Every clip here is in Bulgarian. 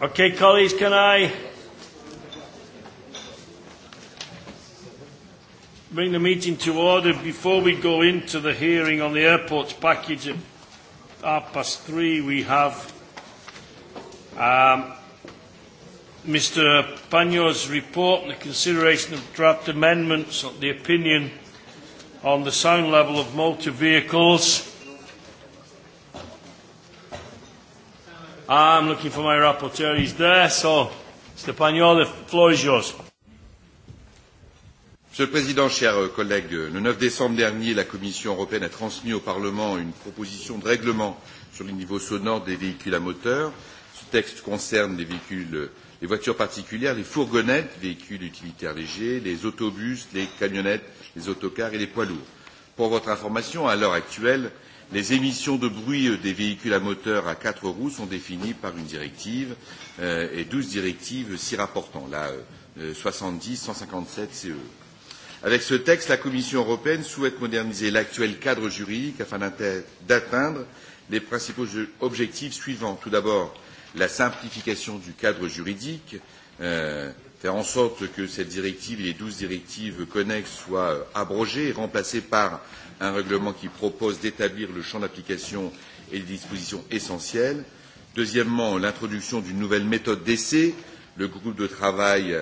Okay, colleagues, can I bring the meeting to order before we go into the hearing on the airports package at half past three? We have um, Mr. Pagno's report and the consideration of draft amendments on the opinion on the sound level of motor vehicles. I'm looking for my rapporteur. He's there. So, Pagnol, the floor is yours. Monsieur le Président, chers collègues, le 9 décembre dernier, la Commission européenne a transmis au Parlement une proposition de règlement sur les niveaux sonores des véhicules à moteur. Ce texte concerne les véhicules, les voitures particulières, les fourgonnettes, véhicules utilitaires légers, les autobus, les camionnettes, les autocars et les poids lourds. Pour votre information, à l'heure actuelle, Les émissions de bruit des véhicules à moteur à quatre roues sont définies par une directive euh, et douze directives s'y rapportant, la euh, 70-157 CE. Avec ce texte, la Commission européenne souhaite moderniser l'actuel cadre juridique afin d'atteindre les principaux objectifs suivants. Tout d'abord, la simplification du cadre juridique, euh, faire en sorte que cette directive et les douze directives connexes soient abrogées et remplacées par un règlement qui propose d'établir le champ d'application et les dispositions essentielles. Deuxièmement, l'introduction d'une nouvelle méthode d'essai. Le groupe de travail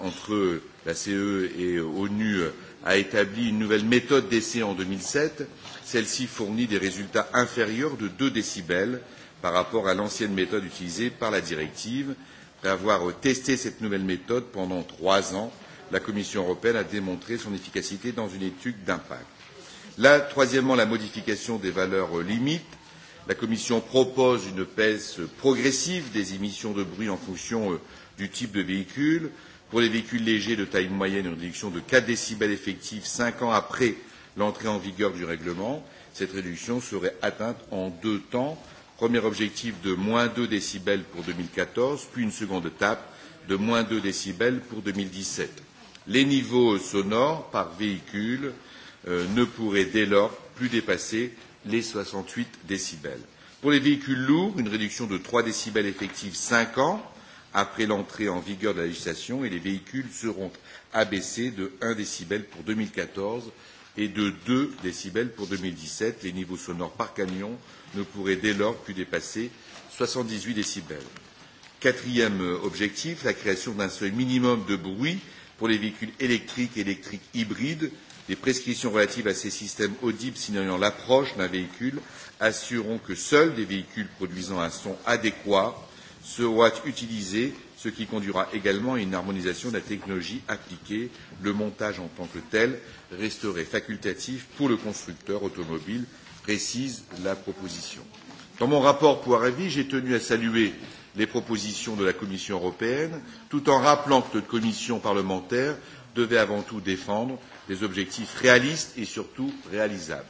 entre la CE et ONU a établi une nouvelle méthode d'essai en deux mille sept. Celle-ci fournit des résultats inférieurs de deux décibels par rapport à l'ancienne méthode utilisée par la directive Après avoir testé cette nouvelle méthode pendant trois ans, la Commission européenne a démontré son efficacité dans une étude d'impact. Là, troisièmement, la modification des valeurs limites. La Commission propose une baisse progressive des émissions de bruit en fonction du type de véhicule. Pour les véhicules légers de taille moyenne, une réduction de 4 décibels effective cinq ans après l'entrée en vigueur du règlement. Cette réduction serait atteinte en deux temps premier objectif de moins deux décibels pour deux mille quatorze, puis une seconde étape de moins deux décibels pour deux mille dix sept. Les niveaux sonores par véhicule ne pourraient dès lors plus dépasser les soixante huit décibels. Pour les véhicules lourds, une réduction de trois décibels effective cinq ans après l'entrée en vigueur de la législation et les véhicules seront abaissés de un décibel pour deux mille quatorze et de deux décibels pour deux mille dix sept. Les niveaux sonores par camion ne pourraient dès lors plus dépasser soixante dix huit décibels. Quatrième objectif, la création d'un seuil minimum de bruit pour les véhicules électriques et électriques hybrides. Les prescriptions relatives à ces systèmes audibles signalant l'approche d'un véhicule assureront que seuls des véhicules produisant un son adéquat seront utilisés ce qui conduira également à une harmonisation de la technologie appliquée, le montage en tant que tel resterait facultatif pour le constructeur automobile, précise la proposition. Dans mon rapport pour avis, j'ai tenu à saluer les propositions de la Commission européenne, tout en rappelant que notre commission parlementaire devait avant tout défendre des objectifs réalistes et surtout réalisables.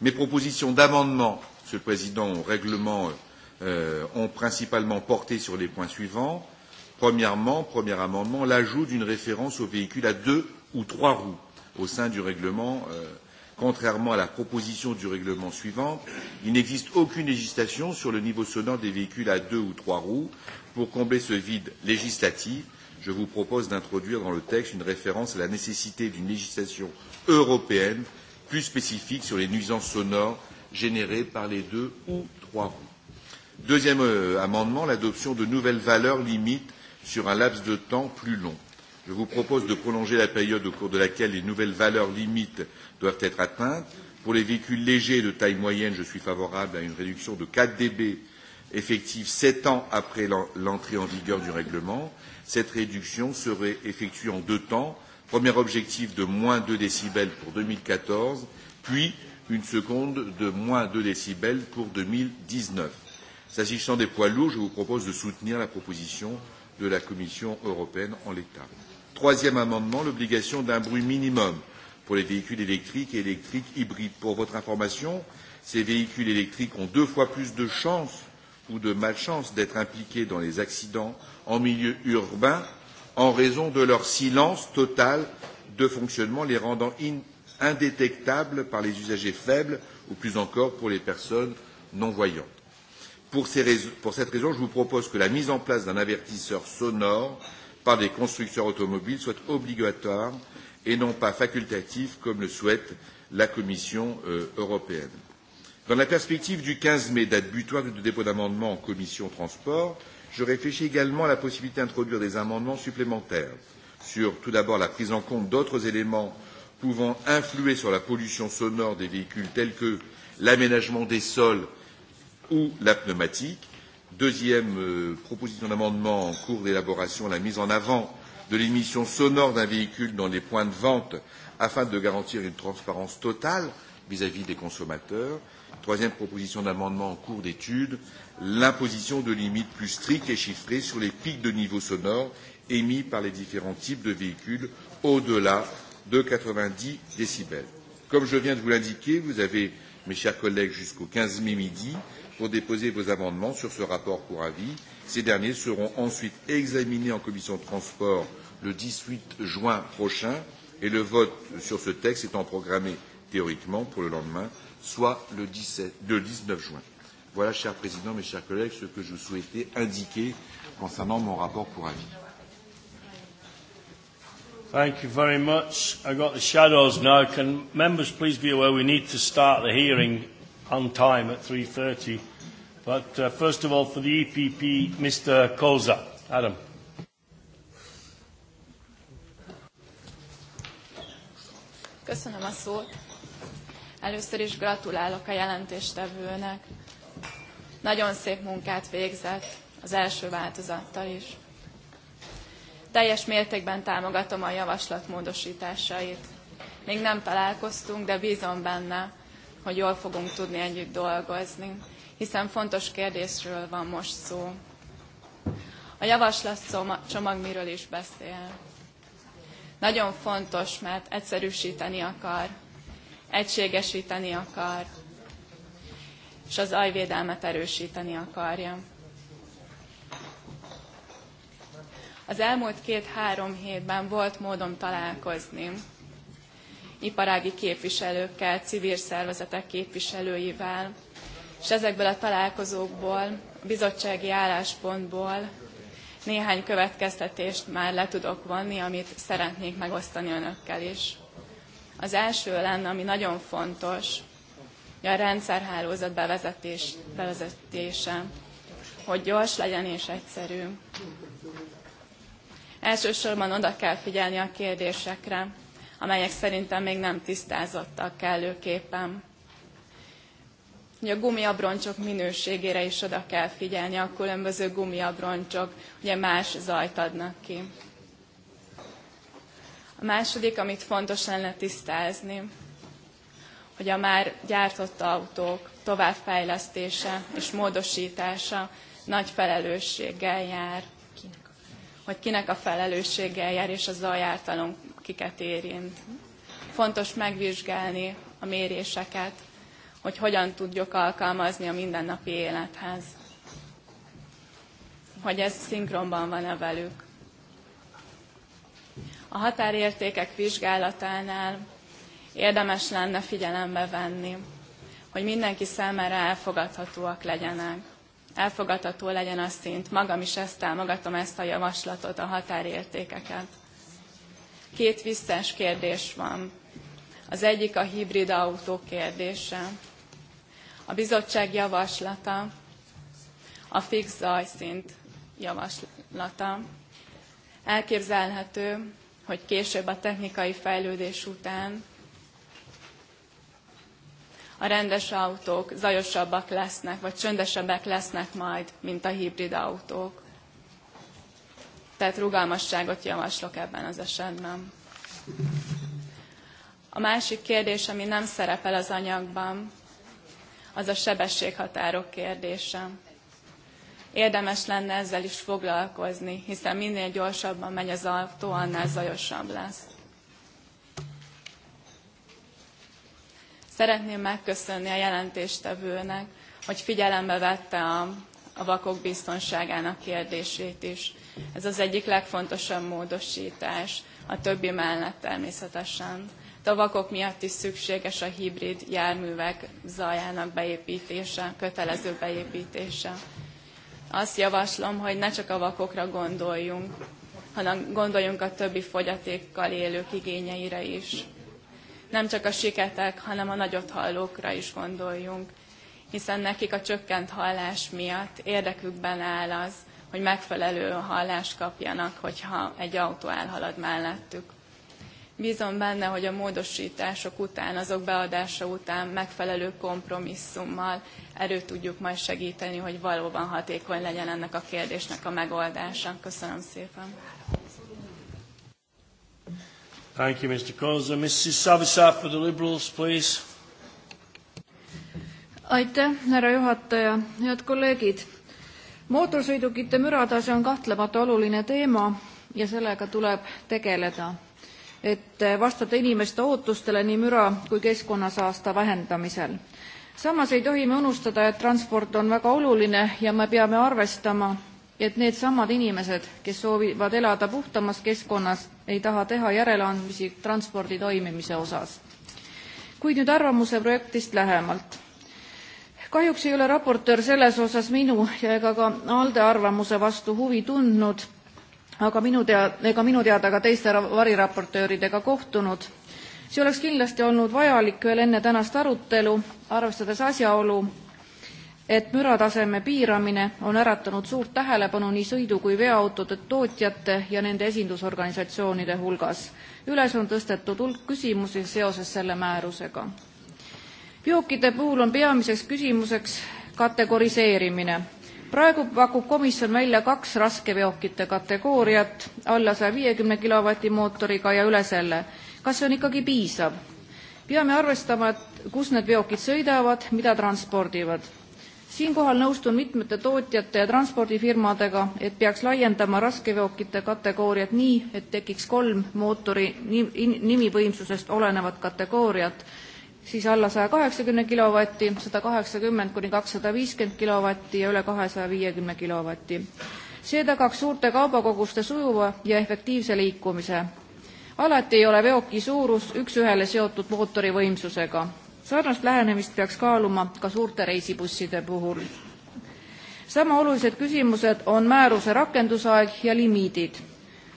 Mes propositions d'amendement, Monsieur le Président, au règlement ont principalement porté sur les points suivants Premièrement, premier amendement, l'ajout d'une référence aux véhicules à deux ou trois roues au sein du règlement. contrairement à la proposition du règlement suivant, il n'existe aucune législation sur le niveau sonore des véhicules à deux ou trois roues. Pour combler ce vide législatif, je vous propose d'introduire dans le texte une référence à la nécessité d'une législation européenne plus spécifique sur les nuisances sonores générées par les deux ou trois roues. Deuxième amendement, l'adoption de nouvelles valeurs limites sur un laps de temps plus long. Je vous propose de prolonger la période au cours de laquelle les nouvelles valeurs limites doivent être atteintes. Pour les véhicules légers de taille moyenne, je suis favorable à une réduction de 4 dB effective sept ans après l'entrée en vigueur du règlement. Cette réduction serait effectuée en deux temps. Premier objectif de moins deux décibels pour deux mille quatorze, puis une seconde de moins deux décibels pour deux mille dix neuf. S'agissant des poids lourds, je vous propose de soutenir la proposition de la Commission européenne en l'état. Troisième amendement, l'obligation d'un bruit minimum pour les véhicules électriques et électriques hybrides. Pour votre information, ces véhicules électriques ont deux fois plus de chances ou de malchances d'être impliqués dans les accidents en milieu urbain en raison de leur silence total de fonctionnement, les rendant indétectables par les usagers faibles ou plus encore pour les personnes non voyantes. Pour, ces raisons, pour cette raison, je vous propose que la mise en place d'un avertisseur sonore par des constructeurs automobiles soit obligatoire et non pas facultatif comme le souhaite la Commission euh, européenne. Dans la perspective du 15 mai, date butoir du dépôt d'amendements en commission transport, je réfléchis également à la possibilité d'introduire des amendements supplémentaires sur tout d'abord la prise en compte d'autres éléments pouvant influer sur la pollution sonore des véhicules tels que l'aménagement des sols ou la pneumatique. Deuxième proposition d'amendement en cours d'élaboration, la mise en avant de l'émission sonore d'un véhicule dans les points de vente afin de garantir une transparence totale vis-à-vis des consommateurs. Troisième proposition d'amendement en cours d'étude, l'imposition de limites plus strictes et chiffrées sur les pics de niveau sonore émis par les différents types de véhicules au-delà de 90 décibels. Comme je viens de vous l'indiquer, vous avez, mes chers collègues, jusqu'au 15 mai midi pour déposer vos amendements sur ce rapport pour avis. Ces derniers seront ensuite examinés en commission de transport le dix huit juin prochain et le vote sur ce texte étant programmé théoriquement pour le lendemain, soit le dix neuf juin. Voilà, cher Président, mes chers collègues, ce que je souhaitais indiquer concernant mon rapport pour avis. Thank you very much. I've got the shadows now. Can members please be aware we need to start the hearing on time at 3.30 But uh, first of all, for the EPP, Mr. Koza. Adam. Köszönöm a szót. Először is gratulálok a jelentéstevőnek. Nagyon szép munkát végzett az első változattal is. Teljes mértékben támogatom a javaslat módosításait. Még nem találkoztunk, de bízom benne, hogy jól fogunk tudni együtt dolgozni hiszen fontos kérdésről van most szó. A javaslat csomag miről is beszél. Nagyon fontos, mert egyszerűsíteni akar, egységesíteni akar, és az ajvédelmet erősíteni akarja. Az elmúlt két-három hétben volt módom találkozni iparági képviselőkkel, civil szervezetek képviselőivel, és ezekből a találkozókból, a bizottsági álláspontból néhány következtetést már le tudok vonni, amit szeretnék megosztani önökkel is. Az első lenne, ami nagyon fontos, hogy a rendszerhálózat bevezetés, bevezetése, hogy gyors legyen és egyszerű. Elsősorban oda kell figyelni a kérdésekre, amelyek szerintem még nem tisztázottak kellőképpen hogy a gumiabroncsok minőségére is oda kell figyelni, a különböző gumiabroncsok ugye más zajt adnak ki. A második, amit fontos lenne tisztázni, hogy a már gyártott autók továbbfejlesztése és módosítása nagy felelősséggel jár, hogy kinek a felelősséggel jár, és a zajártalon kiket érint. Fontos megvizsgálni a méréseket, hogy hogyan tudjuk alkalmazni a mindennapi élethez. Hogy ez szinkronban van-e velük. A határértékek vizsgálatánál érdemes lenne figyelembe venni, hogy mindenki számára elfogadhatóak legyenek. Elfogadható legyen a szint. Magam is ezt támogatom, ezt a javaslatot, a határértékeket. Két visszás kérdés van. Az egyik a hibrid autó kérdése a bizottság javaslata, a fix zajszint javaslata. Elképzelhető, hogy később a technikai fejlődés után a rendes autók zajosabbak lesznek, vagy csöndesebbek lesznek majd, mint a hibrid autók. Tehát rugalmasságot javaslok ebben az esetben. A másik kérdés, ami nem szerepel az anyagban, az a sebességhatárok kérdése. Érdemes lenne ezzel is foglalkozni, hiszen minél gyorsabban megy az autó, annál zajosabb lesz. Szeretném megköszönni a jelentéstevőnek, hogy figyelembe vette a, a vakok biztonságának kérdését is. Ez az egyik legfontosabb módosítás, a többi mellett természetesen tavakok miatt is szükséges a hibrid járművek zajának beépítése, kötelező beépítése. Azt javaslom, hogy ne csak a vakokra gondoljunk, hanem gondoljunk a többi fogyatékkal élők igényeire is. Nem csak a siketek, hanem a nagyot hallókra is gondoljunk, hiszen nekik a csökkent hallás miatt érdekükben áll az, hogy megfelelő hallást kapjanak, hogyha egy autó elhalad mellettük. Bízom benne, hogy a módosítások után, azok beadása után megfelelő kompromisszummal erő tudjuk majd segíteni, hogy valóban hatékony legyen ennek a kérdésnek a megoldása. Köszönöm szépen. Thank you, Mr. Koza. Mrs. Savisaar for the Liberals, please. Aitäh, härra juhataja. Head kolleegid! Mootorsõidukite müratase on kahtlemata oluline teema ja sellega tuleb tegeleda et vastada inimeste ootustele nii müra kui keskkonnasaasta vähendamisel. samas ei tohi me unustada, et transport on väga oluline ja me peame arvestama, et needsamad inimesed, kes soovivad elada puhtamas keskkonnas, ei taha teha järeleandmisi transpordi toimimise osas. kuid nüüd arvamuse projektist lähemalt. kahjuks ei ole raportöör selles osas minu ja ega ka ALDE arvamuse vastu huvi tundnud aga minu tea-, ega minu teada ka teiste variraportööridega kohtunud. see oleks kindlasti olnud vajalik veel enne tänast arutelu, arvestades asjaolu, et mürataseme piiramine on äratanud suurt tähelepanu nii sõidu- kui veoautode tootjate ja nende esindusorganisatsioonide hulgas. üles on tõstetud hulk küsimusi seoses selle määrusega. veokite puhul on peamiseks küsimuseks kategoriseerimine praegu pakub komisjon välja kaks raskeveokite kategooriat alla saja viiekümne kilovati mootoriga ja üle selle kas see on ikkagi piisav peame arvestama et kus need veokid sõidavad mida transpordivad siinkohal nõustun mitmete tootjate ja transpordifirmadega et peaks laiendama raskeveokite kategooriat nii et tekiks kolm mootori nimivõimsusest olenevat kategooriat siis alla 180 kW, 180 kuni 250 kilovatti ja üle 250 viiekümne kilovatti. see tagaks suurte kaubakoguste sujuva ja efektiivse liikumise. alati ei ole veoki suurus üks-ühele seotud mootori võimsusega. sarnast lähenemist peaks kaaluma ka suurte reisibusside puhul. sama olulised küsimused on määruse rakendusaeg ja limiidid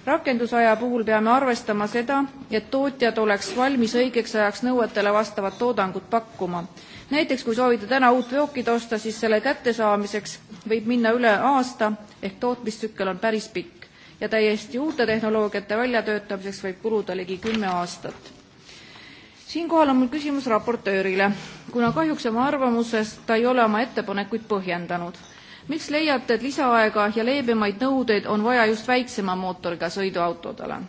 rakendusaja puhul peame arvestama seda, et tootjad oleks valmis õigeks ajaks nõuetele vastavat toodangut pakkuma. näiteks kui soovite täna uut veokit osta, siis selle kättesaamiseks võib minna üle aasta ehk tootmistsükkel on päris pikk ja täiesti uute tehnoloogiate väljatöötamiseks võib kuluda ligi kümme aastat siinkohal on mul küsimus raportöörile, kuna kahjuks oma arvamuses ta ei ole oma ettepanekuid põhjendanud miks leiate, et lisaaega ja leebemaid nõudeid on vaja just väiksema mootoriga sõiduautodele?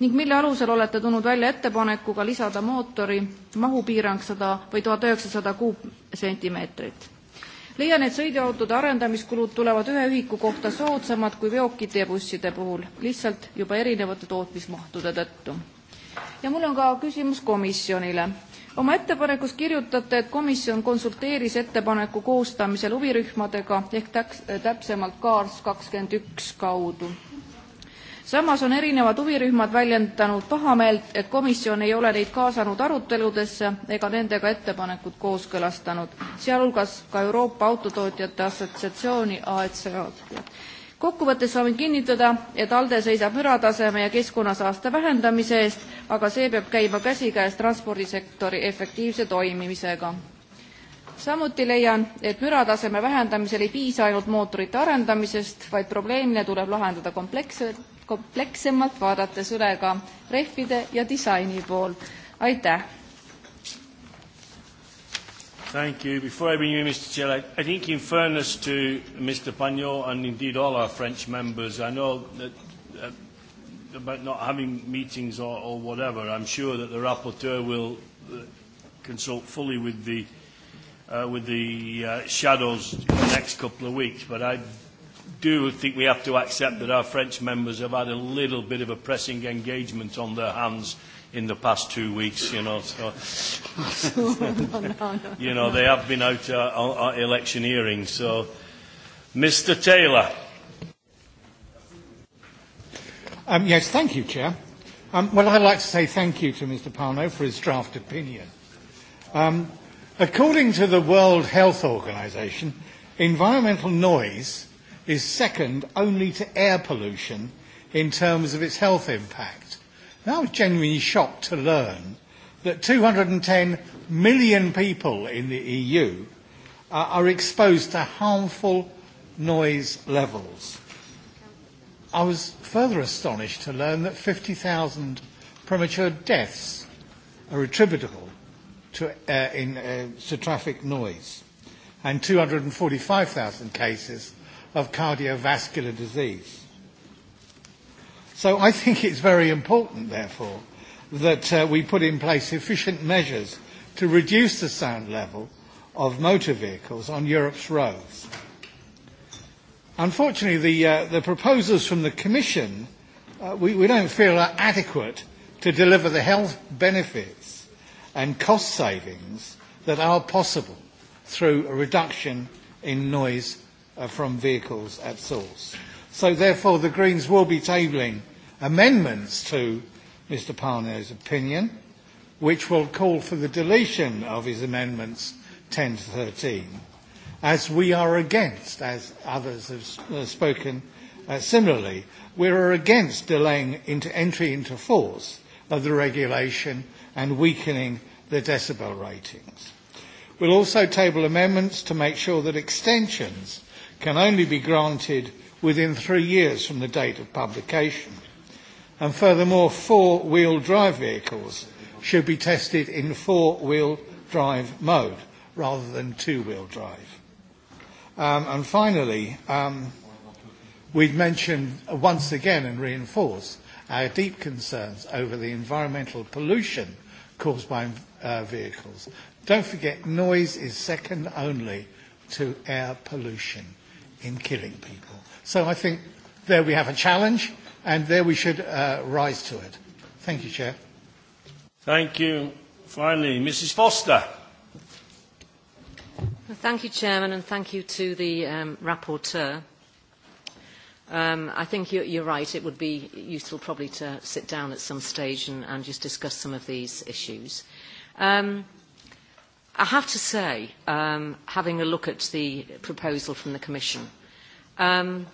ning mille alusel olete tulnud välja ettepanekuga lisada mootori mahupiirang 100 või 1900 kuupsentimeetrit? leian, et sõiduautode arendamiskulud tulevad ühe ühiku kohta soodsamad kui veokite ja busside puhul, lihtsalt juba erinevate tootmismahtude tõttu. ja mul on ka küsimus komisjonile oma ettepanekus kirjutate, et komisjon konsulteeris ettepaneku koostamisel huvirühmadega ehk täpsemalt Kaars kakskümmend üks kaudu. samas on erinevad huvirühmad väljendanud pahameelt, et komisjon ei ole neid kaasanud aruteludesse ega nendega ettepanekut kooskõlastanud, sealhulgas ka Euroopa Autotootjate Assotsiatsiooni aeca kokkuvõttes saame kinnitada, et ALDE seisab mürataseme ja keskkonnasaaste vähendamise eest, aga see peab käima käsikäes transpordisektori efektiivse toimimisega. samuti leian, et mürataseme vähendamisel ei piisa ainult mootorite arendamisest, vaid probleemile tuleb lahendada kompleksemalt komplekssemalt, vaadates üle ka rehvide ja disaini pool. aitäh! Thank you. Before I bring you in, Mr Chair, I, I think in fairness to Mr Pagnot and indeed all our French members, I know that uh, about not having meetings or, or whatever, I'm sure that the rapporteur will uh, consult fully with the, uh, with the uh, shadows in the next couple of weeks, but I do think we have to accept that our French members have had a little bit of a pressing engagement on their hands in the past two weeks, you know. So, you know, they have been out uh, uh, electioneering. So, Mr. Taylor. Um, yes, thank you, Chair. Um, well, I'd like to say thank you to Mr. Parno for his draft opinion. Um, according to the World Health Organization, environmental noise is second only to air pollution in terms of its health impact. And I was genuinely shocked to learn that 210 million people in the EU uh, are exposed to harmful noise levels. I was further astonished to learn that 50,000 premature deaths are attributable to, uh, in, uh, to traffic noise and 245,000 cases of cardiovascular disease. So I think it's very important, therefore, that uh, we put in place efficient measures to reduce the sound level of motor vehicles on Europe's roads. Unfortunately, the, uh, the proposals from the Commission uh, we, we don't feel are adequate to deliver the health benefits and cost savings that are possible through a reduction in noise uh, from vehicles at source. So therefore, the Greens will be tabling amendments to Mr Parnell's opinion, which will call for the deletion of his amendments 10 to 13, as we are against, as others have spoken uh, similarly, we are against delaying into entry into force of the regulation and weakening the decibel ratings. We'll also table amendments to make sure that extensions can only be granted within three years from the date of publication. And furthermore, four-wheel drive vehicles should be tested in four-wheel drive mode rather than two-wheel drive. Um, and finally, um, we'd mentioned once again and reinforce our deep concerns over the environmental pollution caused by uh, vehicles. Don't forget, noise is second only to air pollution in killing people. So I think there we have a challenge, and there we should uh, rise to it. Thank you, Chair. Thank you. Finally, Mrs. Foster. Thank you, Chairman, and thank you to the um, rapporteur. Um, I think you're, you're right. It would be useful probably to sit down at some stage and, and just discuss some of these issues. Um, I have to say, um, having a look at the proposal from the Commission, um,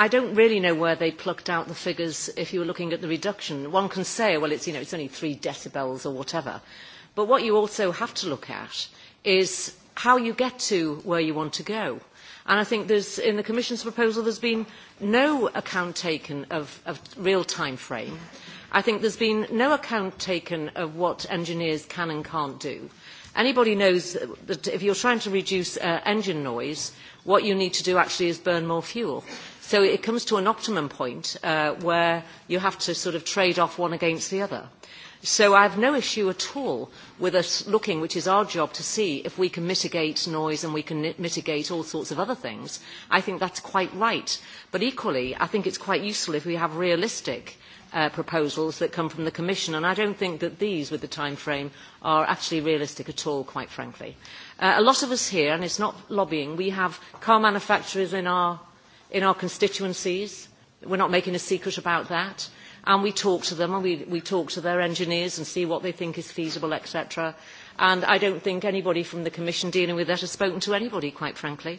I don't really know where they plucked out the figures if you were looking at the reduction. One can say, well, it's, you know, it's only three decibels or whatever. But what you also have to look at is how you get to where you want to go. And I think there's, in the Commission's proposal there's been no account taken of, of real time frame. I think there's been no account taken of what engineers can and can't do. Anybody knows that if you're trying to reduce uh, engine noise, what you need to do actually is burn more fuel. So it comes to an optimum point uh, where you have to sort of trade off one against the other. So I have no issue at all with us looking, which is our job, to see if we can mitigate noise and we can mitigate all sorts of other things. I think that's quite right. But equally, I think it's quite useful if we have realistic uh, proposals that come from the Commission, and I don't think that these, with the time frame, are actually realistic at all, quite frankly. Uh, a lot of us here, and it's not lobbying, we have car manufacturers in our in our constituencies. We're not making a secret about that. And we talk to them and we, we talk to their engineers and see what they think is feasible, etc. And I don't think anybody from the Commission dealing with that has spoken to anybody, quite frankly.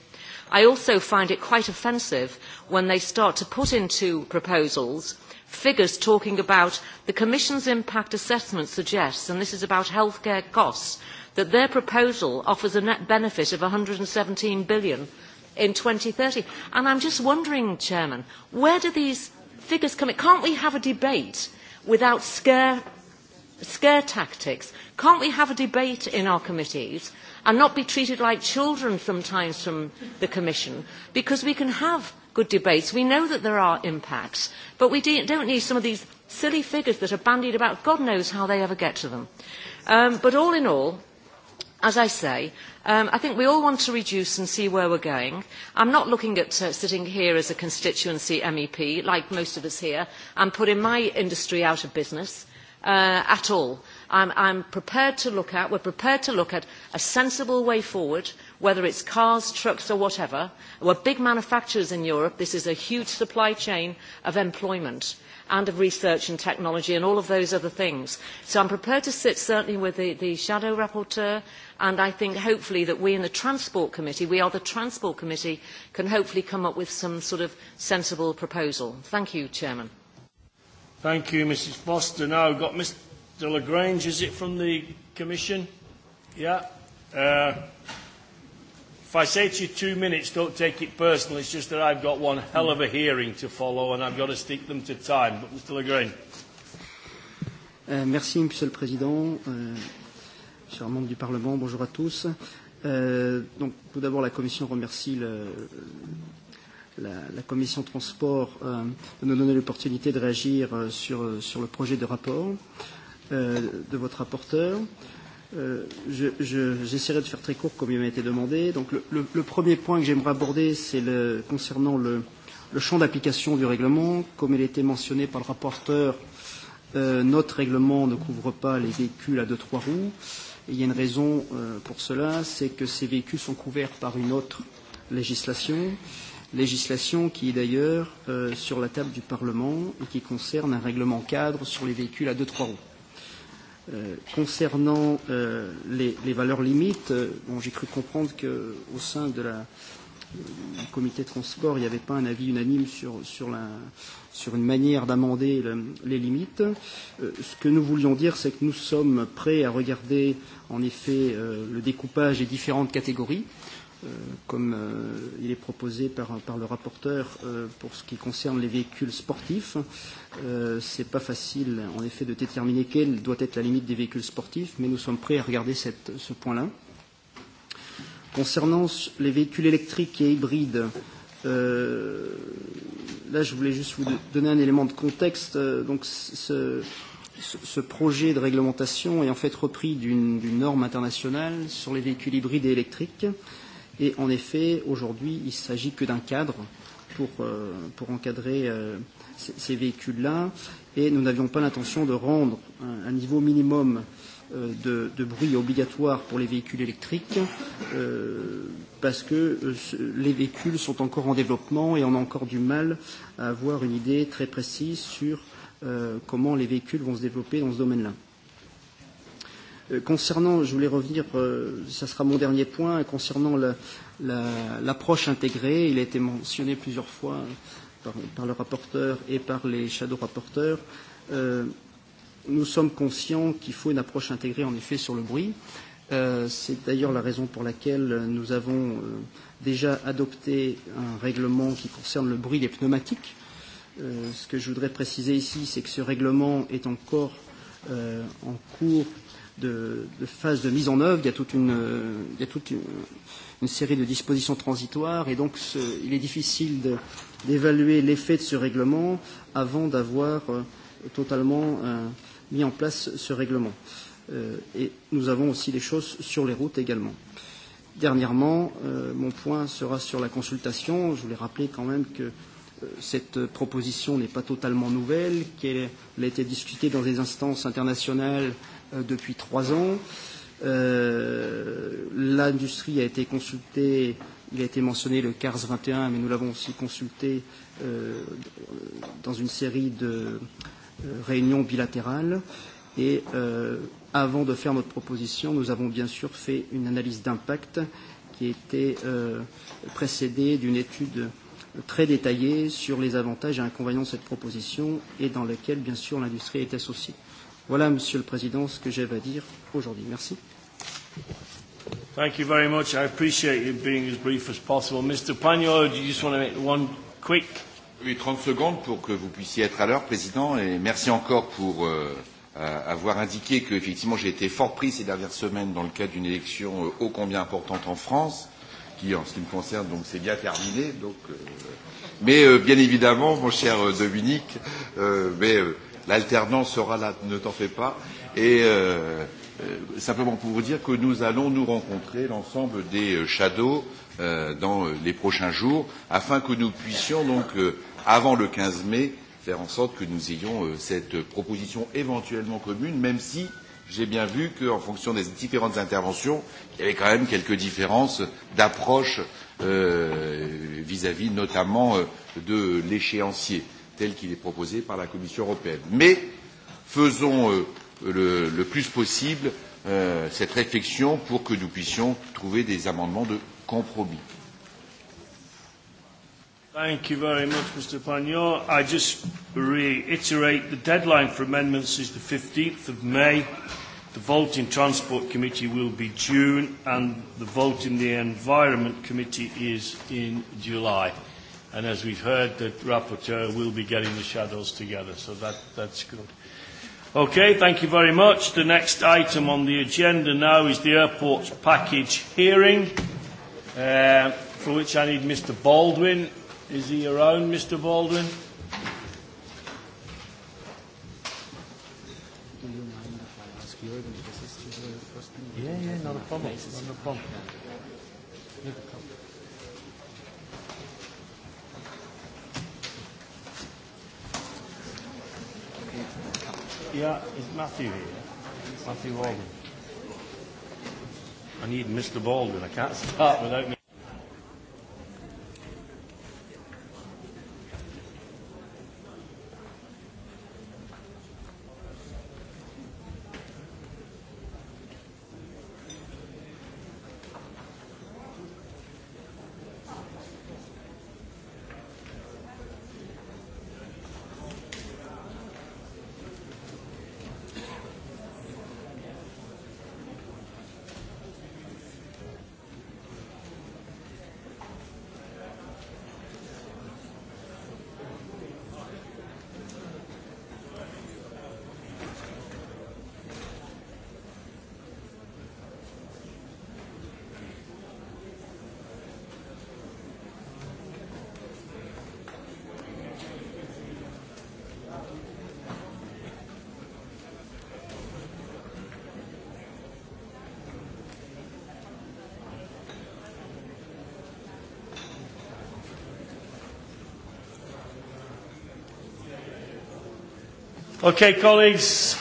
I also find it quite offensive when they start to put into proposals figures talking about the Commission's impact assessment suggests, and this is about healthcare costs, that their proposal offers a net benefit of 117 billion in 2030. And I'm just wondering, Chairman, where do these figures come in? Can't we have a debate without scare, scare tactics? Can't we have a debate in our committees and not be treated like children sometimes from the Commission? Because we can have good debates. We know that there are impacts, but we don't need some of these silly figures that are bandied about. God knows how they ever get to them. Um, but all in all, as I say, um, I think we all want to reduce and see where we're going. I'm not looking at uh, sitting here as a constituency MEP, like most of us here, and putting my industry out of business uh, at all. I'm, I'm prepared to look at, we're prepared to look at a sensible way forward, whether it's cars, trucks or whatever. We're big manufacturers in Europe. This is a huge supply chain of employment and of research and technology and all of those other things. So I'm prepared to sit certainly with the, the shadow rapporteur and I think hopefully that we in the Transport Committee, we are the Transport Committee, can hopefully come up with some sort of sensible proposal. Thank you, Chairman. Thank you, Mrs Foster. Now we've got Mr Lagrange, is it, from the Commission? Yeah. Uh, if I say to you two minutes, don't take it personally. It's just that I've got one hell of a hearing to follow and I've got to stick them to time. But Mr Lagrange. Merci, Monsieur le Président chers membres du Parlement, bonjour à tous. Euh, donc, tout d'abord, la Commission remercie le, la, la Commission Transport euh, de nous donner l'opportunité de réagir euh, sur, sur le projet de rapport euh, de votre rapporteur. Euh, J'essaierai je, je, de faire très court comme il m'a été demandé. Donc, le, le, le premier point que j'aimerais aborder, c'est le, concernant le, le champ d'application du règlement. Comme il a été mentionné par le rapporteur, euh, notre règlement ne couvre pas les véhicules à deux trois roues. Euh, Et il y a une raison euh, pour cela, c'est que ces véhicules sont couverts par une autre législation, législation qui est d'ailleurs euh, sur la table du Parlement et qui concerne un règlement cadre sur les véhicules à deux, trois roues. Euh, concernant euh, les, les valeurs limites, euh, bon, j'ai cru comprendre qu'au sein de la, du comité transport, il n'y avait pas un avis unanime sur, sur la, euh, sur une manière d'amender le, les limites. Euh, ce que nous voulions dire, c'est que nous sommes prêts à regarder en effet euh, le découpage des différentes catégories, euh, comme euh, il est proposé par, par le rapporteur euh, pour ce qui concerne les véhicules sportifs. Euh, Ce n'est pas facile en effet de déterminer quelle doit être la limite des véhicules sportifs, mais nous sommes prêts à regarder cette, ce point-là. Concernant les véhicules électriques et hybrides, euh, là, je voulais juste vous donner un élément de contexte. Donc, ce, ce projet de réglementation est en fait repris d'une norme internationale sur les véhicules hybrides et électriques. Et en effet, aujourd'hui, il ne s'agit que d'un cadre pour, pour encadrer ces, véhicules-là. Et nous n'avions pas l'intention de rendre un, niveau minimum de, de bruit obligatoire pour les véhicules électriques. Euh, parce que les véhicules sont encore en développement et on a encore du mal à avoir une idée très précise sur comment les véhicules vont se développer dans ce domaine-là. Concernant, je voulais revenir, ça sera mon dernier point, concernant l'approche intégrée, il a été mentionné plusieurs fois par, par le rapporteur et par les shadow rapporteurs. Euh, nous sommes conscients qu'il faut une approche intégrée en effet sur le bruit. Euh, C'est d'ailleurs la raison pour laquelle nous avons déjà adopté un règlement qui concerne le bruit des pneumatiques. Ce que je voudrais préciser ici, c'est que ce règlement est encore en cours de, de phase de mise en œuvre. Il y a toute une, il y a toute une, une série de dispositions transitoires et donc ce, il est difficile d'évaluer l'effet de ce règlement avant d'avoir euh, totalement euh, mis en place ce règlement. Euh, Euh, et nous avons aussi des choses sur les routes également. Dernièrement, euh, mon point sera sur la consultation. Je voulais rappeler quand même que euh, cette proposition n'est pas totalement nouvelle, qu'elle a été discutée dans des instances internationales euh, depuis trois ans. Euh, L'industrie a été consultée, il a été mentionné le CARS 21, mais nous l'avons aussi consulté euh, dans une série de réunions bilatérales. Et euh, Avant de faire notre proposition, nous avons bien sûr fait une analyse d'impact qui était euh, précédée d'une étude très détaillée sur les avantages et inconvénients de cette proposition et dans laquelle, bien sûr, l'industrie est associée. Voilà, Monsieur le Président, ce que j'avais à dire aujourd'hui. Merci. Thank you very much. I appreciate you being as brief as possible. Mr. Pagnol, do you just want to make one quick... Oui, 30 secondes pour que vous puissiez être à l'heure, Président, et merci encore pour... Euh avoir indiqué que effectivement j'ai été fort pris ces dernières semaines dans le cadre d'une élection ô combien importante en France, qui en ce qui me concerne donc c'est bien terminé. Donc, euh, mais euh, bien évidemment, mon cher Dominique, euh, mais euh, l'alternance sera là, ne t'en fais pas. Et euh, euh, simplement pour vous dire que nous allons nous rencontrer l'ensemble des euh, shadows euh, dans euh, les prochains jours, afin que nous puissions donc euh, avant le 15 mai faire en sorte que nous ayons cette proposition éventuellement commune, même si j'ai bien vu qu'en fonction des différentes interventions, il y avait quand même quelques différences d'approche vis-à-vis notamment de l'échéancier tel qu'il est proposé par la Commission européenne. Mais faisons le, le plus possible cette réflexion pour que nous puissions trouver des amendements de compromis. Thank you very much, Mr. Pagnot. I just reiterate the deadline for amendments is the 15th of May. The vote in Transport Committee will be June, and the vote in the Environment Committee is in July. And as we've heard, the rapporteur will be getting the shadows together, so that, that's good. Okay, thank you very much. The next item on the agenda now is the airport package hearing, uh, for which I need Mr. Baldwin Is he around, Mr. Baldwin? Do you mind if I ask you this is the first thing? Yeah, yeah, not a problem. Not a problem. Yeah, Yeah, is Matthew here? Matthew Baldwin. I need Mr. Baldwin. I can't start without me. Okay, colleagues.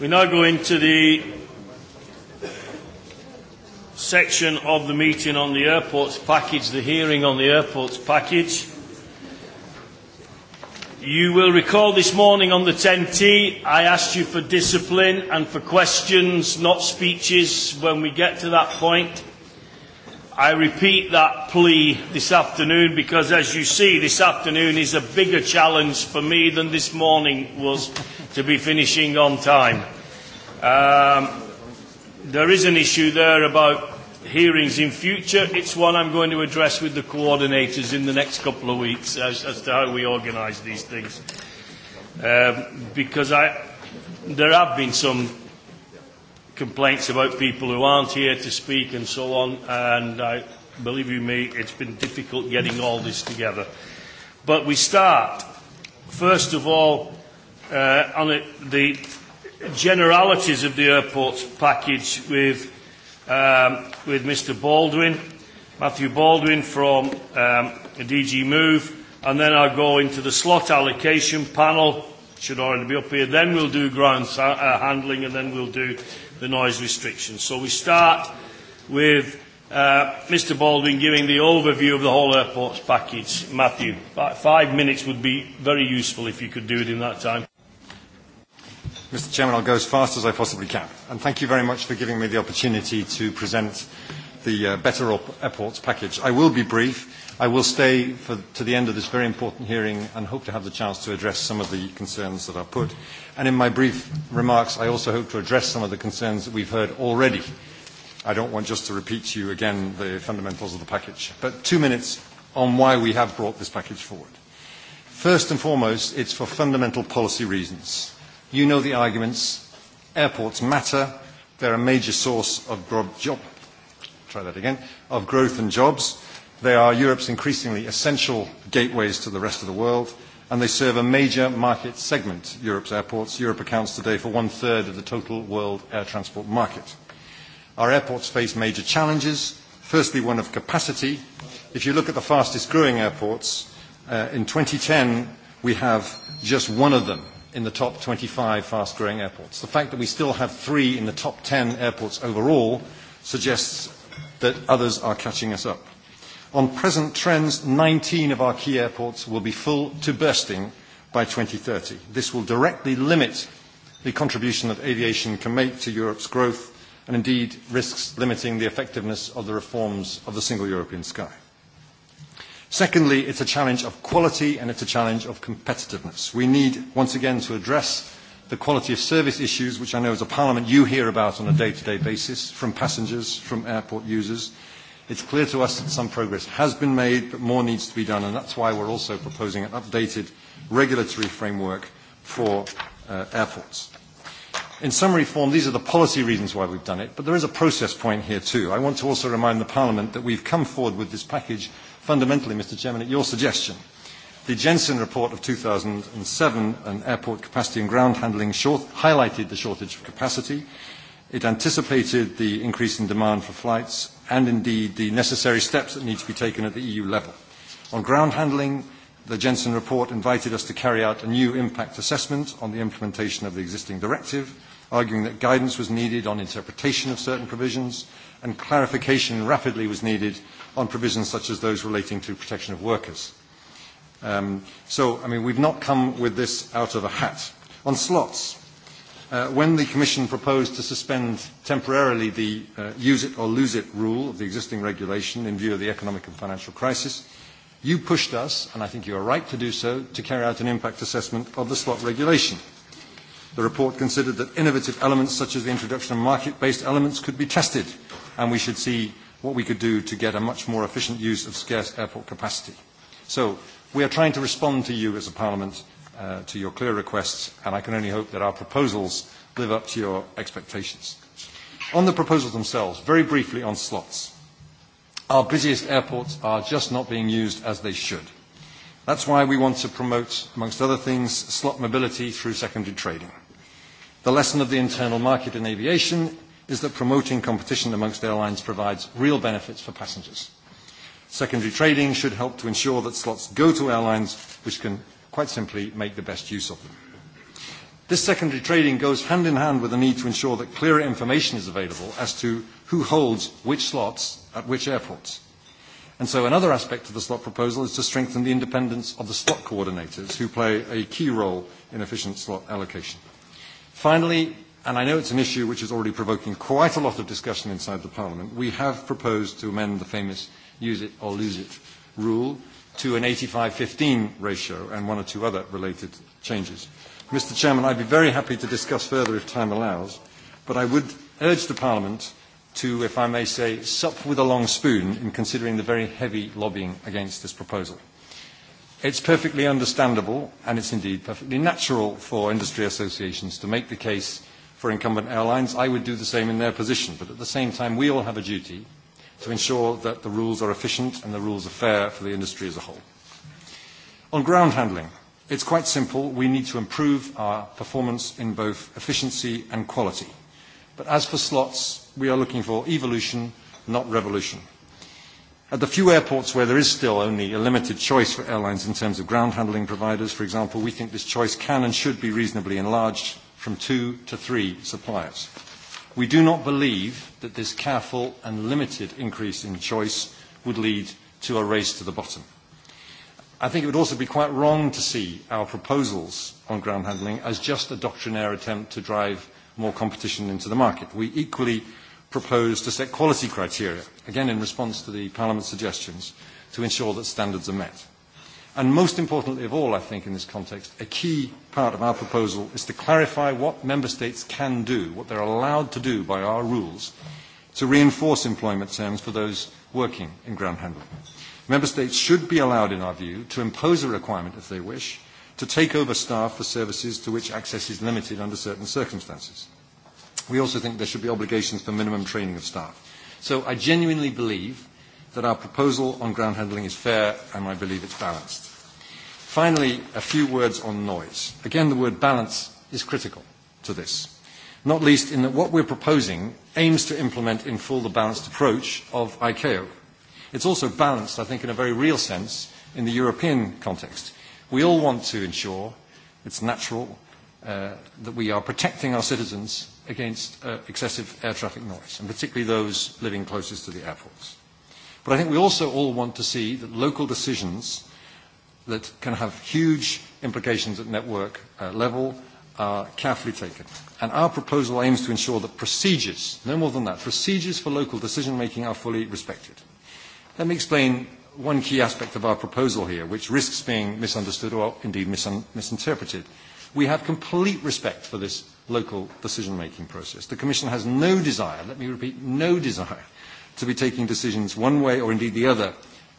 We now go into the section of the meeting on the airports package, the hearing on the airports package. You will recall this morning on the 10T, I asked you for discipline and for questions, not speeches, when we get to that point. I repeat that plea this afternoon because, as you see, this afternoon is a bigger challenge for me than this morning was to be finishing on time. Um, there is an issue there about hearings in future. It's one I'm going to address with the coordinators in the next couple of weeks as, as to how we organise these things. Um, because I, there have been some complaints about people who aren't here to speak and so on, and I, Believe you me, it's been difficult getting all this together. But we start, first of all, uh, on a, the generalities of the airports package with, um, with Mr. Baldwin, Matthew Baldwin from um, DG Move, and then I'll go into the slot allocation panel, should already be up here. Then we'll do ground uh, handling, and then we'll do the noise restrictions. So we start with Mr Baldwin giving the overview of the whole airports package. Matthew, five minutes would be very useful if you could do it in that time. Mr Chairman, I'll go as fast as I possibly can. And thank you very much for giving me the opportunity to present the uh, Better Airports package. I will be brief. I will stay for, to the end of this very important hearing and hope to have the chance to address some of the concerns that are put. And in my brief remarks, I also hope to address some of the concerns that we've heard already I don't want just to repeat to you again the fundamentals of the package, but two minutes on why we have brought this package forward. First and foremost, it's for fundamental policy reasons. You know the arguments. Airports matter. They're a major source of job, try that again, of growth and jobs. They are Europe's increasingly essential gateways to the rest of the world, and they serve a major market segment, Europe's airports. Europe accounts today for one-third of the total world air transport market. Our airports face major challenges. Firstly, one of capacity. If you look at the fastest growing airports, uh, in 2010 we have just one of them in the top 25 fast growing airports. The fact that we still have three in the top 10 airports overall suggests that others are catching us up. On present trends, 19 of our key airports will be full to bursting by 2030. This will directly limit the contribution that aviation can make to Europe's growth and indeed risks limiting the effectiveness of the reforms of the single European sky. Secondly, it's a challenge of quality and it's a challenge of competitiveness. We need, once again, to address the quality of service issues, which I know as a parliament you hear about on a day-to-day basis from passengers, from airport users. It's clear to us that some progress has been made, but more needs to be done, and that's why we're also proposing an updated regulatory framework for uh, airports. In summary form, these are the policy reasons why we've done it, but there is a process point here too. I want to also remind the Parliament that we've come forward with this package fundamentally, Mr Chairman, at your suggestion. The Jensen report of 2007 on airport capacity and ground handling short, highlighted the shortage of capacity. It anticipated the increase in demand for flights and indeed the necessary steps that need to be taken at the EU level. On ground handling, the Jensen report invited us to carry out a new impact assessment on the implementation of the existing directive arguing that guidance was needed on interpretation of certain provisions and clarification rapidly was needed on provisions such as those relating to protection of workers. Um, so, I mean, we've not come with this out of a hat. On slots, uh, when the Commission proposed to suspend temporarily the uh, use it or lose it rule of the existing regulation in view of the economic and financial crisis, you pushed us, and I think you are right to do so, to carry out an impact assessment of the slot regulation The report considered that innovative elements such as the introduction of market-based elements could be tested, and we should see what we could do to get a much more efficient use of scarce airport capacity. So we are trying to respond to you as a Parliament, uh, to your clear requests, and I can only hope that our proposals live up to your expectations. On the proposals themselves, very briefly on slots. Our busiest airports are just not being used as they should That's why we want to promote, amongst other things, slot mobility through secondary trading. The lesson of the internal market in aviation is that promoting competition amongst airlines provides real benefits for passengers. Secondary trading should help to ensure that slots go to airlines which can quite simply make the best use of them. This secondary trading goes hand in hand with the need to ensure that clearer information is available as to who holds which slots at which airports. And so another aspect of the slot proposal is to strengthen the independence of the slot coordinators who play a key role in efficient slot allocation. Finally, and I know it's an issue which is already provoking quite a lot of discussion inside the Parliament, we have proposed to amend the famous use it or lose it rule to an 85-15 ratio and one or two other related changes. Mr Chairman, I'd be very happy to discuss further if time allows, but I would urge the Parliament to, if I may say, sup with a long spoon in considering the very heavy lobbying against this proposal. It's perfectly understandable, and it's indeed perfectly natural for industry associations to make the case for incumbent airlines. I would do the same in their position, but at the same time, we all have a duty to ensure that the rules are efficient and the rules are fair for the industry as a whole. On ground handling, it's quite simple. We need to improve our performance in both efficiency and quality. But as for slots, we are looking for evolution, not revolution. At the few airports where there is still only a limited choice for airlines in terms of ground handling providers, for example, we think this choice can and should be reasonably enlarged from two to three suppliers. We do not believe that this careful and limited increase in choice would lead to a race to the bottom. I think it would also be quite wrong to see our proposals on ground handling as just a doctrinaire attempt to drive more competition into the market. We equally proposed to set quality criteria, again in response to the Parliament's suggestions, to ensure that standards are met. And most importantly of all, I think, in this context, a key part of our proposal is to clarify what Member States can do, what they're allowed to do by our rules, to reinforce employment terms for those working in ground handling. Member States should be allowed, in our view, to impose a requirement if they wish, to take over staff for services to which access is limited under certain circumstances. We also think there should be obligations for minimum training of staff. So I genuinely believe that our proposal on ground handling is fair and I believe it's balanced. Finally, a few words on noise. Again, the word balance is critical to this, not least in that what we're proposing aims to implement in full the balanced approach of ICAO. It's also balanced, I think, in a very real sense in the European context. We all want to ensure, it's natural, uh, that we are protecting our citizens against uh, excessive air traffic noise, and particularly those living closest to the airports. But I think we also all want to see that local decisions that can have huge implications at network uh, level are carefully taken. And our proposal aims to ensure that procedures, no more than that, procedures for local decision making are fully respected. Let me explain one key aspect of our proposal here, which risks being misunderstood or indeed mis- misinterpreted. We have complete respect for this local decision-making process. The Commission has no desire, let me repeat, no desire to be taking decisions one way or indeed the other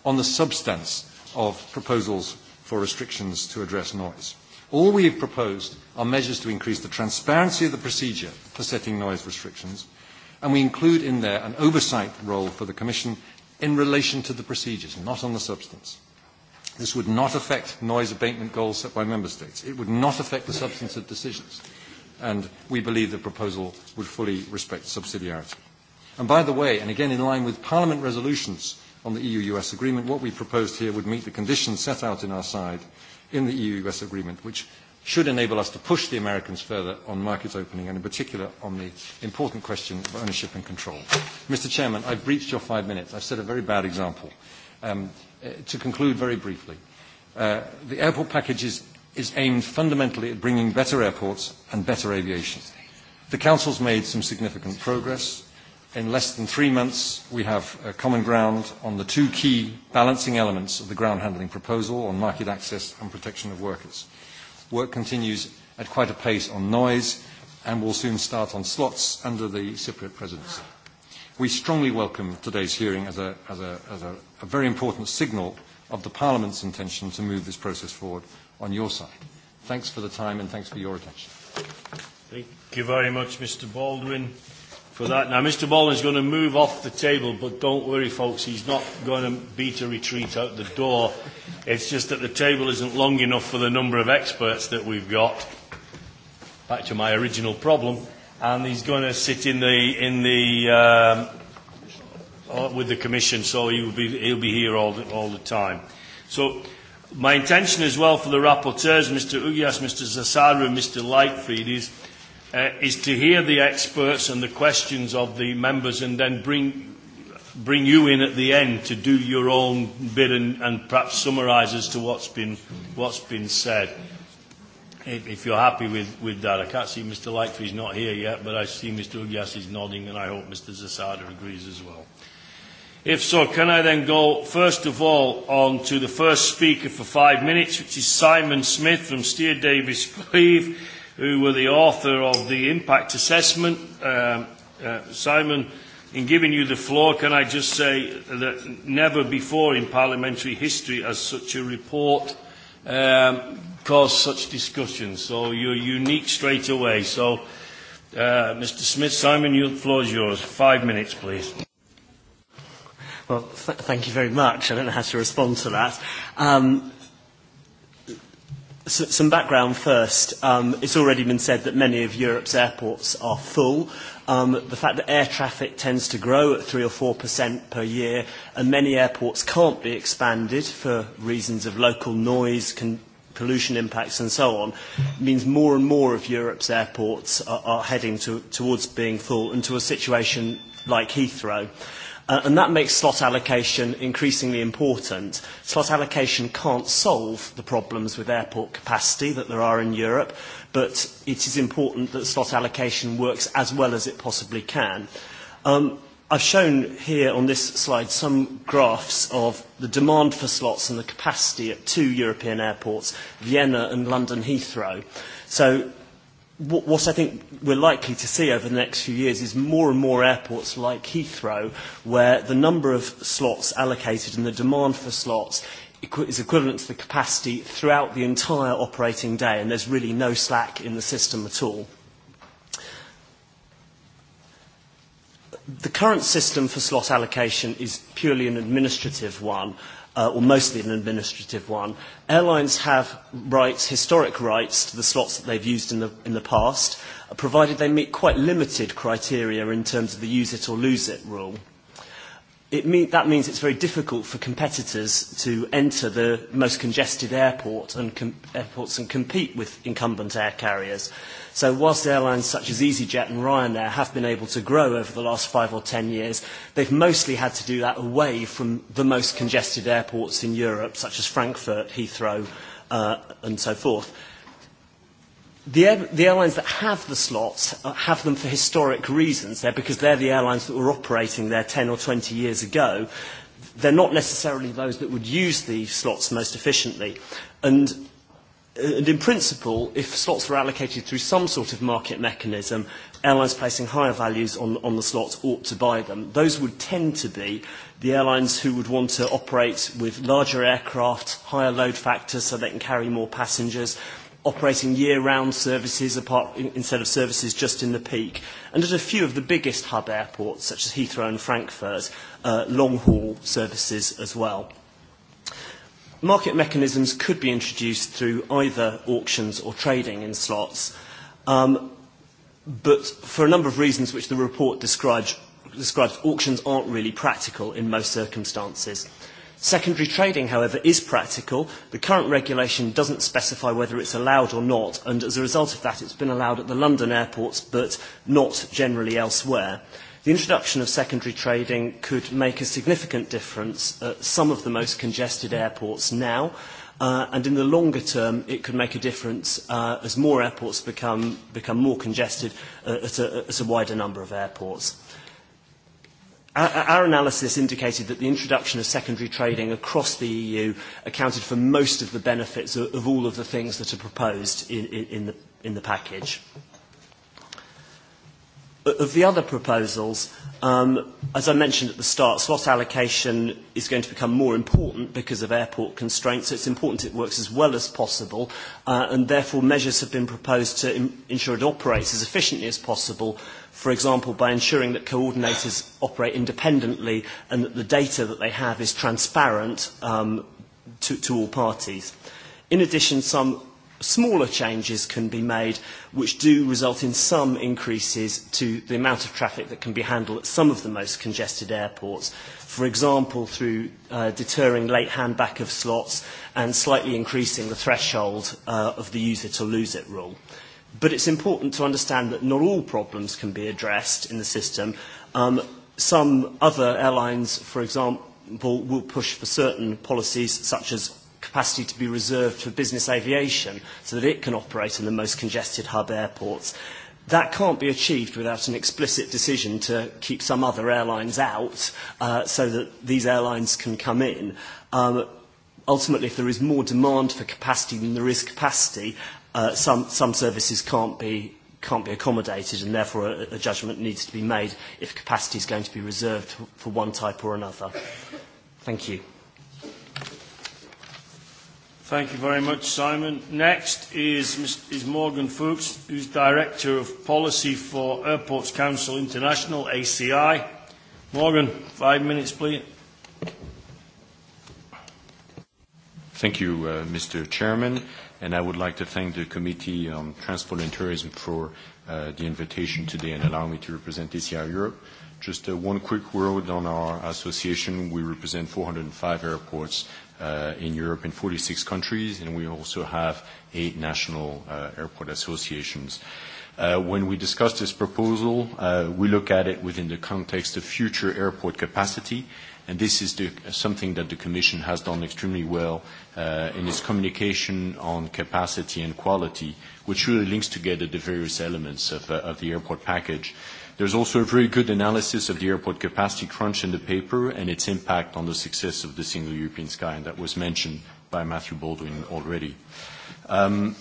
on the substance of proposals for restrictions to address noise. All we have proposed are measures to increase the transparency of the procedure for setting noise restrictions, and we include in there an oversight role for the Commission in relation to the procedures, not on the substance. This would not affect noise abatement goals set by Member States. It would not affect the substance of decisions and we believe the proposal would fully respect subsidiarity. And by the way, and again in line with Parliament resolutions on the EU-US agreement, what we proposed here would meet the conditions set out in our side in the EU-US agreement, which should enable us to push the Americans further on market opening and in particular on the important question of ownership and control. Mr. Chairman, I've breached your five minutes. I've set a very bad example. Um, to conclude very briefly, uh, the airport package is is aimed fundamentally at bringing better airports and better aviation. The Council's made some significant progress. In less than three months, we have a common ground on the two key balancing elements of the ground handling proposal on market access and protection of workers. Work continues at quite a pace on noise and will soon start on slots under the Cypriot presidency. We strongly welcome today's hearing as a, as a, as a, a very important signal of the Parliament's intention to move this process forward on your side. Thanks for the time and thanks for your attention. Thank you very much, Mr. Baldwin, for that. Now, Mr. Baldwin is going to move off the table, but don't worry, folks, he's not going to beat a retreat out the door. It's just that the table isn't long enough for the number of experts that we've got. Back to my original problem. And he's going to sit in the, in the um, with the commission, so he will be, he'll be here all the, all the time. So My intention as well for the rapporteurs, Mr Ugias, Mr Zasaru and Mr Lightfried, is, uh, is to hear the experts and the questions of the members and then bring, bring you in at the end to do your own bit and, and perhaps summarise as to what's been, what's been said. If, if you're happy with, with that, I can't see Mr Lightfried's not here yet, but I see Mr Ugyas is nodding and I hope Mr Zasada agrees as well. If so, can I then go first of all on to the first speaker for five minutes, which is Simon Smith from Steer Davis Cleve, who were the author of the impact assessment. Um, uh, Simon, in giving you the floor, can I just say that never before in parliamentary history has such a report um, caused such discussion. So you're unique straight away. So, uh, Mr. Smith, Simon, your floor is yours. Five minutes, please. Well, th- thank you very much. I don't know how to respond to that. Um, so, some background first. Um, it's already been said that many of Europe's airports are full. Um, the fact that air traffic tends to grow at 3 or 4% per year, and many airports can't be expanded for reasons of local noise, con- pollution impacts and so on, means more and more of Europe's airports are, are heading to, towards being full and to a situation like Heathrow. Uh, and that makes slot allocation increasingly important. Slot allocation can't solve the problems with airport capacity that there are in Europe, but it is important that slot allocation works as well as it possibly can. Um, I've shown here on this slide some graphs of the demand for slots and the capacity at two European airports, Vienna and London Heathrow. So what, what I think we're likely to see over the next few years is more and more airports like Heathrow, where the number of slots allocated and the demand for slots is equivalent to the capacity throughout the entire operating day, and there's really no slack in the system at all. The current system for slot allocation is purely an administrative one, uh, or mostly an administrative one. Airlines have rights, historic rights, to the slots that they've used in the, in the past, provided they meet quite limited criteria in terms of the use it or lose it rule. It mean, that means it's very difficult for competitors to enter the most congested airport and com- airports and compete with incumbent air carriers. So whilst airlines such as EasyJet and Ryanair have been able to grow over the last five or ten years, they've mostly had to do that away from the most congested airports in Europe, such as Frankfurt, Heathrow, uh, and so forth. The, air, the airlines that have the slots uh, have them for historic reasons. They're because they're the airlines that were operating there 10 or 20 years ago. They're not necessarily those that would use the slots most efficiently. And and in principle, if slots were allocated through some sort of market mechanism, airlines placing higher values on, on the slots ought to buy them. Those would tend to be the airlines who would want to operate with larger aircraft, higher load factors so they can carry more passengers, operating year-round services apart, instead of services just in the peak. And at a few of the biggest hub airports, such as Heathrow and Frankfurt, uh, long-haul services as well. Market mechanisms could be introduced through either auctions or trading in slots, um, but for a number of reasons which the report describes, describes, auctions aren't really practical in most circumstances. Secondary trading, however, is practical. The current regulation doesn't specify whether it's allowed or not, and as a result of that, it's been allowed at the London airports, but not generally elsewhere. The introduction of secondary trading could make a significant difference at some of the most congested airports now, uh, and in the longer term, it could make a difference uh, as more airports become, become more congested uh, at, a, at a wider number of airports. Our analysis indicated that the introduction of secondary trading across the EU accounted for most of the benefits of all of the things that are proposed in, in, in, the, in the package. Of the other proposals, um, as I mentioned at the start, slot allocation is going to become more important because of airport constraints, so it's important it works as well as possible, uh, and therefore measures have been proposed to Im- ensure it operates as efficiently as possible, for example, by ensuring that coordinators operate independently and that the data that they have is transparent um, to, to all parties. In addition, some smaller changes can be made which do result in some increases to the amount of traffic that can be handled at some of the most congested airports. For example, through uh, deterring late handback of slots and slightly increasing the threshold uh, of the use it or lose it rule. But it's important to understand that not all problems can be addressed in the system. Um, some other airlines, for example, will push for certain policies such as capacity to be reserved for business aviation so that it can operate in the most congested hub airports. That can't be achieved without an explicit decision to keep some other airlines out uh, so that these airlines can come in. Um, ultimately, if there is more demand for capacity than there is capacity, uh, some, some services can't be can't be accommodated and therefore a, a judgment needs to be made if capacity is going to be reserved for one type or another. Thank you. Thank you very much, Simon. Next is, is Morgan Fuchs, who's Director of Policy for Airports Council International, ACI. Morgan, five minutes, please. Thank you, uh, Mr. Chairman and I would like to thank the Committee on Transport and Tourism for uh, the invitation today and allowing me to represent ACI Europe. Just uh, one quick word on our association. We represent 405 airports uh, in Europe in 46 countries, and we also have eight national uh, airport associations. When we discuss this proposal, we look at it within the context of future airport capacity, uh, And this is the, something that the Commission has done extremely well uh, in its communication on capacity and quality, which really links together the various elements of, uh, of the airport package. There's also a very good analysis of the airport capacity crunch in the paper and its impact on the success of the single European sky, and that was mentioned by Matthew Baldwin already. Um,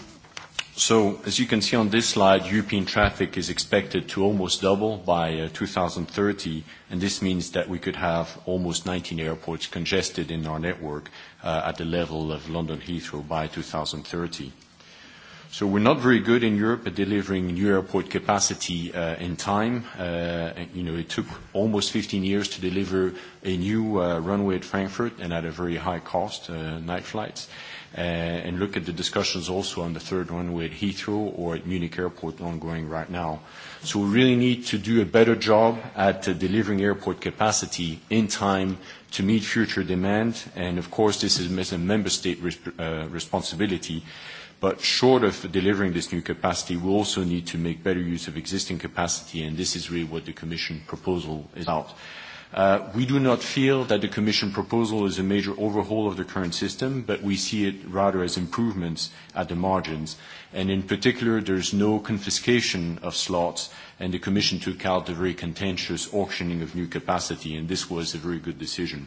So as you can see on this slide, European traffic is expected to almost double by uh, 2030, and this means that we could have almost 19 airports congested in our network uh, at the level of London Heathrow by 2030. So we're not very good in Europe at delivering new airport capacity uh, in time. Uh, you know, it took almost 15 years to deliver a new uh, runway at Frankfurt and at a very high cost, uh, night flights and look at the discussions also on the third one with Heathrow or at Munich Airport ongoing right now. So we really need to do a better job at delivering airport capacity in time to meet future demand. And of course, this is a member state responsibility. But short of delivering this new capacity, we also need to make better use of existing capacity, and this is really what the Commission proposal is about. We do not feel that the Commission proposal is a major overhaul of the current system, but we see it rather as improvements at the margins. and In particular, there's no confiscation of slots, and the Commission took out the very contentious auctioning of new capacity, and this was a very good decision.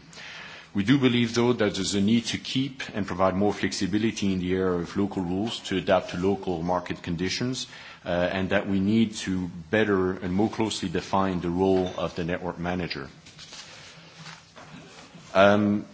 We do believe, though, that there's a need to keep and provide more flexibility in the area of local rules to adapt to local market conditions, and that we need to better and more closely define the role of the network manager. Um,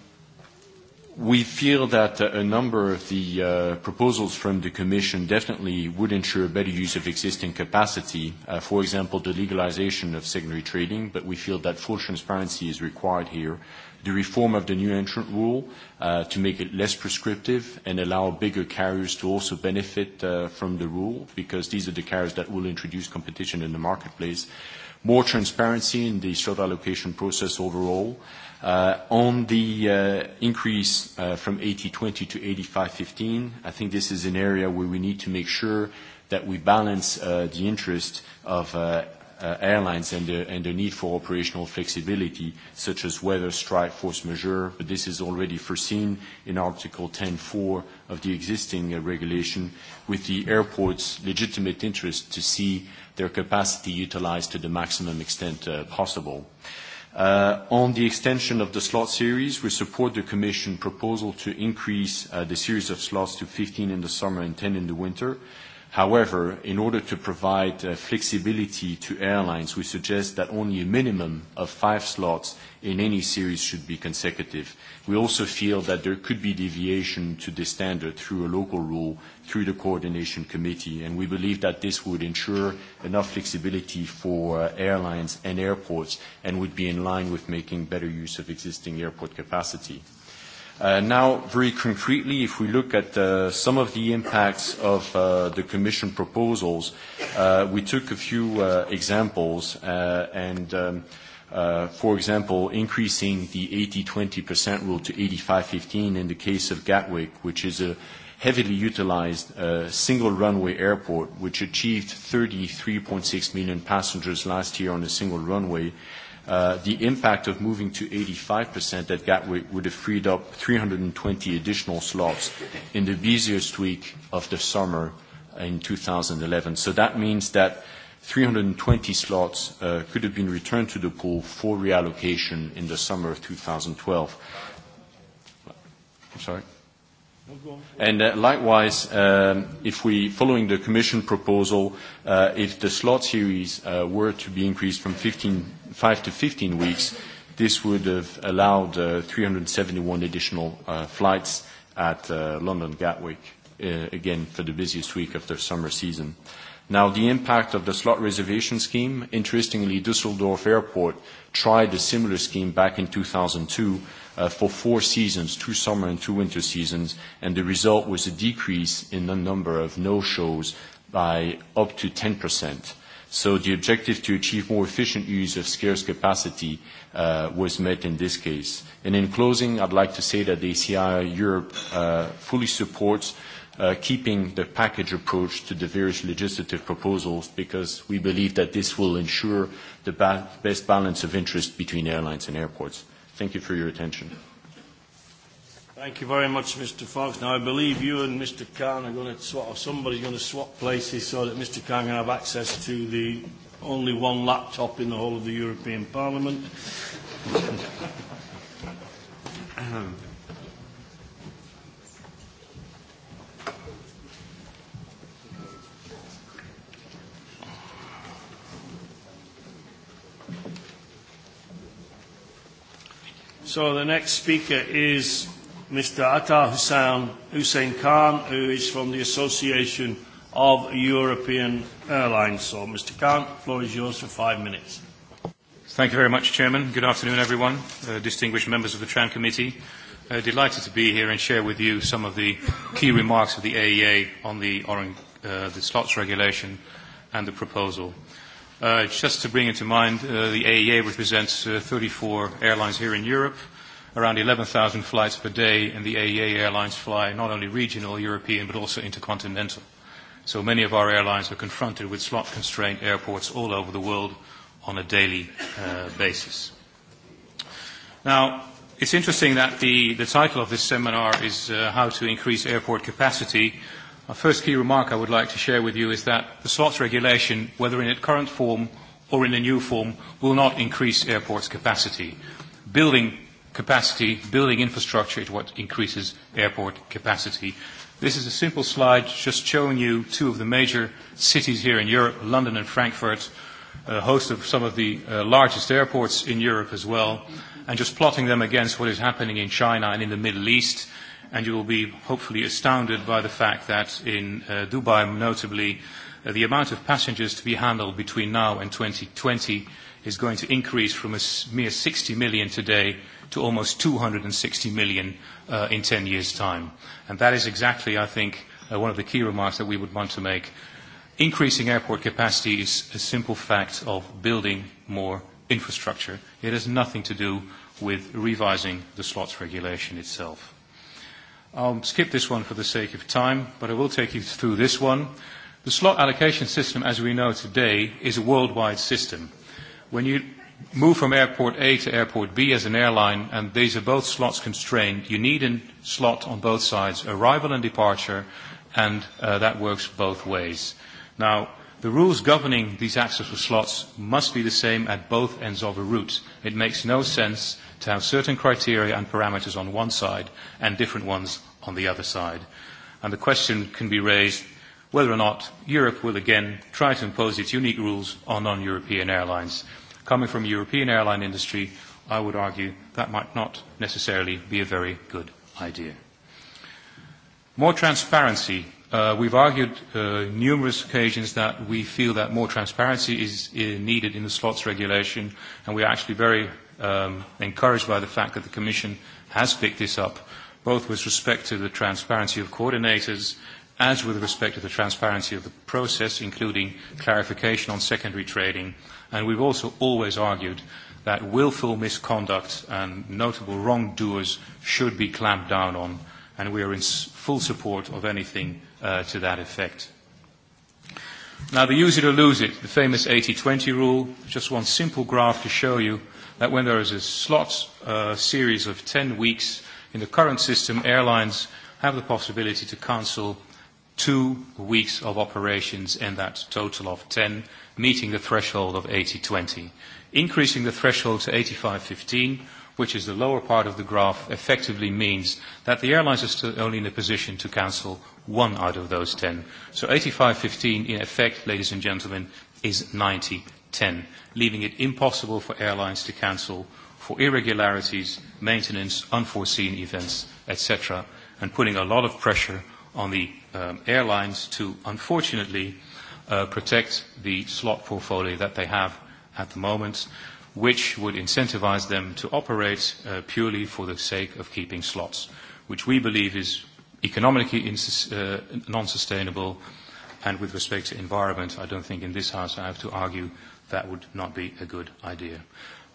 we feel that a number of the uh, proposals from the Commission definitely would ensure better use of existing capacity, uh, for example, the legalization of secondary trading, but we feel that full transparency is required here, the reform of the new entrant rule uh, to make it less prescriptive and allow bigger carriers to also benefit uh, from the rule, because these are the carriers that will introduce competition in the marketplace, more transparency in the slot allocation process overall, On the increase from 80/20 to 85/15, I think this is an area where we need to make sure that we balance the interest of airlines and the need for operational flexibility, such as weather, strike, force majeure. but This is already foreseen in Article 10.4 of the existing regulation, with the airport's legitimate interest to see their capacity utilized to the maximum extent possible. On the extension of the slot series, we support the Commission proposal to increase the series of slots to 15 in the summer and 10 in the winter. However, in order to provide flexibility to airlines, we suggest that only a minimum of five slots in any series should be consecutive. We also feel that there could be deviation to this standard through a local rule through the coordination committee, and we believe that this would ensure enough flexibility for airlines and airports and would be in line with making better use of existing airport capacity. Now, very concretely, if we look at some of the impacts of the Commission proposals, we took a few examples, and for example, increasing the 80/20% rule to 85/15 in the case of Gatwick, which is a heavily utilized single runway airport, which achieved 33.6 million passengers last year on a single runway, uh, the impact of moving to 85% that gap would have freed up 320 additional slots in the busiest week of the summer in 2011. So that means that 320 slots uh, could have been returned to the pool for reallocation in the summer of 2012. I'm sorry? And Likewise, if we, following the commission proposal, if the slot series were to be increased from 15 five to 15 weeks, this would have allowed 371 additional flights at London Gatwick, again, for the busiest week of the summer season. Now, the impact of the slot reservation scheme, interestingly, Düsseldorf Airport tried a similar scheme back in 2002, for four seasons, two summer and two winter seasons, and the result was a decrease in the number of no-shows by up to 10%. So the objective to achieve more efficient use of scarce capacity uh, was met in this case. And in closing, I'd like to say that the ACI Europe uh, fully supports uh, keeping the package approach to the various legislative proposals because we believe that this will ensure the ba best balance of interest between airlines and airports. Thank you for your attention. Thank you very much, Mr. Fox. Now, I believe you and Mr. Khan are going to swap, or somebody's going to swap places so that Mr. Khan can have access to the only one laptop in the whole of the European Parliament. So the next speaker is Mr. Atar Hussain, Hussein Khan, who is from the Association of European Airlines. So, Mr. Khan, the floor is yours for five minutes. Thank you very much, Chairman. Good afternoon, everyone, uh, distinguished members of the TRAN Committee. Uh, delighted to be here and share with you some of the key remarks of the AEA on the, orange, uh, the slots regulation and the proposal. Uh, just to bring into mind, the AEA represents 34 airlines here in Europe, around 11,000 flights per day, and the AEA airlines fly not only regional, European, but also intercontinental. So many of our airlines are confronted with slot-constrained airports all over the world on a daily basis. Now, it's interesting that the, title of this seminar is How to Increase Airport Capacity My first key remark I would like to share with you is that the slots regulation, whether in its current form or in a new form, will not increase airports' capacity. Building capacity, building infrastructure is what increases airport capacity. This is a simple slide just showing you two of the major cities here in Europe, London and Frankfurt, a host of some of the uh, largest airports in Europe as well, and just plotting them against what is happening in China and in the Middle East and you will be hopefully astounded by the fact that in uh, Dubai, notably, uh, the amount of passengers to be handled between now and 2020 is going to increase from a mere 60 million today to almost 260 million uh, in 10 years' time. And that is exactly, I think, uh, one of the key remarks that we would want to make. Increasing airport capacity is a simple fact of building more infrastructure. It has nothing to do with revising the slots regulation itself. I'll skip this one for the sake of time, but I will take you through this one. The slot allocation system, as we know today, is a worldwide system. When you move from airport A to airport B as an airline, and these are both slots constrained, you need a slot on both sides, arrival and departure, and uh, that works both ways. Now, the rules governing these access for slots must be the same at both ends of a route. It makes no sense to have certain criteria and parameters on one side and different ones on the other side. And the question can be raised whether or not Europe will again try to impose its unique rules on non-European airlines. Coming from a European airline industry, I would argue that might not necessarily be a very good idea. More transparency. Uh, we've argued uh, numerous occasions that we feel that more transparency is, is needed in the slots regulation, and we are actually very um, encouraged by the fact that the Commission has picked this up, both with respect to the transparency of coordinators as with respect to the transparency of the process, including clarification on secondary trading. And we've also always argued that willful misconduct and notable wrongdoers should be clamped down on, and we are in full support of anything uh, to that effect. Now, the use it or lose it, the famous 80-20 rule, just one simple graph to show you that when there is a slot uh, series of 10 weeks in the current system, airlines have the possibility to cancel two weeks of operations in that total of 10, meeting the threshold of 80-20. Increasing the threshold to 85-15, which is the lower part of the graph, effectively means that the airlines are still only in a position to cancel one out of those 10. So 85-15, in effect, ladies and gentlemen, is 10, leaving it impossible for airlines to cancel for irregularities, maintenance, unforeseen events, etc., and putting a lot of pressure on the um, airlines to, unfortunately, uh, protect the slot portfolio that they have at the moment, which would incentivize them to operate uh, purely for the sake of keeping slots, which we believe is economically ins- uh, non-sustainable, and with respect to environment, I don't think in this House I have to argue that would not be a good idea.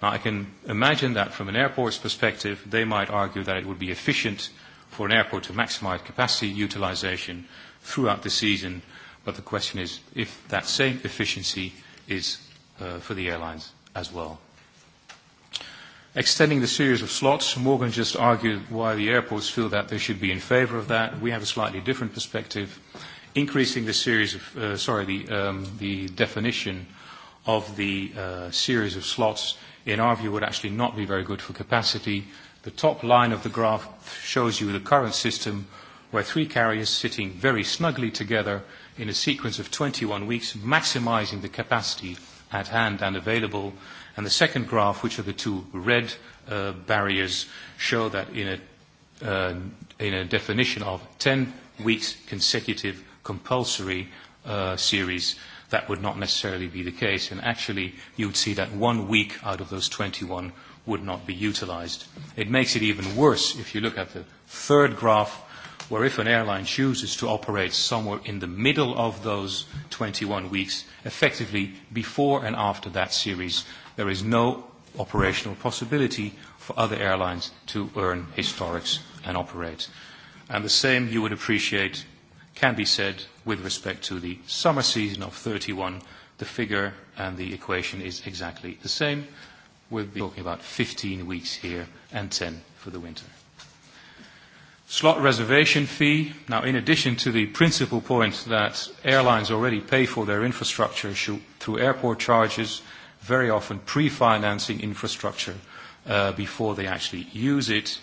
Now, I can imagine that from an airport's perspective, they might argue that it would be efficient for an airport to maximize capacity utilization throughout the season, but the question is if that same efficiency is uh, for the airlines as well. Extending the series of slots, Morgan just argued why the airports feel that they should be in favor of that. We have a slightly different perspective. Increasing the series of, uh, sorry, the, um, the definition of the uh, series of slots, in our view, would actually not be very good for capacity. The top line of the graph shows you the current system where three carriers sitting very snugly together in a sequence of 21 weeks, maximizing the capacity at hand and available. And the second graph, which are the two red uh, barriers, show that in a, uh, in a definition of 10 weeks consecutive compulsory uh, series, that would not necessarily be the case. And actually, you would see that one week out of those 21 would not be utilized. It makes it even worse if you look at the third graph, where if an airline chooses to operate somewhere in the middle of those 21 weeks, effectively before and after that series, there is no operational possibility for other airlines to earn historics and operate. And the same you would appreciate can be said with respect to the summer season of 31. The figure and the equation is exactly the same. We'll be talking about 15 weeks here and 10 for the winter. Slot reservation fee. Now, in addition to the principal point that airlines already pay for their infrastructure through airport charges, very often pre-financing infrastructure uh, before they actually use it,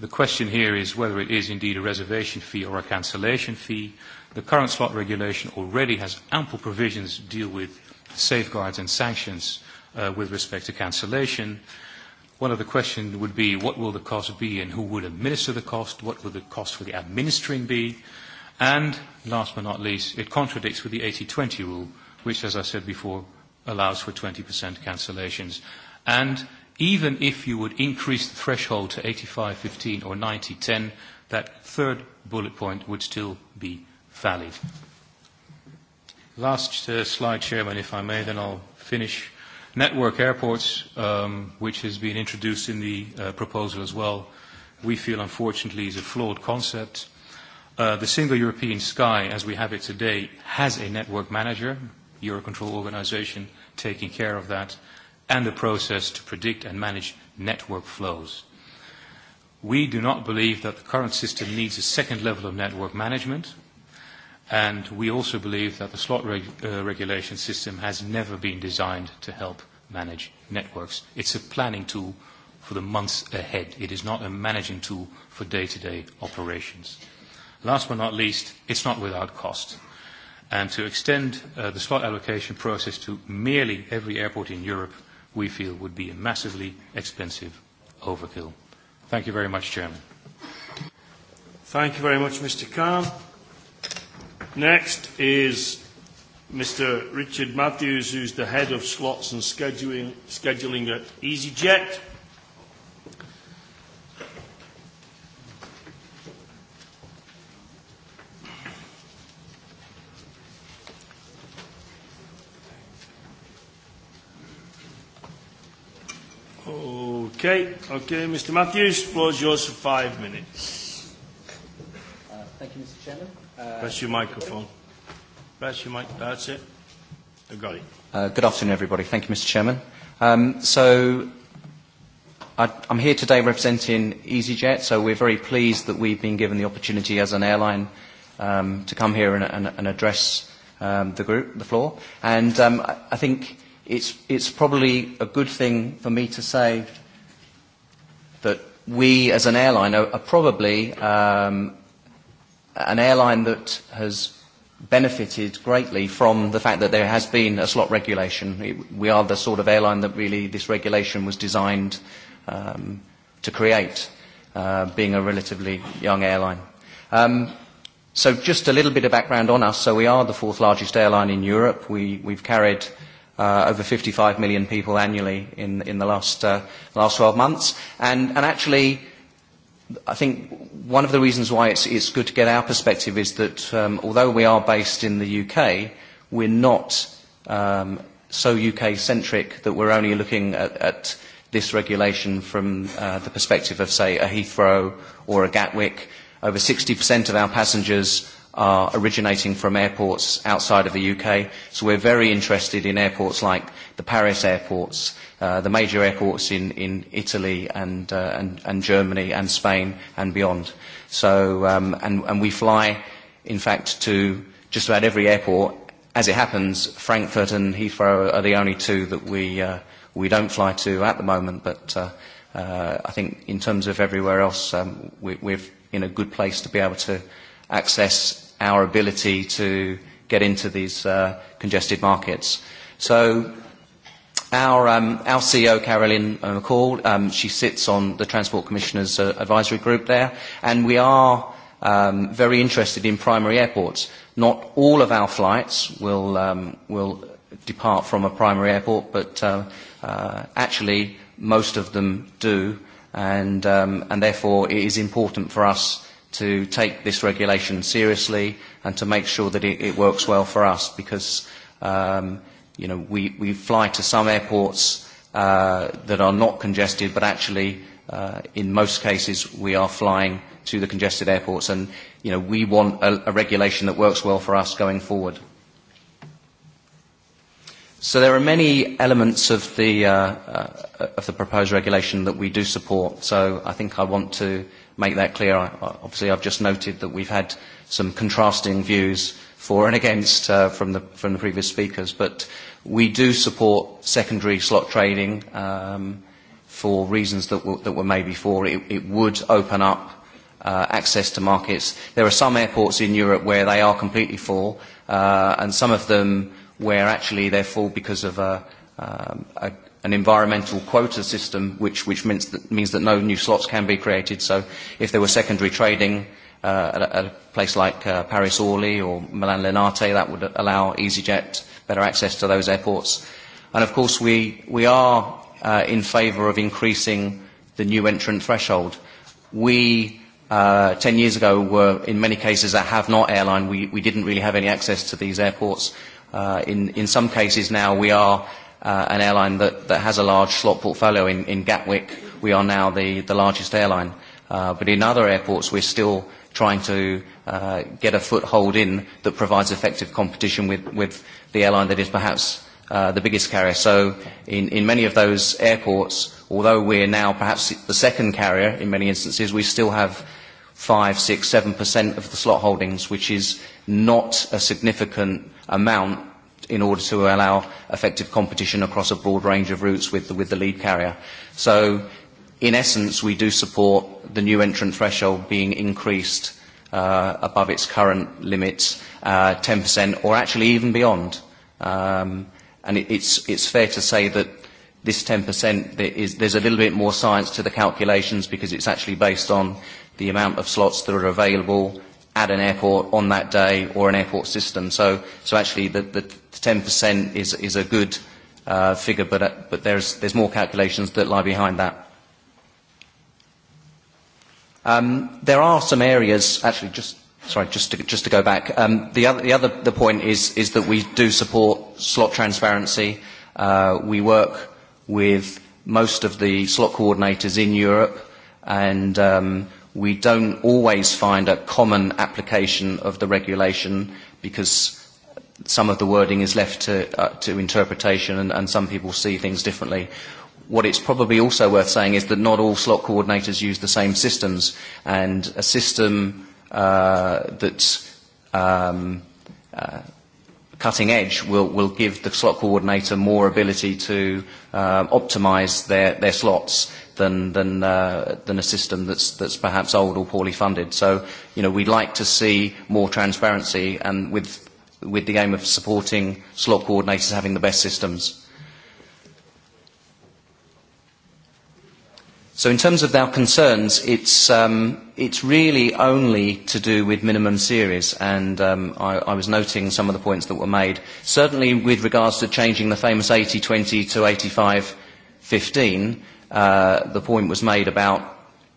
The question here is whether it is indeed a reservation fee or a cancellation fee. The current slot regulation already has ample provisions to deal with safeguards and sanctions uh, with respect to cancellation. One of the questions would be what will the cost be and who would administer the cost? What would the cost for the administering be? And last but not least, it contradicts with the 80-20 rule, which, as I said before, allows for 20% cancellations. And even if you would increase the threshold to 85-15 or 90-10, that third bullet point would still be valid. Last uh, slide, Chairman, if I may, then I'll finish. Network airports, um, which has been introduced in the uh, proposal as well, we feel unfortunately is a flawed concept. Uh, the single European sky, as we have it today, has a network manager, Eurocontrol organization, taking care of that and the process to predict and manage network flows. We do not believe that the current system needs a second level of network management, and we also believe that the slot reg uh, regulation system has never been designed to help manage networks. It's a planning tool for the months ahead. It is not a managing tool for day-to-day operations. Last but not least, it's not without cost. And to extend uh, the slot allocation process to merely every airport in Europe we feel would be a massively expensive overkill. Thank you very much, Chairman. Thank you very much, Mr. Khan. Next is Mr. Richard Matthews, who's the head of slots and scheduling, scheduling at EasyJet. Okay, okay, Mr. Matthews, floor is yours for five minutes. Uh, thank you, Mr. Chairman. Uh, Press your microphone. Press your mic. That's it. I got it. Uh, good afternoon, everybody. Thank you, Mr. Chairman. Um, so I, I'm here today representing EasyJet. So we're very pleased that we've been given the opportunity as an airline um, to come here and, and, and address um, the group, the floor. And um, I, I think it's, it's probably a good thing for me to say that we as an airline are, are probably um, an airline that has benefited greatly from the fact that there has been a slot regulation. It, we are the sort of airline that really this regulation was designed um, to create, uh, being a relatively young airline. Um, so just a little bit of background on us. So we are the fourth largest airline in Europe. We, we've carried uh, over 55 million people annually in, in the last, uh, last 12 months. And, and actually, I think one of the reasons why it's, it's good to get our perspective is that um, although we are based in the UK, we're not um, so UK-centric that we're only looking at, at this regulation from uh, the perspective of, say, a Heathrow or a Gatwick. Over 60% of our passengers are originating from airports outside of the UK. So we're very interested in airports like the Paris airports, uh, the major airports in, in Italy and, uh, and, and Germany and Spain and beyond. So, um, and, and we fly, in fact, to just about every airport. As it happens, Frankfurt and Heathrow are the only two that we, uh, we don't fly to at the moment, but uh, uh, I think in terms of everywhere else, um, we, we're in a good place to be able to access our ability to get into these uh, congested markets. So our, um, our CEO, Carolyn McCall, um, she sits on the Transport Commissioners uh, Advisory Group there, and we are um, very interested in primary airports. Not all of our flights will, um, will depart from a primary airport, but uh, uh, actually most of them do, and, um, and therefore it is important for us to take this regulation seriously and to make sure that it, it works well for us because um, you know, we, we fly to some airports uh, that are not congested but actually uh, in most cases we are flying to the congested airports and you know, we want a, a regulation that works well for us going forward. So there are many elements of the, uh, uh, of the proposed regulation that we do support. So I think I want to make that clear. I, obviously, I've just noted that we've had some contrasting views for and against uh, from, the, from the previous speakers, but we do support secondary slot trading um, for reasons that, w- that were made before. It, it would open up uh, access to markets. There are some airports in Europe where they are completely full, uh, and some of them where actually they're full because of a, um, a, an environmental quota system, which, which means, that, means that no new slots can be created. So if there were secondary trading uh, at, a, at a place like uh, Paris Orly or Milan Linate, that would allow EasyJet better access to those airports. And of course, we, we are uh, in favour of increasing the new entrant threshold. We uh, 10 years ago were in many cases a have not airline. We, we didn't really have any access to these airports. Uh, in, in some cases now we are uh, an airline that, that has a large slot portfolio. In, in Gatwick, we are now the, the largest airline. Uh, but in other airports, we're still trying to uh, get a foothold in that provides effective competition with, with the airline that is perhaps uh, the biggest carrier. So in, in many of those airports, although we're now perhaps the second carrier in many instances, we still have five, six, seven percent of the slot holdings, which is not a significant amount in order to allow effective competition across a broad range of routes with the, with the lead carrier. So in essence, we do support the new entrant threshold being increased uh, above its current limits, uh, 10% or actually even beyond. Um, and it, it's, it's fair to say that this 10%, there is, there's a little bit more science to the calculations because it's actually based on the amount of slots that are available, at an airport on that day or an airport system. So, so actually the, the 10% is, is a good uh, figure, but, uh, but there's, there's more calculations that lie behind that. Um, there are some areas, actually just, sorry, just to, just to go back. Um, the, other, the other the point is, is that we do support slot transparency. Uh, we work with most of the slot coordinators in Europe and um, we don't always find a common application of the regulation because some of the wording is left to, uh, to interpretation and, and some people see things differently. What it's probably also worth saying is that not all slot coordinators use the same systems and a system uh, that's um, uh, cutting edge will, will give the slot coordinator more ability to uh, optimize their, their slots than than uh, than a system that's that's perhaps old or poorly funded. So you know we'd like to see more transparency and with with the aim of supporting slot coordinators having the best systems. So in terms of our concerns, it's, um, it's really only to do with minimum series, and um, I, I was noting some of the points that were made. Certainly with regards to changing the famous 80-20 to 85-15, uh, the point was made about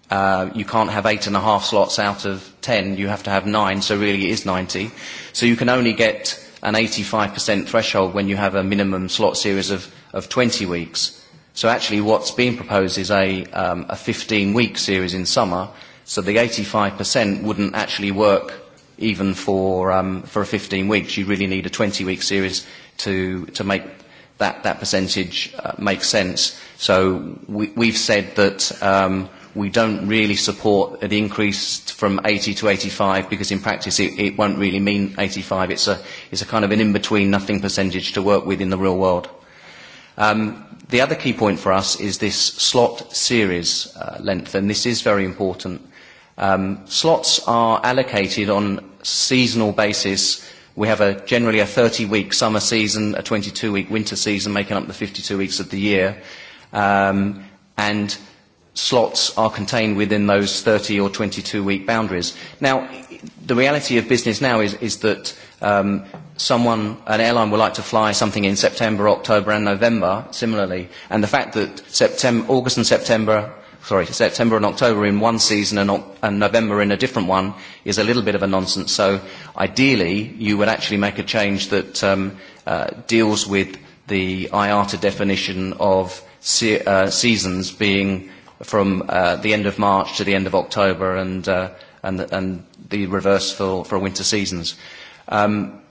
uh, you can't have eight and a half slots out of ten, you have to have nine, so really it is 90. So you can only get an 85% threshold when you have a minimum slot series of, of 20 weeks. So actually what's being proposed is a, um, a 15-week series in summer, so the 85% wouldn't actually work even for, um, for 15 weeks. You really need a 20-week series to, to make that, that percentage uh, make sense. So we, we've said that um, we don't really support an increase from 80 to 85 because in practice it, it won't really mean 85. It's a, it's a kind of an in-between nothing percentage to work with in the real world. Um, the other key point for us is this slot series uh, length, and this is very important. Um, slots are allocated on seasonal basis. We have a, generally a 30-week summer season, a 22-week winter season, making up the 52 weeks of the year Um, and slots are contained within those 30 or 22 week boundaries. Now, the reality of business now is, is that um, someone, an airline would like to fly something in September, October and November, similarly. And the fact that September, August and September, sorry, September and October in one season and, and November in a different one is a little bit of a nonsense. So ideally, you would actually make a change that um, uh, deals with the IATA definition of se- uh, seasons being from uh, the end of March to the end of October and, uh, and, and the reverse for, for winter seasons. Um,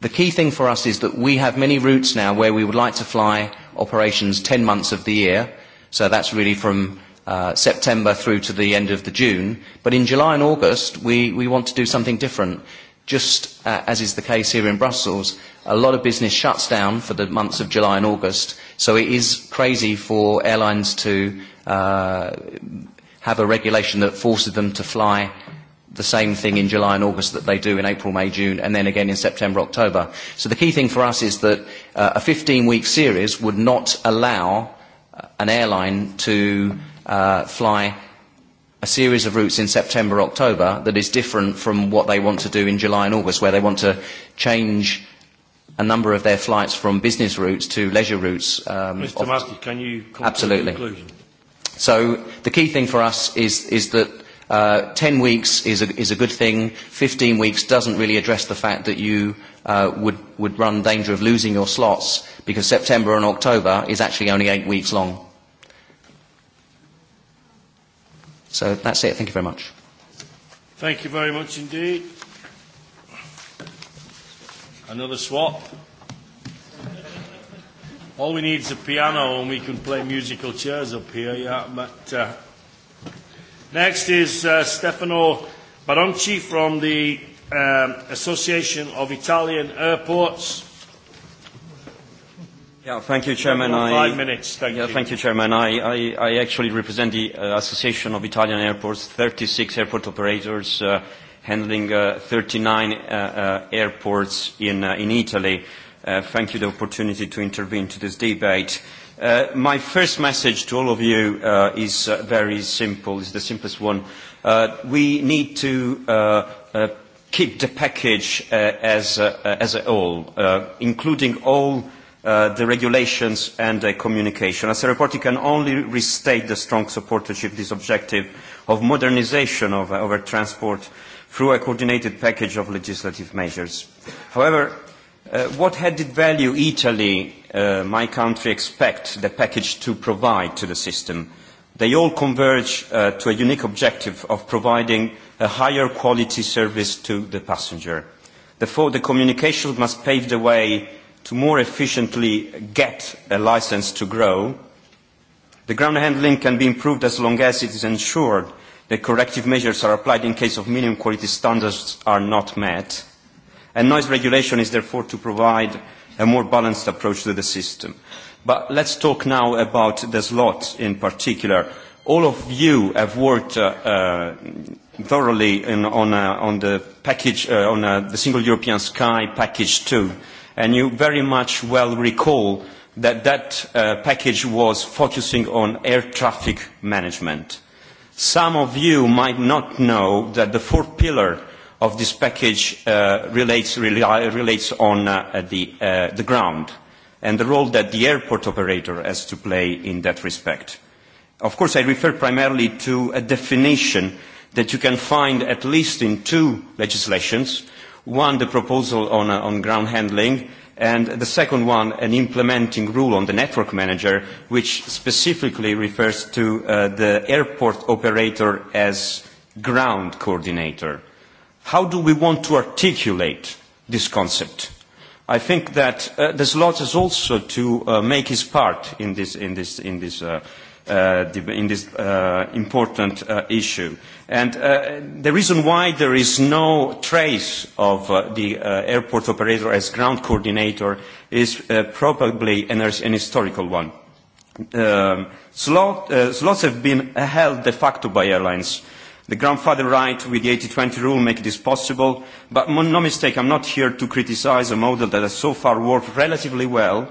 the key thing for us is that we have many routes now where we would like to fly operations 10 months of the year. So that's really from uh, September through to the end of the June. But in July and August, we, we want to do something different. Just uh, as is the case here in Brussels, a lot of business shuts down for the months of July and August So it is crazy for airlines to uh, have a regulation that forces them to fly the same thing in July and August that they do in April, May, June, and then again in September, October. So the key thing for us is that uh, a 15-week series would not allow an airline to uh, fly a series of routes in September, October that is different from what they want to do in July and August, where they want to change a number of their flights from business routes to leisure routes. Um, Mr. Maskey, can you absolutely? Conclusion? So the key thing for us is is that. Uh, 10 weeks is a, is a good thing. 15 weeks doesn't really address the fact that you uh, would, would run danger of losing your slots because September and October is actually only eight weeks long. So that's it. Thank you very much. Thank you very much indeed. Another swap. All we need is a piano and we can play musical chairs up here, yeah. But uh, next is uh, Stefano Baronci from the um, Association of Italian Airports. Yeah, thank you, Chairman. Five I, minutes, thank yeah, you. Thank you, Chairman. I, I, I actually represent the uh, Association of Italian Airports, 36 airport operators. Uh, handling uh, 39 uh, uh, airports in, uh, in Italy. Uh, thank you for the opportunity to intervene to this debate. Uh, my first message to all of you uh, is uh, very simple, it's the simplest one. Uh, we need to uh, uh, keep the package uh, as, uh, as a whole, uh, including all the regulations and the communication. As a report, you can only restate the strong support to achieve this objective of modernisation of, our transport through a coordinated package of legislative measures. However, uh, what added value Italy, uh, my country, expect the package to provide to the system? They all converge uh, to a unique objective of providing a higher quality service to the passenger. Therefore, the communication must pave the way to more efficiently get a license to grow. The ground handling can be improved as long as it is ensured that corrective measures are applied in case of minimum quality standards are not met, and noise regulation is therefore to provide a more balanced approach to the system. But let's talk now about the slot in particular. All of you have worked uh, uh, thoroughly in, on, uh, on the package, uh, on uh, the Single European Sky Package 2, and you very much well recall that that uh, package was focusing on air traffic management Some of you might not know that the fourth pillar of this package uh, relates, relates on uh, the, uh, the ground and the role that the airport operator has to play in that respect. Of course, I refer primarily to a definition that you can find at least in two legislations, one the proposal on, uh, on ground handling and the second one, an implementing rule on the network manager, which specifically refers to uh, the airport operator as ground coordinator. How do we want to articulate this concept? I think that uh, the slot is also to uh, make his part in this, in this, in this uh, uh, in this uh, important uh, issue. And uh, the reason why there is no trace of uh, the uh, airport operator as ground coordinator is uh, probably an, an historical one. Um, slot, uh, slots have been held de facto by airlines. The grandfather right with the 80-20 rule make this possible, but no mistake, I'm not here to criticize a model that has so far worked relatively well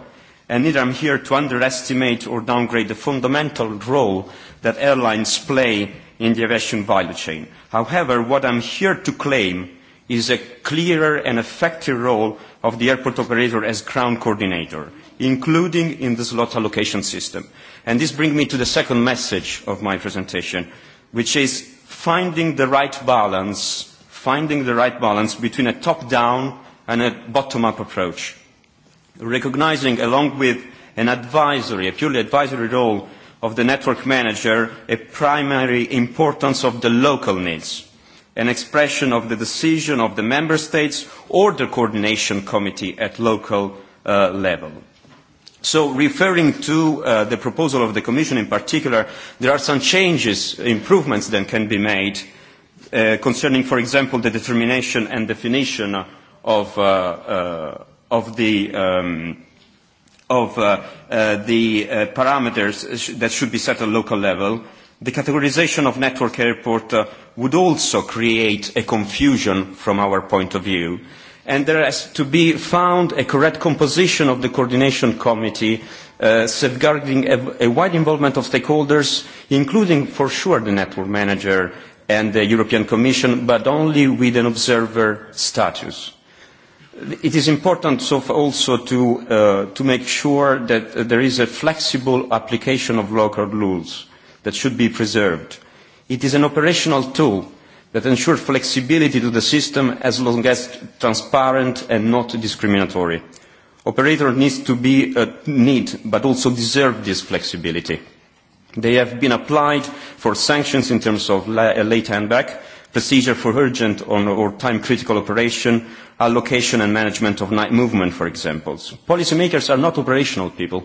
and neither am here to underestimate or downgrade the fundamental role that airlines play in the aviation value chain. However, what I'm here to claim is a clearer and effective role of the airport operator as ground coordinator, including in the slot allocation system. And this brings me to the second message of my presentation, which is finding the right balance, finding the right balance between a top-down and a bottom-up approach recognizing along with an advisory, a purely advisory role of the network manager, a primary importance of the local needs, an expression of the decision of the member states or the coordination committee at local uh, level. So referring to uh, the proposal of the Commission in particular, there are some changes, improvements that can be made uh, concerning, for example, the determination and definition of uh, uh, of the um, of uh, uh, the uh, parameters that should be set at local level, the categorization of network airport uh, would also create a confusion from our point of view. And there has to be found a correct composition of the coordination committee, uh, safeguarding a, a wide involvement of stakeholders, including for sure the network manager and the European Commission, but only with an observer status. It is important also to make sure that there is a flexible application of local rules that should be preserved. It is an operational tool that ensures flexibility to the system as long as transparent and not discriminatory. Operators need to be a need but also deserve this flexibility. They have been applied for sanctions in terms of late handback, procedure for urgent or time-critical operation, allocation and management of night movement, for example. Policymakers are not operational people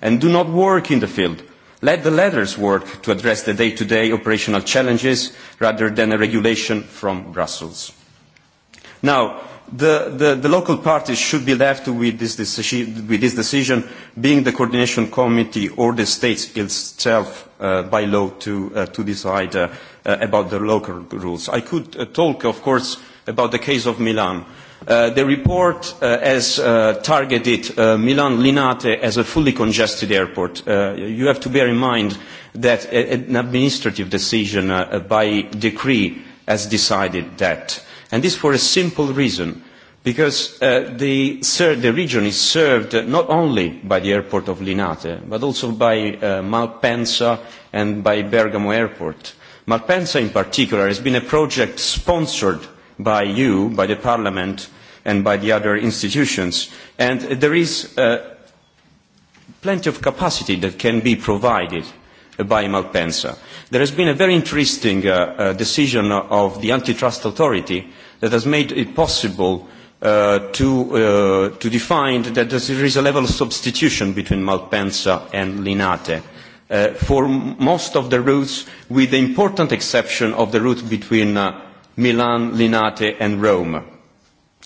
and do not work in the field. Let the letters work to address the day-to-day operational challenges rather than a regulation from Brussels. Now, the, the, the local parties should be left with this, decision, with this decision being the coordination committee or the states itself uh, by law to, uh, to decide uh, uh, about the local rules. I could uh, talk, of course, about the case of Milan. Uh, the report uh, has uh, targeted uh, Milan Linate as a fully congested airport. Uh, you have to bear in mind that an administrative decision uh, by decree has decided that. And this for a simple reason because the, region is served not only by the airport of Linate, but also by Malpensa and by Bergamo Airport. Malpensa in particular has been a project sponsored by you, by the Parliament, and by the other institutions, and there is plenty of capacity that can be provided by Malpensa. There has been a very interesting decision of the antitrust authority that has made it possible uh, to, uh, to define that there is a level of substitution between Malpensa and Linate uh, for most of the routes, with the important exception of the route between uh, Milan, Linate, and Rome.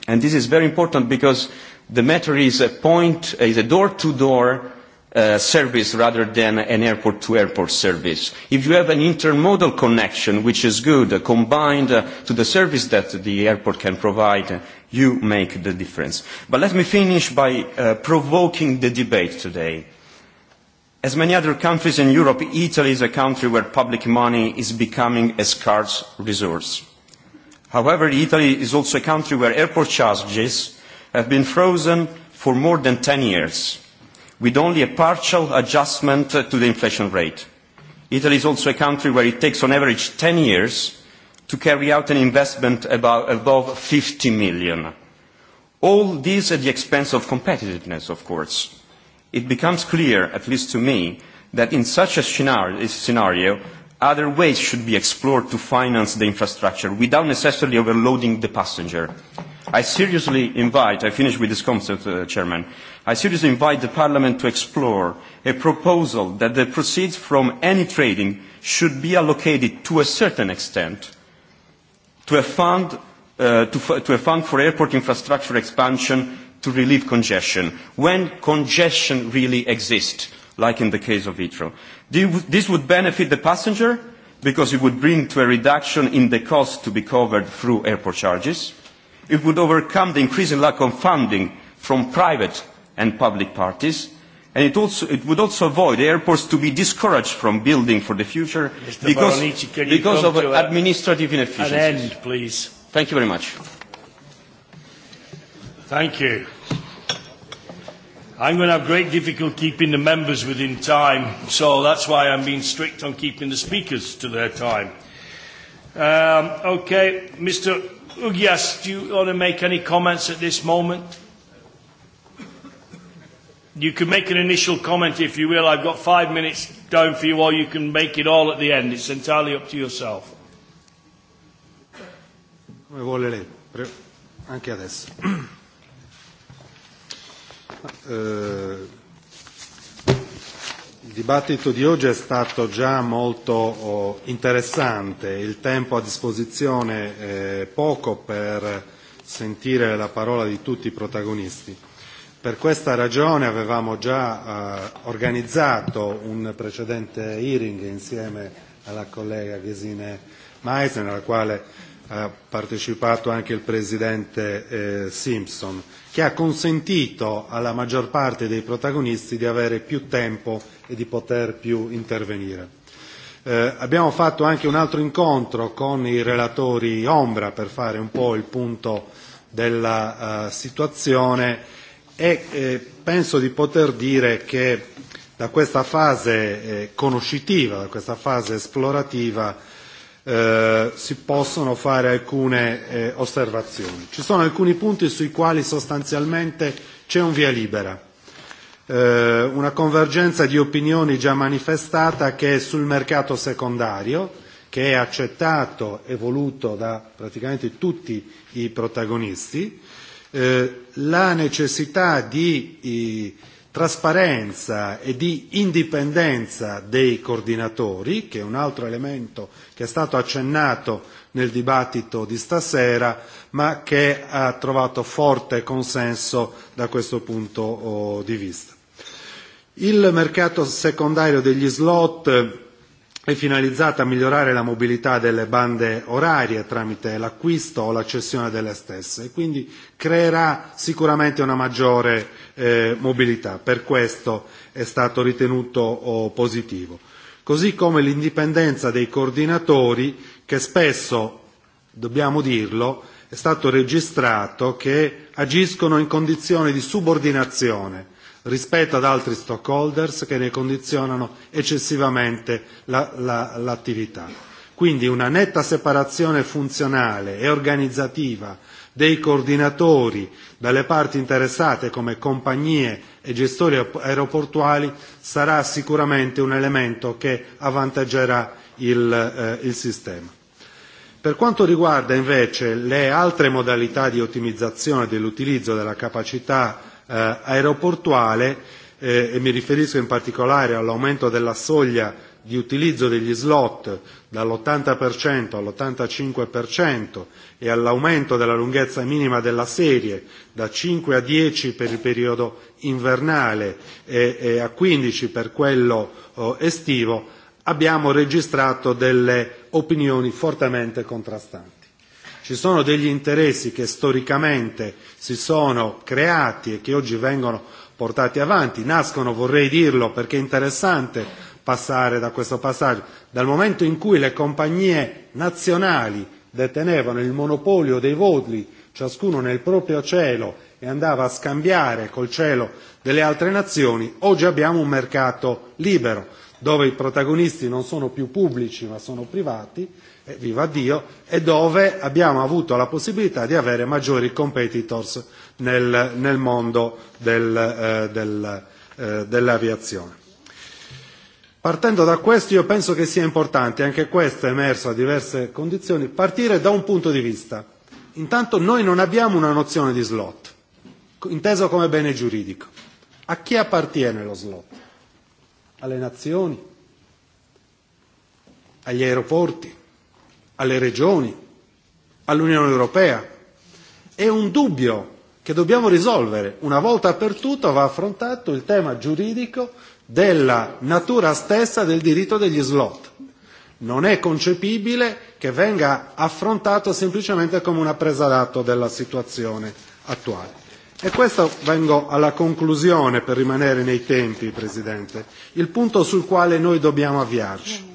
And this is very important because the matter is a point, is a door-to-door service rather than an airport-to-airport service. If you have an intermodal connection, which is good, uh, combined uh, to the service that the airport can provide, uh, you make the difference. But let me finish by uh, provoking the debate today. As many other countries in Europe, Italy is a country where public money is becoming a scarce resource. However, Italy is also a country where airport charges have been frozen for more than 10 years with only a partial adjustment to the inflation rate. Italy is also a country where it takes on average 10 years to carry out an investment about, above 50 million. All this at the expense of competitiveness, of course. It becomes clear, at least to me, that in such a scenario, other ways should be explored to finance the infrastructure without necessarily overloading the passenger. I seriously invite, I finish with this concept, uh, Chairman, I seriously invite the Parliament to explore a proposal that the proceeds from any trading should be allocated to a certain extent to a fund, uh, to, to a fund for airport infrastructure expansion to relieve congestion, when congestion really exists, like in the case of Heathrow. This would benefit the passenger because it would bring to a reduction in the cost to be covered through airport charges. It would overcome the increasing lack of funding from private and public parties. And it, also, it would also avoid airports to be discouraged from building for the future Mr. because, Baronici, can you because of to administrative inefficiencies. An end, please. Thank you very much. Thank you. I'm going to have great difficulty keeping the members within time, so that's why I'm being strict on keeping the speakers to their time. Um, okay, Mr. Ugias, do you want to make any comments at this moment? you can make an initial comment if you will. I've got five minutes down for you, or you can make it all at the end. It's entirely up to yourself. Come vuole lei, anche adesso. il dibattito di oggi è stato già molto interessante, il tempo a disposizione è poco per sentire la parola di tutti i protagonisti. Per questa ragione avevamo già eh, organizzato un precedente hearing insieme alla collega Ghesine Meisen, alla quale ha partecipato anche il Presidente eh, Simpson, che ha consentito alla maggior parte dei protagonisti di avere più tempo e di poter più intervenire. Eh, abbiamo fatto anche un altro incontro con i relatori Ombra per fare un po' il punto della eh, situazione e penso di poter dire che da questa fase conoscitiva, da questa fase esplorativa, si possono fare alcune osservazioni. Ci sono alcuni punti sui quali sostanzialmente c'è un via libera, una convergenza di opinioni già manifestata che è sul mercato secondario, che è accettato e voluto da praticamente tutti i protagonisti, la necessità di eh, trasparenza e di indipendenza dei coordinatori, che è un altro elemento che è stato accennato nel dibattito di stasera, ma che ha trovato forte consenso da questo punto di vista. Il mercato secondario degli slot è finalizzata a migliorare la mobilità delle bande orarie tramite l'acquisto o la cessione delle stesse e quindi creerà sicuramente una maggiore eh, mobilità. Per questo è stato ritenuto oh, positivo. Così come l'indipendenza dei coordinatori che spesso, dobbiamo dirlo, è stato registrato che agiscono in condizioni di subordinazione rispetto ad altri stockholders che ne condizionano eccessivamente l'attività. Quindi una netta separazione funzionale e organizzativa dei coordinatori dalle parti interessate come compagnie e gestori aeroportuali sarà sicuramente un elemento che avvantaggerà il, il sistema. Per quanto riguarda invece le altre modalità di ottimizzazione dell'utilizzo della capacità eh, aeroportuale eh, e mi riferisco in particolare all'aumento della soglia di utilizzo degli slot dall'80% all'85% e all'aumento della lunghezza minima della serie da 5 a 10 per il periodo invernale e, e a 15 per quello oh, estivo, abbiamo registrato delle opinioni fortemente contrastanti. Ci sono degli interessi che storicamente si sono creati e che oggi vengono portati avanti, nascono, vorrei dirlo perché è interessante passare da questo passaggio, dal momento in cui le compagnie nazionali detenevano il monopolio dei voli, ciascuno nel proprio cielo e andava a scambiare col cielo delle altre nazioni, oggi abbiamo un mercato libero dove i protagonisti non sono più pubblici ma sono privati viva Dio, e dove abbiamo avuto la possibilità di avere maggiori competitors nel, nel mondo del, eh, del, eh, dell'aviazione. Partendo da questo io penso che sia importante, anche questo è emerso a diverse condizioni, partire da un punto di vista. Intanto noi non abbiamo una nozione di slot, inteso come bene giuridico. A chi appartiene lo slot? Alle nazioni? Agli aeroporti? alle regioni, all'Unione Europea. È un dubbio che dobbiamo risolvere. Una volta per tutto va affrontato il tema giuridico della natura stessa del diritto degli slot. Non è concepibile che venga affrontato semplicemente come una presa d'atto della situazione attuale. E questo vengo alla conclusione per rimanere nei tempi, Presidente, il punto sul quale noi dobbiamo avviarci.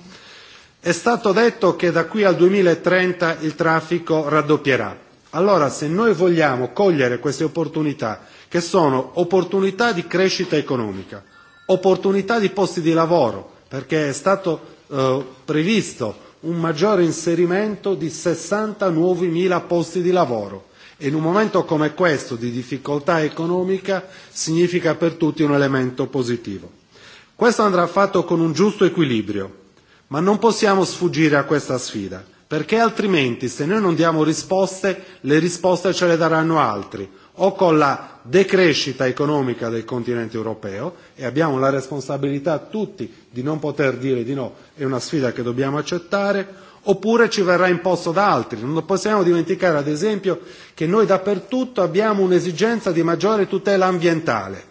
È stato detto che da qui al duemilatrenta il traffico raddoppierà. Allora, se noi vogliamo cogliere queste opportunità, che sono opportunità di crescita economica, opportunità di posti di lavoro, perché è stato previsto un maggiore inserimento di sessanta nuovi mila posti di lavoro e in un momento come questo di difficoltà economica significa per tutti un elemento positivo. Questo andrà fatto con un giusto equilibrio ma non possiamo sfuggire a questa sfida, perché altrimenti se noi non diamo risposte, le risposte ce le daranno altri, o con la decrescita economica del continente europeo, e abbiamo la responsabilità tutti di non poter dire di no, è una sfida che dobbiamo accettare, oppure ci verrà imposto da altri. Non possiamo dimenticare, ad esempio, che noi dappertutto abbiamo un'esigenza di maggiore tutela ambientale.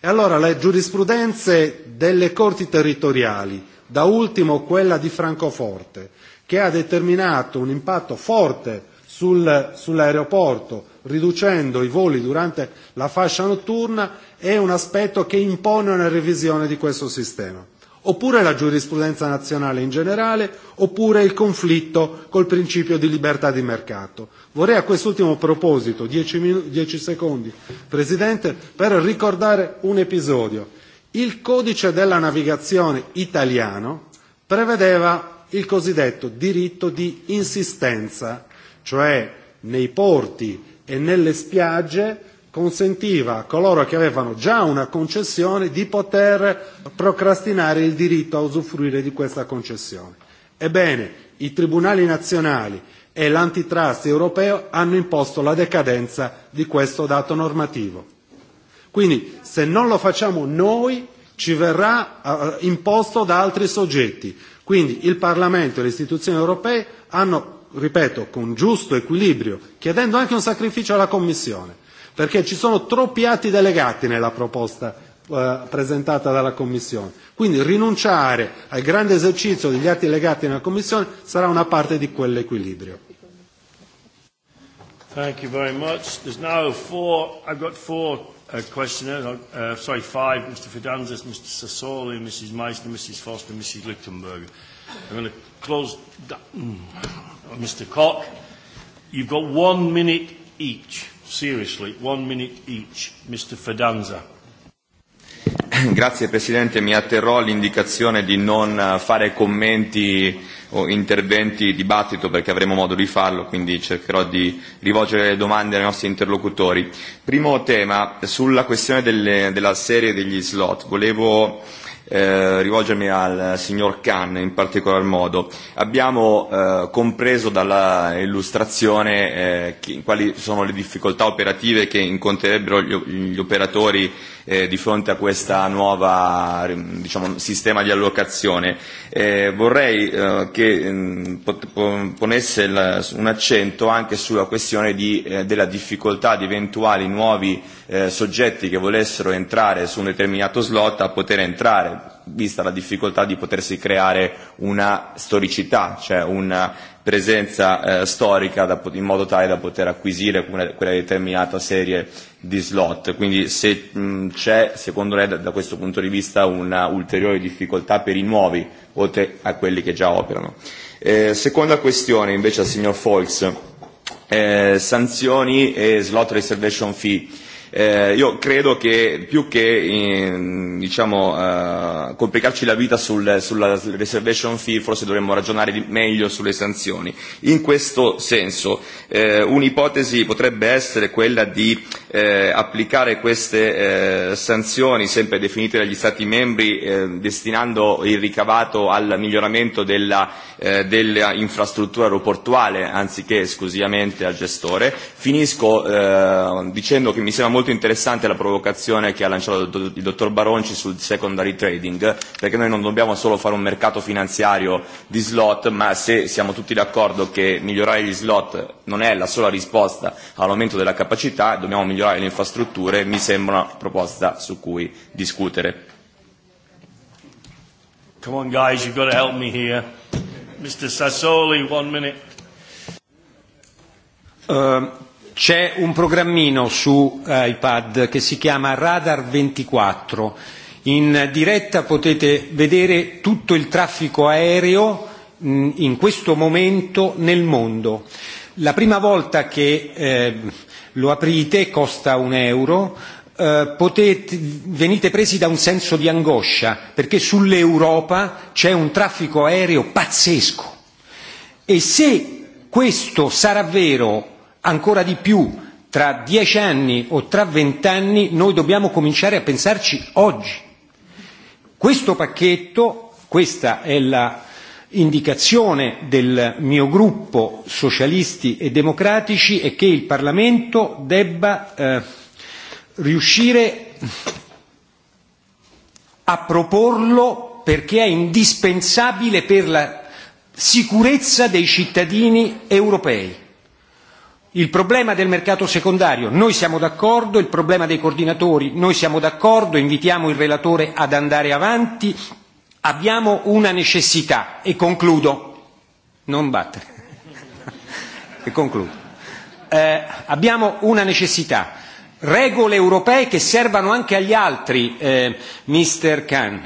E allora le giurisprudenze delle corti territoriali, da ultimo quella di Francoforte, che ha determinato un impatto forte sul, sull'aeroporto, riducendo i voli durante la fascia notturna, è un aspetto che impone una revisione di questo sistema. Oppure la giurisprudenza nazionale in generale, oppure il conflitto col principio di libertà di mercato. Vorrei a quest'ultimo proposito, 10 secondi, Presidente, per ricordare un episodio il codice della navigazione italiano prevedeva il cosiddetto diritto di insistenza, cioè nei porti e nelle spiagge consentiva a coloro che avevano già una concessione di poter procrastinare il diritto a usufruire di questa concessione. Ebbene, i tribunali nazionali e l'antitrust europeo hanno imposto la decadenza di questo dato normativo. Quindi se non lo facciamo noi ci verrà eh, imposto da altri soggetti. Quindi il Parlamento e le istituzioni europee hanno, ripeto, con giusto equilibrio, chiedendo anche un sacrificio alla Commissione, perché ci sono troppi atti delegati nella proposta eh, presentata dalla Commissione. Quindi rinunciare al grande esercizio degli atti legati nella Commissione sarà una parte di quell'equilibrio. Thank you very much. There's now four, I've got four uh, questioners. Uh, sorry, five, Mr Fidanzas, Mr Sassoli, Mrs Meissner, Mrs Foster, Mrs Lichtenberger. I'm going to close that. Mr Cock, you've got one minute each. Seriously, one minute each. Mr Fidanza. Grazie Presidente, mi atterrò all'indicazione di non fare commenti o interventi dibattito perché avremo modo di farlo, quindi cercherò di rivolgere le domande ai nostri interlocutori. Primo tema, sulla questione delle, della serie degli slot, volevo eh, rivolgermi al signor Khan in particolar modo. Abbiamo eh, compreso dalla illustrazione eh, che, quali sono le difficoltà operative che incontrerebbero gli, gli operatori eh, di fronte a questa nuova diciamo, sistema di allocazione. Eh, vorrei eh, che eh, ponesse il, un accento anche sulla questione di, eh, della difficoltà di eventuali nuovi eh, soggetti che volessero entrare su un determinato slot a poter entrare vista la difficoltà di potersi creare una storicità, cioè una presenza eh, storica da, in modo tale da poter acquisire una, quella determinata serie di slot. Quindi se mh, c'è, secondo lei, da, da questo punto di vista una ulteriore difficoltà per i nuovi, oltre a quelli che già operano. Eh, seconda questione invece al signor Folks, eh, sanzioni e slot reservation fee Eh, io credo che più che in, diciamo, eh, complicarci la vita sul, sulla reservation fee, forse dovremmo ragionare meglio sulle sanzioni. In questo senso, eh, un'ipotesi potrebbe essere quella di eh, applicare queste eh, sanzioni, sempre definite dagli Stati membri, eh, destinando il ricavato al miglioramento della, eh, dell'infrastruttura aeroportuale, anziché esclusivamente al gestore. Finisco eh, dicendo che mi sembra molto molto interessante la provocazione che ha lanciato il dottor Baronci sul secondary trading, perché noi non dobbiamo solo fare un mercato finanziario di slot, ma se siamo tutti d'accordo che migliorare gli slot non è la sola risposta all'aumento della capacità, dobbiamo migliorare le infrastrutture, mi sembra una proposta su cui discutere. Come on guys, you've got to help me here. Mr. Sassoli, one minute. Uh, C'è un programmino su iPad che si chiama Radar 24. In diretta potete vedere tutto il traffico aereo in questo momento nel mondo. La prima volta che eh, lo aprite costa un euro, eh, potete, venite presi da un senso di angoscia perché sull'Europa c'è un traffico aereo pazzesco e se questo sarà vero ancora di più tra dieci anni o tra vent'anni noi dobbiamo cominciare a pensarci oggi. Questo pacchetto, questa è l'indicazione del mio gruppo socialisti e democratici, è che il Parlamento debba eh, riuscire a proporlo perché è indispensabile per la sicurezza dei cittadini europei Il problema del mercato secondario, noi siamo d'accordo, il problema dei coordinatori, noi siamo d'accordo, invitiamo il relatore ad andare avanti, abbiamo una necessità e concludo, non battere, e concludo, eh, abbiamo una necessità, regole europee che servano anche agli altri, eh, Mr. Khan,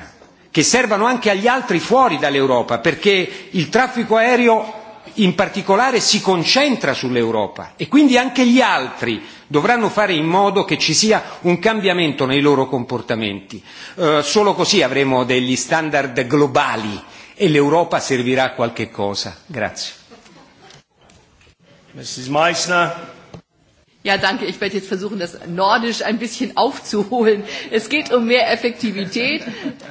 che servano anche agli altri fuori dall'Europa, perché il traffico aereo in particolare si concentra sull'Europa e quindi anche gli altri dovranno fare in modo che ci sia un cambiamento nei loro comportamenti. Eh, solo così avremo degli standard globali e l'Europa servirà a qualche cosa. Grazie. Mrs. Ja, danke. Ich werde jetzt versuchen, das Nordisch ein bisschen aufzuholen. Es geht um mehr Effektivität.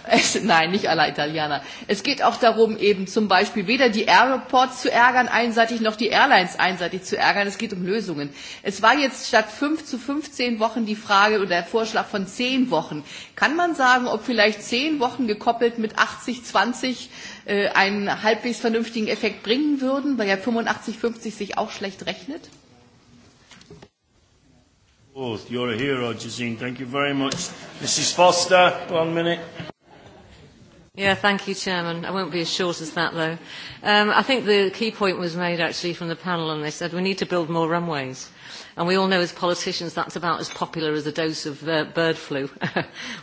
Es, nein, nicht alle Italiener. Es geht auch darum, eben zum Beispiel weder die Airports zu ärgern einseitig, noch die Airlines einseitig zu ärgern. Es geht um Lösungen. Es war jetzt statt fünf zu 15 Wochen die Frage oder der Vorschlag von zehn Wochen. Kann man sagen, ob vielleicht zehn Wochen gekoppelt mit 80, 20 einen halbwegs vernünftigen Effekt bringen würden, weil ja 85, 50 sich auch schlecht rechnet? Both. You're a hero, Jazine. Thank you very much. Mrs Foster, one minute. Yeah, thank you, Chairman. I won't be as short as that, though. Um, I think the key point was made, actually, from the panel, and they said we need to build more runways. And we all know as politicians that's about as popular as a dose of uh, bird flu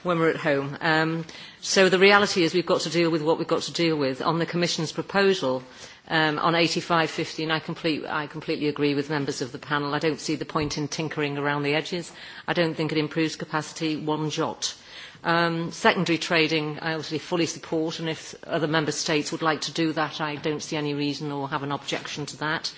when we're at home. Um, so the reality is we've got to deal with what we've got to deal with. On the Commission's proposal, um, on 85.50, and I, complete, I completely agree with members of the panel. I don't see the point in tinkering around the edges. I don't think it improves capacity one jot. Um, secondary trading, I obviously fully support, and if other member states would like to do that, I don't see any reason or have an objection to that.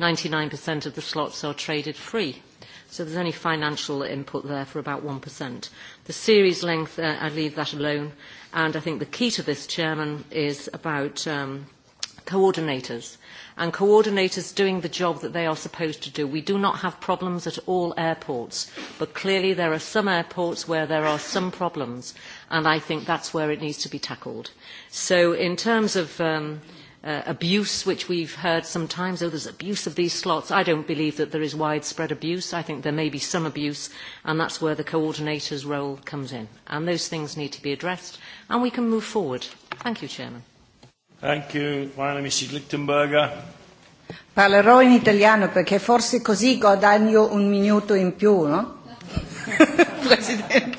99% of the slots are traded free. So there's only financial input there for about 1%. The series length, uh, I leave that alone. And I think the key to this, Chairman, is about um, – coordinators and coordinators doing the job that they are supposed to do. We do not have problems at all airports, but clearly there are some airports where there are some problems, and I think that's where it needs to be tackled. So in terms of um, uh, abuse, which we've heard sometimes, oh, there's abuse of these slots. I don't believe that there is widespread abuse. I think there may be some abuse, and that's where the coordinator's role comes in. And those things need to be addressed, and we can move forward. Thank you, Chairman. Thank you. Lichtenberger. Parlerò in italiano perché forse così guadagno un minuto in più, no? Presidente.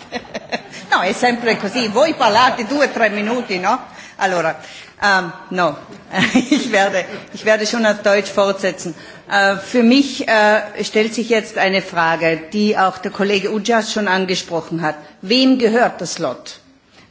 No, è sempre così. Voi parlate due o tre minuti, no? Allora, um, no, ich werde, ich werde schon auf Deutsch fortsetzen. Uh, für mich uh, stellt sich jetzt eine Frage, die auch der Kollege Ujas schon angesprochen hat. Wem gehört das Lot?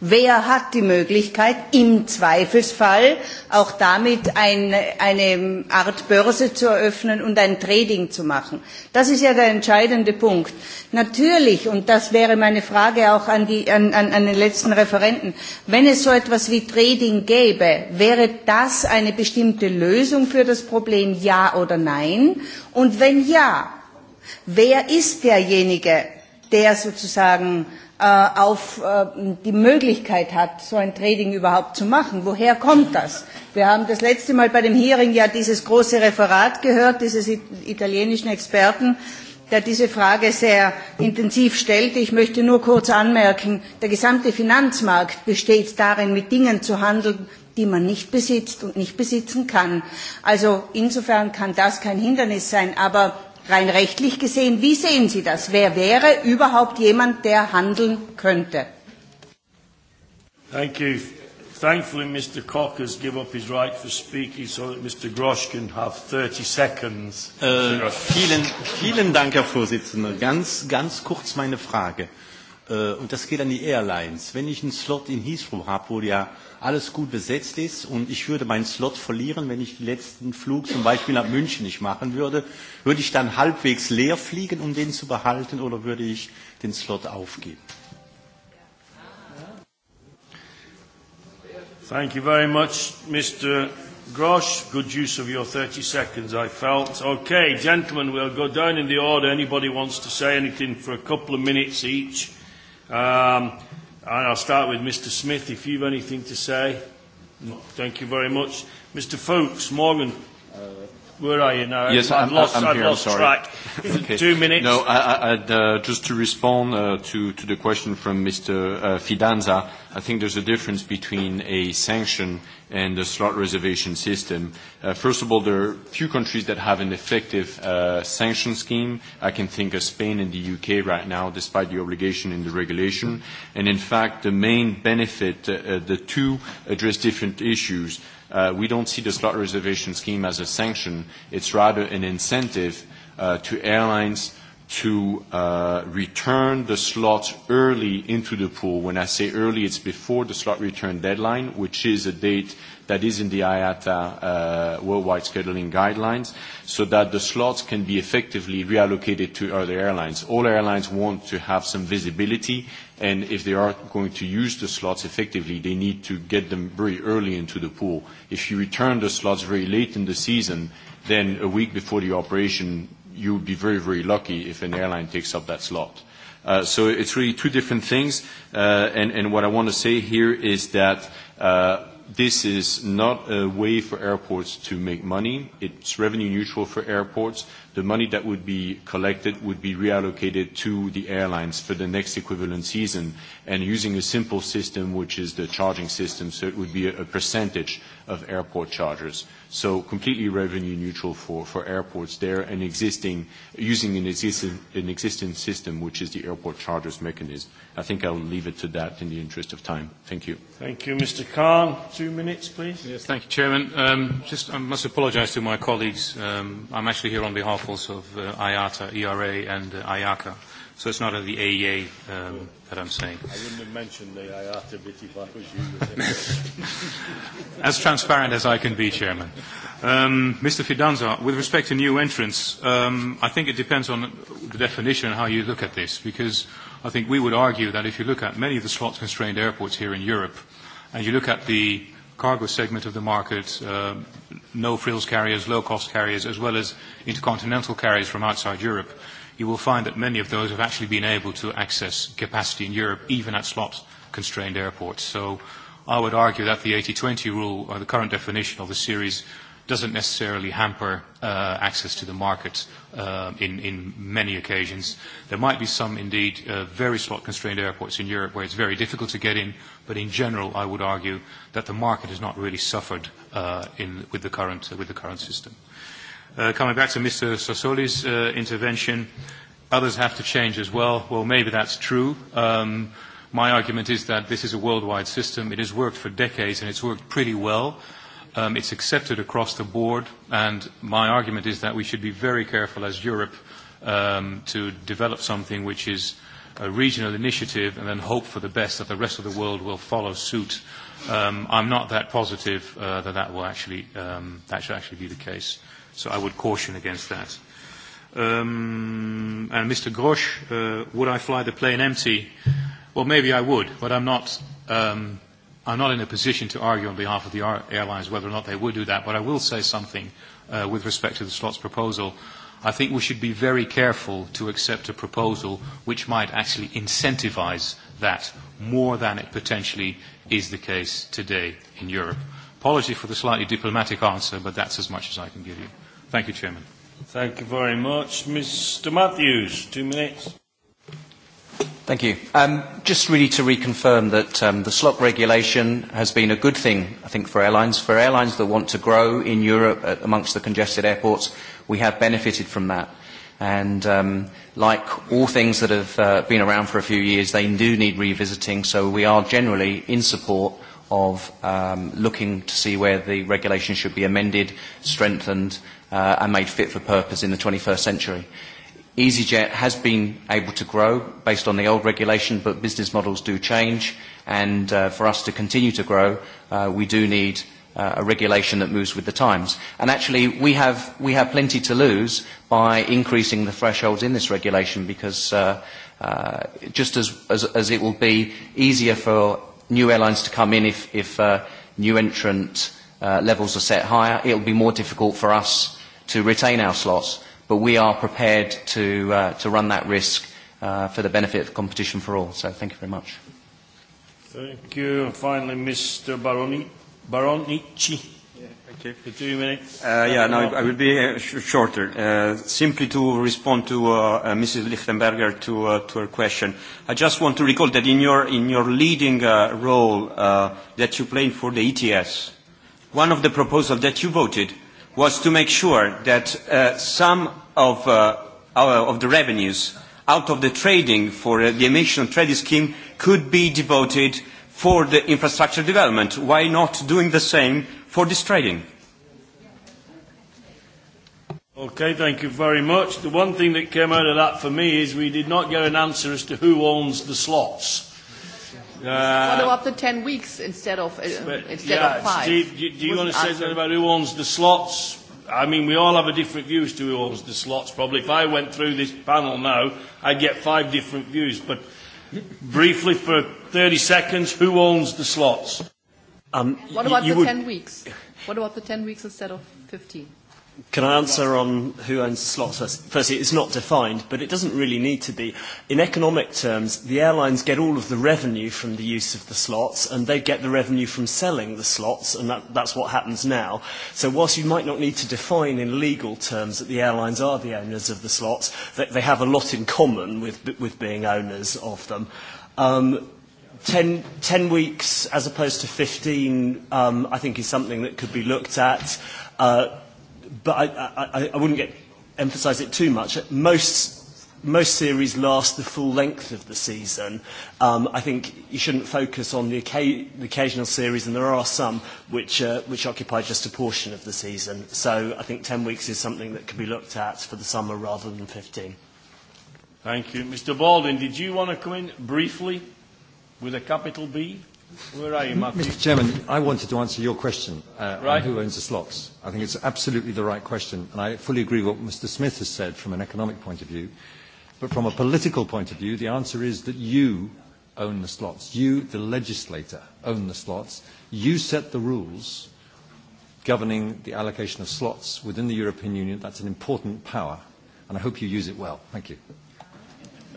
Wer hat die Möglichkeit, im Zweifelsfall auch damit eine Art Börse zu eröffnen und ein Trading zu machen? Das ist ja der entscheidende Punkt. Natürlich, und das wäre meine Frage auch an, den letzten Referenten, wenn es so etwas wie Trading gäbe, wäre das eine bestimmte Lösung für das Problem, ja oder nein? Und wenn ja, wer ist derjenige, der sozusagen auf die Möglichkeit hat, so ein Trading überhaupt zu machen. Woher kommt das? Wir haben das letzte Mal bei dem Hearing ja dieses große Referat gehört, dieses italienischen Experten, der diese Frage sehr intensiv stellte. Ich möchte nur kurz anmerken, der gesamte Finanzmarkt besteht darin, mit Dingen zu handeln, die man nicht besitzt und nicht besitzen kann. Also insofern kann das kein Hindernis sein. Aber rein rechtlich gesehen. Wie sehen Sie das? Wer wäre überhaupt jemand, der handeln könnte? Thank you. Thankfully, Mr. Cock has given up his right for speaking so that Mr. Grosch can have 30 seconds. Äh, vielen, vielen Dank, Herr Vorsitzender. Ganz, ganz kurz meine Frage. Äh, und das geht an die Airlines. Wenn ich einen Slot in Heathrow habe, wo ja alles gut besetzt ist und ich würde meinen Slot verlieren, wenn ich den letzten Flug zum Beispiel nach München nicht machen würde, würde ich dann halbwegs leer fliegen, um den zu behalten oder würde ich den Slot aufgeben? Thank you very much, Mr. Grosch. Good use of your 30 seconds, I felt. Okay, gentlemen, we'll go down in the order. Anybody wants to say anything for a couple of minutes each? Um, And I'll start with Mr. Smith, if you've anything to say. thank you very much. Mr. Fuchs, Morgan. Where are you now? Yes, I've I'm, lost, I'm I've here. lost I'm sorry. track. okay. Two minutes. No, I, I, I'd, uh, just to respond uh, to, to the question from Mr. Uh, Fidanza, I think there's a difference between a sanction and the slot reservation system. Uh, first of all, there are few countries that have an effective uh, sanction scheme. I can think of Spain and the UK right now, despite the obligation in the regulation. And in fact, the main benefit, uh, the two address different issues we don't see the slot reservation scheme as a sanction. It's rather an incentive uh, to airlines to uh, return the slots early into the pool. When I say early, it's before the slot return deadline, which is a date – that is in the IATA worldwide scheduling guidelines so that the slots can be effectively reallocated to other airlines. All airlines want to have some visibility and if they are going to use the slots effectively, they need to get them very early into the pool. If you return the slots very late in the season, then a week before the operation, you be very, very lucky if an airline takes up that slot. so it's really two different things. and, what I want to say here is that This is not a way for airports to make money. It's revenue neutral for airports. The money that would be collected would be reallocated to the airlines for the next equivalent season and using a simple system, which is the charging system, so it would be a percentage of airport chargers. So completely revenue neutral for, for airports there and existing, using an existing, system, which is the airport charges mechanism. I think I'll leave it to that in the interest of time. Thank you. Thank you, Mr. Khan. Two minutes, please. Yes, thank you, Chairman. just, I must apologise to my colleagues. I'm actually here on behalf also of IATA, ERA and IACA So it's not the AEA um, that I'm saying. I wouldn't have mentioned the IATA bit if I was you. as transparent as I can be, Chairman. Um, Mr. Fidanza, with respect to new entrants, um, I think it depends on the definition and how you look at this, because I think we would argue that if you look at many of the slot-constrained airports here in Europe, and you look at the cargo segment of the market, uh, no-frills carriers, low-cost carriers, as well as intercontinental carriers from outside Europe, you will find that many of those have actually been able to access capacity in Europe, even at slot-constrained airports. So I would argue that the 80-20 rule, or the current definition of the series, doesn't necessarily hamper uh, access to the market uh, in, in many occasions. There might be some, indeed, uh, very slot-constrained airports in Europe where it's very difficult to get in, but in general, I would argue that the market has not really suffered uh, in, with, the current, uh, with the current system coming back to Mr. Sassoli's uh, intervention, others have to change as well. Well, maybe that's true. Um, my argument is that this is a worldwide system. It has worked for decades and it's worked pretty well. Um, it's accepted across the board. And my argument is that we should be very careful as Europe um, to develop something which is a regional initiative and then hope for the best that the rest of the world will follow suit. Um, I'm not that positive uh, that that will actually um, that should actually be the case. So I would caution against that. Um, and Mr. Grosch, uh, would I fly the plane empty? Well, maybe I would, but I'm not. Um, I'm not in a position to argue on behalf of the airlines whether or not they would do that. But I will say something uh, with respect to the slots proposal. I think we should be very careful to accept a proposal which might actually incentivize that more than it potentially is the case today in Europe. Apology for the slightly diplomatic answer, but that's as much as I can give you. Thank you, Chairman. Thank you very much. Mr Matthews, two minutes. Thank you. Um, just really to reconfirm that um, the slot regulation has been a good thing, I think, for airlines. For airlines that want to grow in Europe at, amongst the congested airports, we have benefited from that. And um, like all things that have uh, been around for a few years, they do need revisiting. So we are generally in support of um, looking to see where the regulation should be amended, strengthened, uh, and made fit for purpose in the 21st century. EasyJet has been able to grow based on the old regulation, but business models do change, and uh, for us to continue to grow, uh, we do need uh, a regulation that moves with the times. And actually, we have, we have plenty to lose by increasing the thresholds in this regulation because uh, uh, just as, as, as it will be easier for new airlines to come in if, if uh, new entrant uh, levels are set higher, it will be more difficult for us to retain our slots, but we are prepared to, run that risk for the benefit of competition for all. So thank you very much. Thank you. finally, Mr. Baronici. Thank you. Two minutes. yeah, no, I will be shorter. simply to respond to Mrs. Lichtenberger to, her question, I just want to recall that in your, in your leading role that you played for the ETS, one of the proposals that you voted was to make sure that uh, some of, uh, of the revenues out of the trading for uh, the emission trading scheme could be devoted for the infrastructure development. Why not doing the same for this trading? Okay, thank you very much. The one thing that came out of that for me is we did not get an answer as to who owns the slots Uh, follow up the 10 weeks instead of, uh, instead yeah, of five. Steve, do, do you want to say something about who owns the slots? I mean, we all have a different view as to who owns the slots. Probably if I went through this panel now, I'd get five different views. But briefly for 30 seconds, who owns the slots? Um, what about the would... 10 weeks? What about the 10 weeks instead of 15? Can I answer on who owns the slots first? Firstly, it's not defined, but it doesn't really need to be. In economic terms, the airlines get all of the revenue from the use of the slots, and they get the revenue from selling the slots, and that, that's what happens now. So whilst you might not need to define in legal terms that the airlines are the owners of the slots, they, they have a lot in common with, with being owners of them. Um, 10, 10 weeks as opposed to 15, um, I think, is something that could be looked at. Uh, but I, I, I wouldn't get emphasise it too much. Most most series last the full length of the season. Um, I think you shouldn't focus on the, oca- the occasional series, and there are some which, uh, which occupy just a portion of the season. So I think 10 weeks is something that could be looked at for the summer rather than 15. Thank you. Mr. Baldwin, did you want to come in briefly with a capital B? Where are you, Mark? Mr. Chairman, I wanted to answer your question uh, right. on who owns the slots. I think it's absolutely the right question, and I fully agree with what Mr. Smith has said from an economic point of view. But from a political point of view, the answer is that you own the slots. You, the legislator, own the slots. You set the rules governing the allocation of slots within the European Union. That's an important power, and I hope you use it well. Thank you.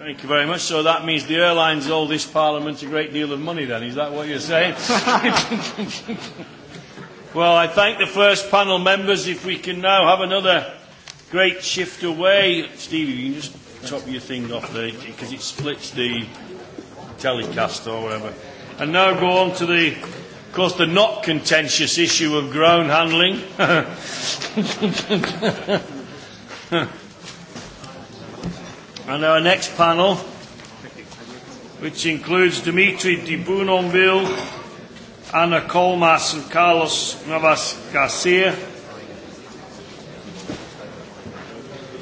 Thank you very much. So that means the airlines owe this Parliament a great deal of money then, is that what you're saying? well, I thank the first panel members. If we can now have another great shift away. Stevie, you can just top your thing off there because it splits the telecast or whatever. And now go on to the, of course, the not contentious issue of ground handling. And our next panel, which includes Dimitri de Bounonville, Anna Colmas and Carlos Navas Garcia.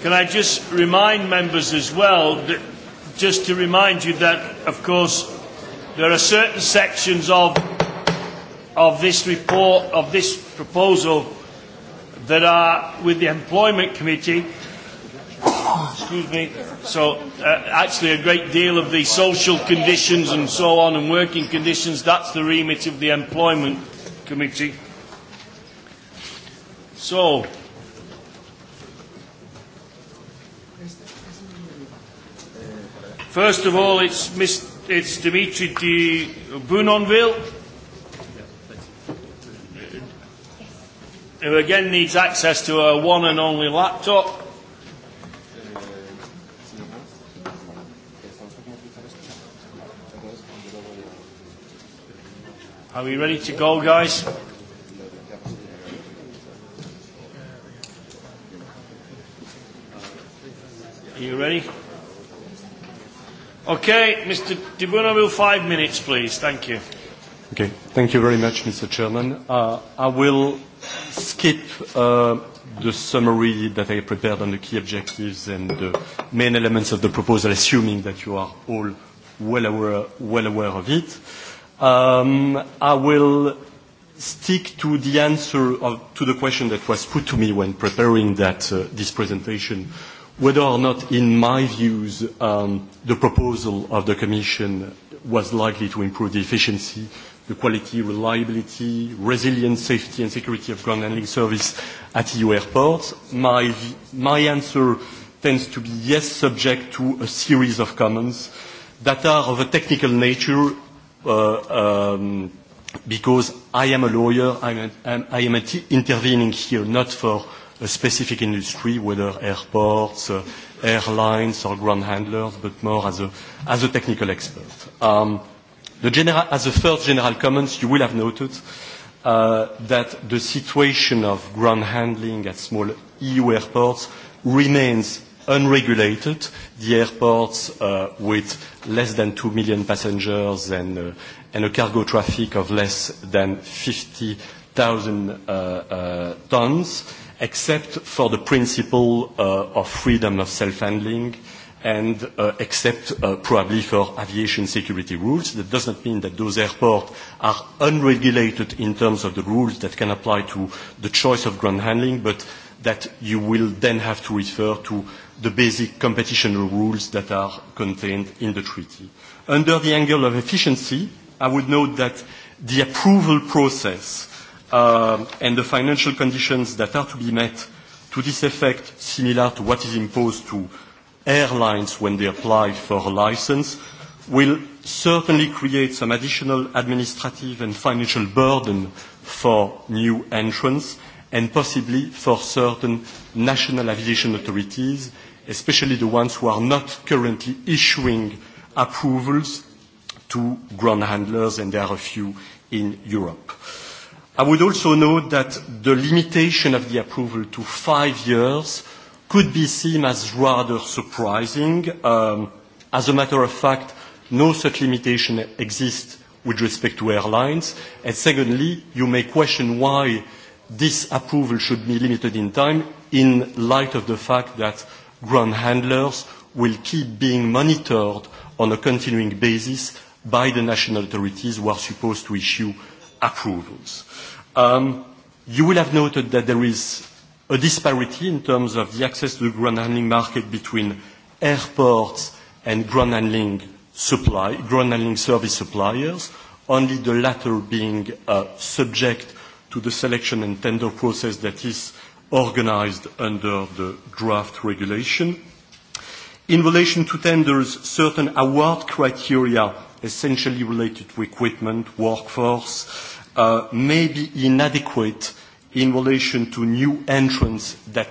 Can I just remind members as well, that, just to remind you that, of course, there are certain sections of, of this report, of this proposal, that are with the Employment Committee Excuse me. So, uh, actually, a great deal of the social conditions and so on and working conditions, that's the remit of the Employment Committee. So, first of all, it's, Miss, it's Dimitri de Bounonville. Who again needs access to a one and only laptop. Are we ready to go, guys? Are you ready? Okay, Mr. De will five minutes, please. Thank you. Okay, thank you very much, Mr. Chairman. Uh, I will skip uh, the summary that I prepared on the key objectives and the main elements of the proposal, assuming that you are all well aware, well aware of it. Um, I will stick to the answer of, to the question that was put to me when preparing that, uh, this presentation, whether or not, in my views, um, the proposal of the Commission was likely to improve the efficiency, the quality, reliability, resilience, safety and security of ground handling service at EU airports. My, my answer tends to be yes, subject to a series of comments that are of a technical nature um, because I am a lawyer I'm I'm, I am intervening here not for a specific industry, whether airports, uh, airlines or ground handlers, but more as a, as a technical expert. Um, the general, as a first general comments, you will have noted uh, that the situation of ground handling at small EU airports remains unregulated, the airports uh, with less than 2 million passengers and, uh, and a cargo traffic of less than 50,000 uh, uh, tons, except for the principle uh, of freedom of self-handling and uh, except uh, probably for aviation security rules. That does not mean that those airports are unregulated in terms of the rules that can apply to the choice of ground handling, but that you will then have to refer to the basic competition rules that are contained in the treaty. Under the angle of efficiency, I would note that the approval process uh, and the financial conditions that are to be met to this effect, similar to what is imposed to airlines when they apply for a license, will certainly create some additional administrative and financial burden for new entrants and possibly for certain national aviation authorities especially the ones who are not currently issuing approvals to ground handlers, and there are a few in Europe. I would also note that the limitation of the approval to five years could be seen as rather surprising. As a matter of fact, no such limitation exists with respect to airlines. And secondly, you may question why this approval should be limited in time in light of the fact that ground handlers will keep being monitored on a continuing basis by the national authorities who are supposed to issue approvals. Um, you will have noted that there is a disparity in terms of the access to the ground handling market between airports and ground handling, supply, ground handling service suppliers, only the latter being uh, subject to the selection and tender process that is organised under the draft regulation. In relation to tenders, certain award criteria essentially related to equipment, workforce, uh, may be inadequate in relation to new entrants that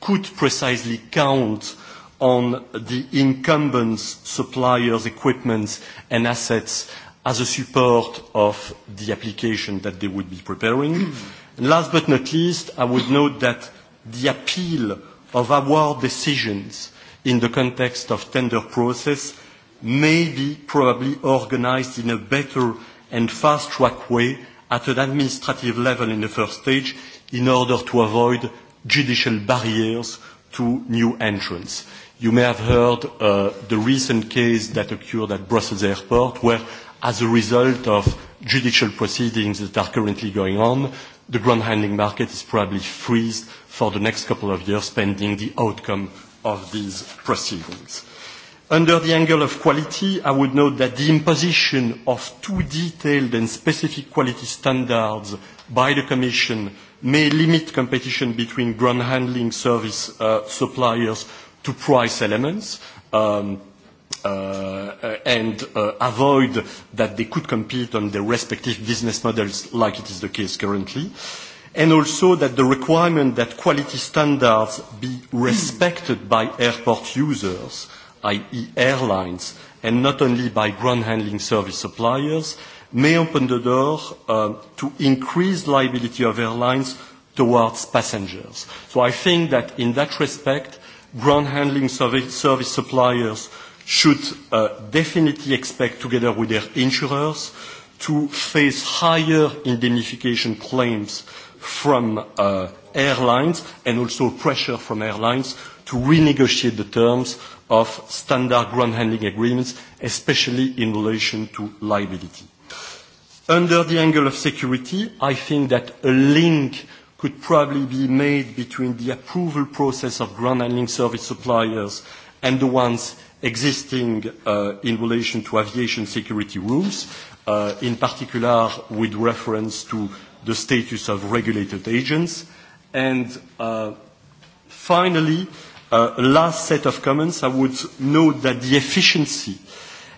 could precisely count on the incumbents, suppliers, equipment, and assets as a support of the application that they would be preparing. Last but not least, I would note that the appeal of our decisions in the context of tender process may be probably organized in a better and fast-track way at an administrative level in the first stage in order to avoid judicial barriers to new entrants. You may have heard uh, the recent case that occurred at Brussels airport where, as a result of judicial proceedings that are currently going on, the ground handling market is probably freezed for the next couple of years, pending the outcome of these proceedings. Under the angle of quality, I would note that the imposition of too detailed and specific quality standards by the Commission may limit competition between ground handling service uh, suppliers to price elements. Um, uh, and uh, avoid that they could compete on their respective business models like it is the case currently. And also that the requirement that quality standards be respected by airport users, i.e. airlines, and not only by ground handling service suppliers, may open the door uh, to increase liability of airlines towards passengers. So I think that in that respect, ground handling service suppliers should uh, definitely expect, together with their insurers, to face higher indemnification claims from uh, airlines and also pressure from airlines to renegotiate the terms of standard ground handling agreements, especially in relation to liability. Under the angle of security, I think that a link could probably be made between the approval process of ground handling service suppliers and the ones existing uh, in relation to aviation security rules, uh, in particular with reference to the status of regulated agents. And uh, finally, uh, last set of comments, I would note that the efficiency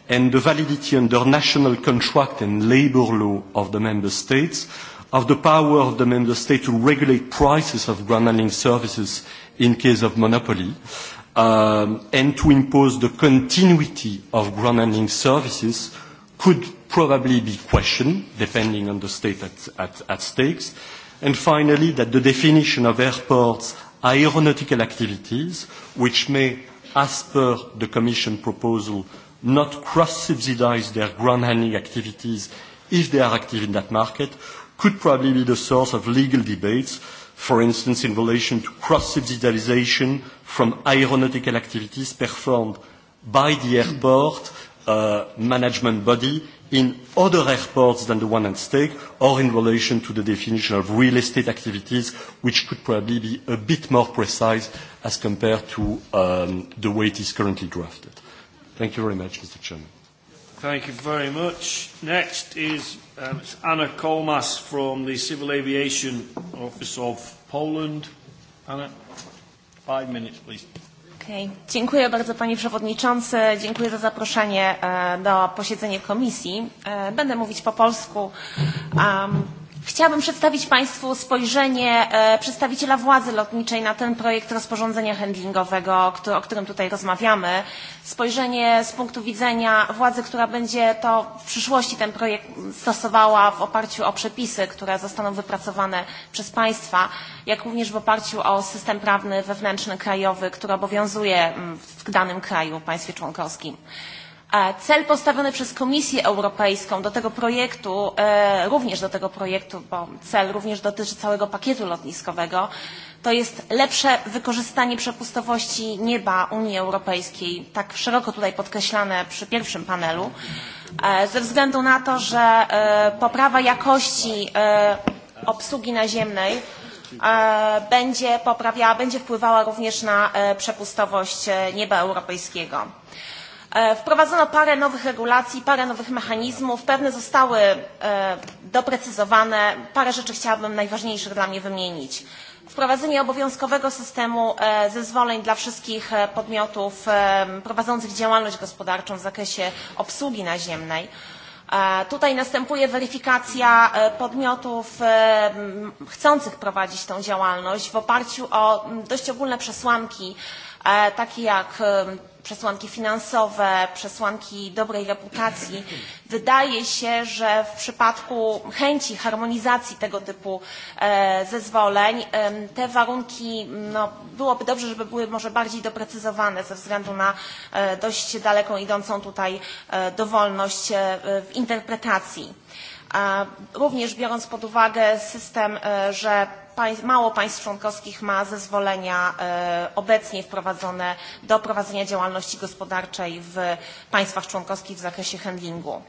and the validity under national contract and labour law of the member states of the power of the member state to regulate prices of ground handling services in case of monopoly uh, um, and to impose the continuity of ground handling services could probably be questioned, depending on the state at, at, at stakes. And finally, that the definition of airports aeronautical activities, which may, as per the Commission proposal, not cross-subsidize their ground handling activities if they are active in that market, could probably be the source of legal debates, for instance, in relation to cross-subsidization, from aeronautical activities performed by the airport uh, management body in other airports than the one at stake or in relation to the definition of real estate activities, which could probably be a bit more precise as compared to um, the way it is currently drafted. Thank you very much, Mr. Chairman. Thank you very much. Next is um, Anna Kolmas from the Civil Aviation Office of Poland. Anna. Five minutes, please. Okay. Dziękuję bardzo Panie Przewodniczący, dziękuję za zaproszenie do posiedzenia komisji. Będę mówić po polsku. Um, Chciałabym przedstawić Państwu spojrzenie przedstawiciela władzy lotniczej na ten projekt rozporządzenia handlingowego, o którym tutaj rozmawiamy. Spojrzenie z punktu widzenia władzy, która będzie to w przyszłości ten projekt stosowała w oparciu o przepisy, które zostaną wypracowane przez Państwa, jak również w oparciu o system prawny wewnętrzny krajowy, który obowiązuje w danym kraju, państwie członkowskim. Cel postawiony przez Komisję Europejską do tego projektu, również do tego projektu, bo cel również dotyczy całego pakietu lotniskowego, to jest lepsze wykorzystanie przepustowości nieba Unii Europejskiej, tak szeroko tutaj podkreślane przy pierwszym panelu, ze względu na to, że poprawa jakości obsługi naziemnej będzie poprawiała, będzie wpływała również na przepustowość nieba europejskiego. Wprowadzono parę nowych regulacji, parę nowych mechanizmów, pewne zostały doprecyzowane, parę rzeczy chciałabym najważniejszych dla mnie wymienić. Wprowadzenie obowiązkowego systemu zezwoleń dla wszystkich podmiotów prowadzących działalność gospodarczą w zakresie obsługi naziemnej. Tutaj następuje weryfikacja podmiotów chcących prowadzić tą działalność w oparciu o dość ogólne przesłanki, takie jak przesłanki finansowe, przesłanki dobrej reputacji. Wydaje się, że w przypadku chęci harmonizacji tego typu zezwoleń te warunki no, byłoby dobrze, żeby były może bardziej doprecyzowane ze względu na dość daleką idącą tutaj dowolność w interpretacji. Również biorąc pod uwagę system, że mało państw członkowskich ma zezwolenia obecnie wprowadzone do prowadzenia działalności gospodarczej w państwach członkowskich w zakresie handlingu.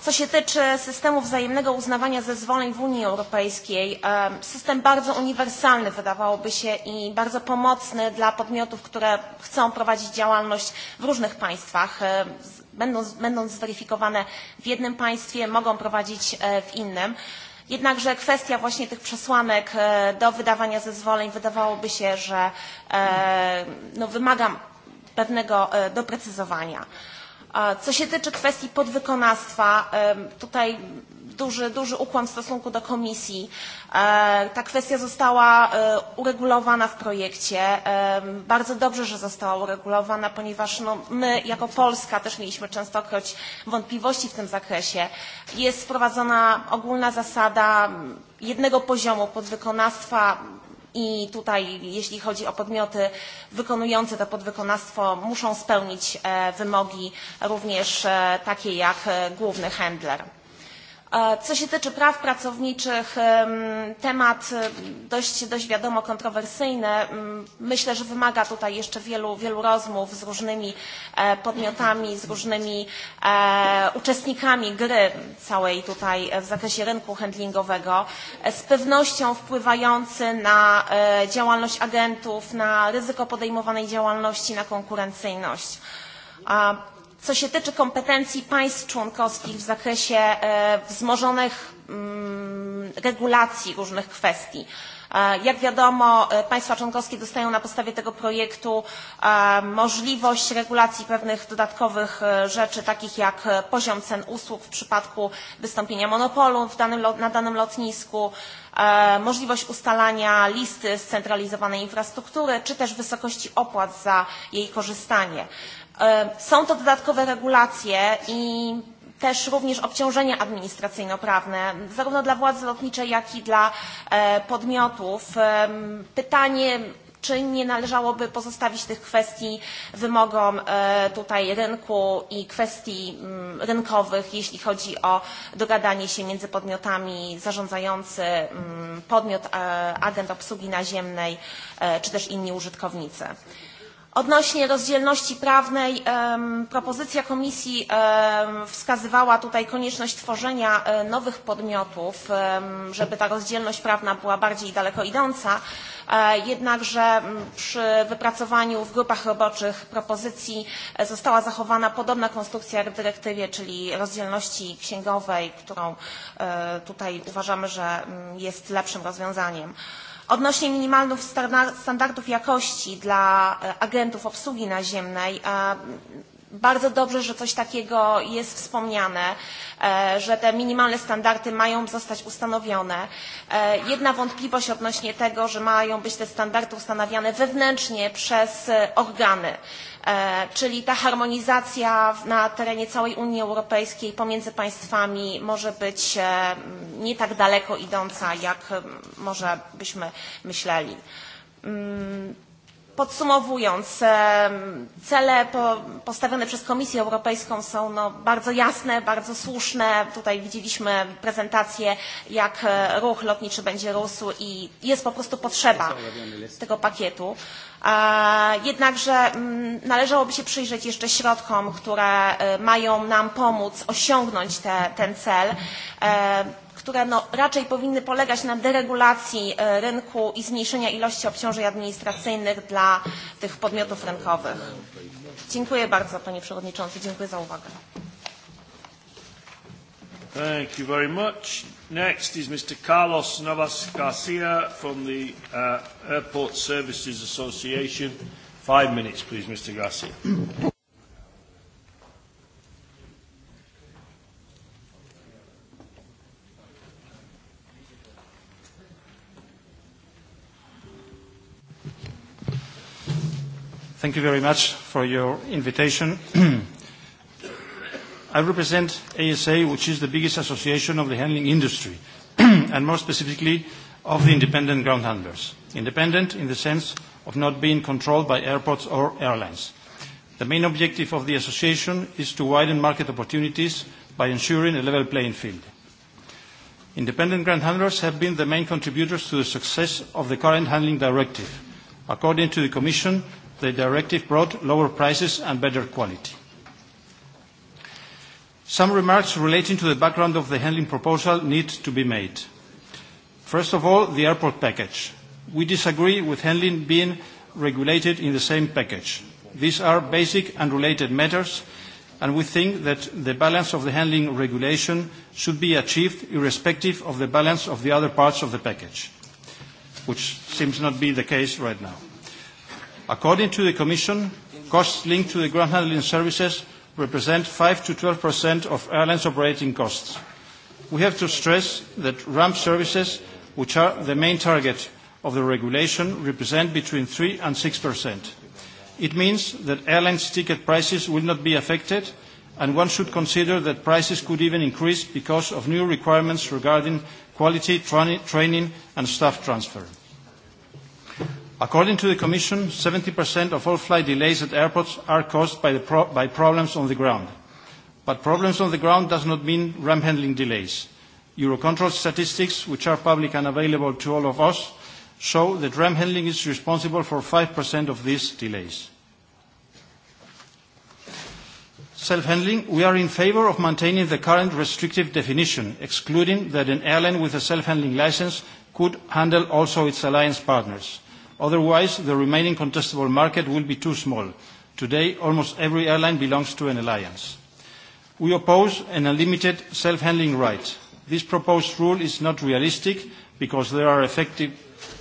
Co się tyczy systemu wzajemnego uznawania zezwoleń w Unii Europejskiej, system bardzo uniwersalny wydawałoby się i bardzo pomocny dla podmiotów, które chcą prowadzić działalność w różnych państwach. Będąc, będąc zweryfikowane w jednym państwie, mogą prowadzić w innym. Jednakże kwestia właśnie tych przesłanek do wydawania zezwoleń wydawałoby się, że no, wymaga pewnego doprecyzowania. Co się tyczy kwestii podwykonawstwa, tutaj duży, duży ukłon w stosunku do komisji. Ta kwestia została uregulowana w projekcie. Bardzo dobrze, że została uregulowana, ponieważ no, my jako Polska też mieliśmy częstokroć wątpliwości w tym zakresie. Jest wprowadzona ogólna zasada jednego poziomu podwykonawstwa i tutaj, jeśli chodzi o podmioty wykonujące to podwykonawstwo, muszą spełnić wymogi również takie jak główny handler. Co się tyczy praw pracowniczych, temat dość, dość wiadomo kontrowersyjny. Myślę, że wymaga tutaj jeszcze wielu, wielu rozmów z różnymi podmiotami, z różnymi uczestnikami gry całej tutaj w zakresie rynku handlingowego. Z pewnością wpływający na działalność agentów, na ryzyko podejmowanej działalności, na konkurencyjność. Co się tyczy kompetencji państw członkowskich w zakresie wzmożonych regulacji różnych kwestii, Jak wiadomo, państwa członkowskie dostają na podstawie tego projektu możliwość regulacji pewnych dodatkowych rzeczy, takich jak poziom cen usług w przypadku wystąpienia monopolu na danym lotnisku, możliwość ustalania listy scentralizowanej infrastruktury, czy też wysokości opłat za jej korzystanie. Są to dodatkowe regulacje i też również obciążenia administracyjno-prawne, zarówno dla władzy lotniczej, jak i dla podmiotów. Pytanie, czy nie należałoby pozostawić tych kwestii wymogom tutaj rynku i kwestii rynkowych, jeśli chodzi o dogadanie się między podmiotami zarządzający podmiot agent obsługi naziemnej, czy też inni użytkownicy. Odnośnie rozdzielności prawnej propozycja komisji wskazywała tutaj konieczność tworzenia nowych podmiotów, żeby ta rozdzielność prawna była bardziej daleko idąca. Jednakże przy wypracowaniu w grupach roboczych propozycji została zachowana podobna konstrukcja jak w dyrektywie, czyli rozdzielności księgowej, którą tutaj uważamy, że jest lepszym rozwiązaniem. Odnośnie minimalnych standardów jakości dla agentów obsługi naziemnej Bardzo dobrze, że coś takiego jest wspomniane, że te minimalne standardy mają zostać ustanowione. Jedna wątpliwość odnośnie tego, że mają być te standardy ustanawiane wewnętrznie przez organy, czyli ta harmonizacja na terenie całej Unii Europejskiej pomiędzy państwami może być nie tak daleko idąca, jak może byśmy myśleli Podsumowując, cele postawione przez Komisję Europejską są no, bardzo jasne, bardzo słuszne. Tutaj widzieliśmy prezentację, jak ruch lotniczy będzie rósł i jest po prostu potrzeba tego pakietu. Jednakże należałoby się przyjrzeć jeszcze środkom, które mają nam pomóc osiągnąć te, ten cel które no, raczej powinny polegać na deregulacji rynku i zmniejszenia ilości obciążeń administracyjnych dla tych podmiotów rynkowych. Dziękuję bardzo Panie Przewodniczący. Dziękuję za uwagę. Thank you very much. Next is Mr. Carlos Navas Garcia from the uh, Airport Services Association. Five minutes, please, Mr. Garcia. Thank you very much for your invitation. I represent ASA, which is the biggest association of the handling industry, and more specifically of the independent ground handlers. Independent in the sense of not being controlled by airports or airlines. The main objective of the association is to widen market opportunities by ensuring a level playing field. Independent ground handlers have been the main contributors to the success of the current handling directive. According to the Commission, The directive brought lower prices and better quality. Some remarks relating to the background of the handling proposal need to be made. First of all, the airport package. We disagree with handling being regulated in the same package. These are basic and related matters, and we think that the balance of the handling regulation should be achieved irrespective of the balance of the other parts of the package, which seems not to be the case right now. According to the Commission, costs linked to the ground handling services represent 5 to 12 percent of airlines' operating costs. We have to stress that ramp services, which are the main target of the regulation, represent between 3 and 6 percent. It means that airlines' ticket prices will not be affected, and one should consider that prices could even increase because of new requirements regarding quality, training, and staff transfer. According to the Commission, 70% of all flight delays at airports are caused by, the pro- by problems on the ground. But problems on the ground does not mean ramp handling delays. Eurocontrol statistics, which are public and available to all of us, show that ramp handling is responsible for 5% of these delays. Self-handling, we are in favor of maintaining the current restrictive definition, excluding that an airline with a self-handling license could handle also its alliance partners. Otherwise, the remaining contestable market will be too small. Today, almost every airline belongs to an alliance. We oppose an unlimited self-handling right. This proposed rule is not realistic because there are effective,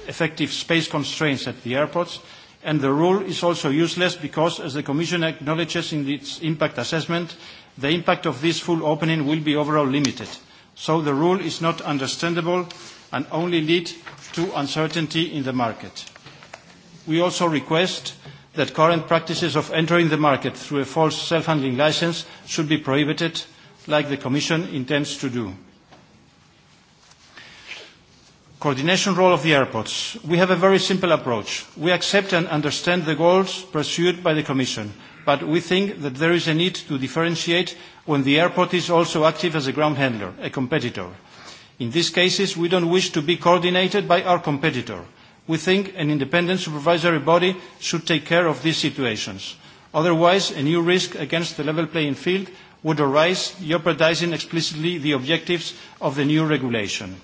effective space constraints at the airports, and the rule is also useless because, as the Commission acknowledges in its impact assessment, the impact of this full opening will be overall limited. So the rule is not understandable and only lead to uncertainty in the market we also request that current practices of entering the market through a false self-handling license should be prohibited, like the Commission intends to do. Coordination role of the airports. We have a very simple approach. We accept and understand the goals pursued by the Commission, but we think that there is a need to differentiate when the airport is also active as a ground handler, a competitor. In these cases, we don't wish to be coordinated by our competitor. We think an independent supervisory body should take care of these situations. Otherwise, a new risk against the level playing field would arise, jeopardizing explicitly the objectives of the new regulation.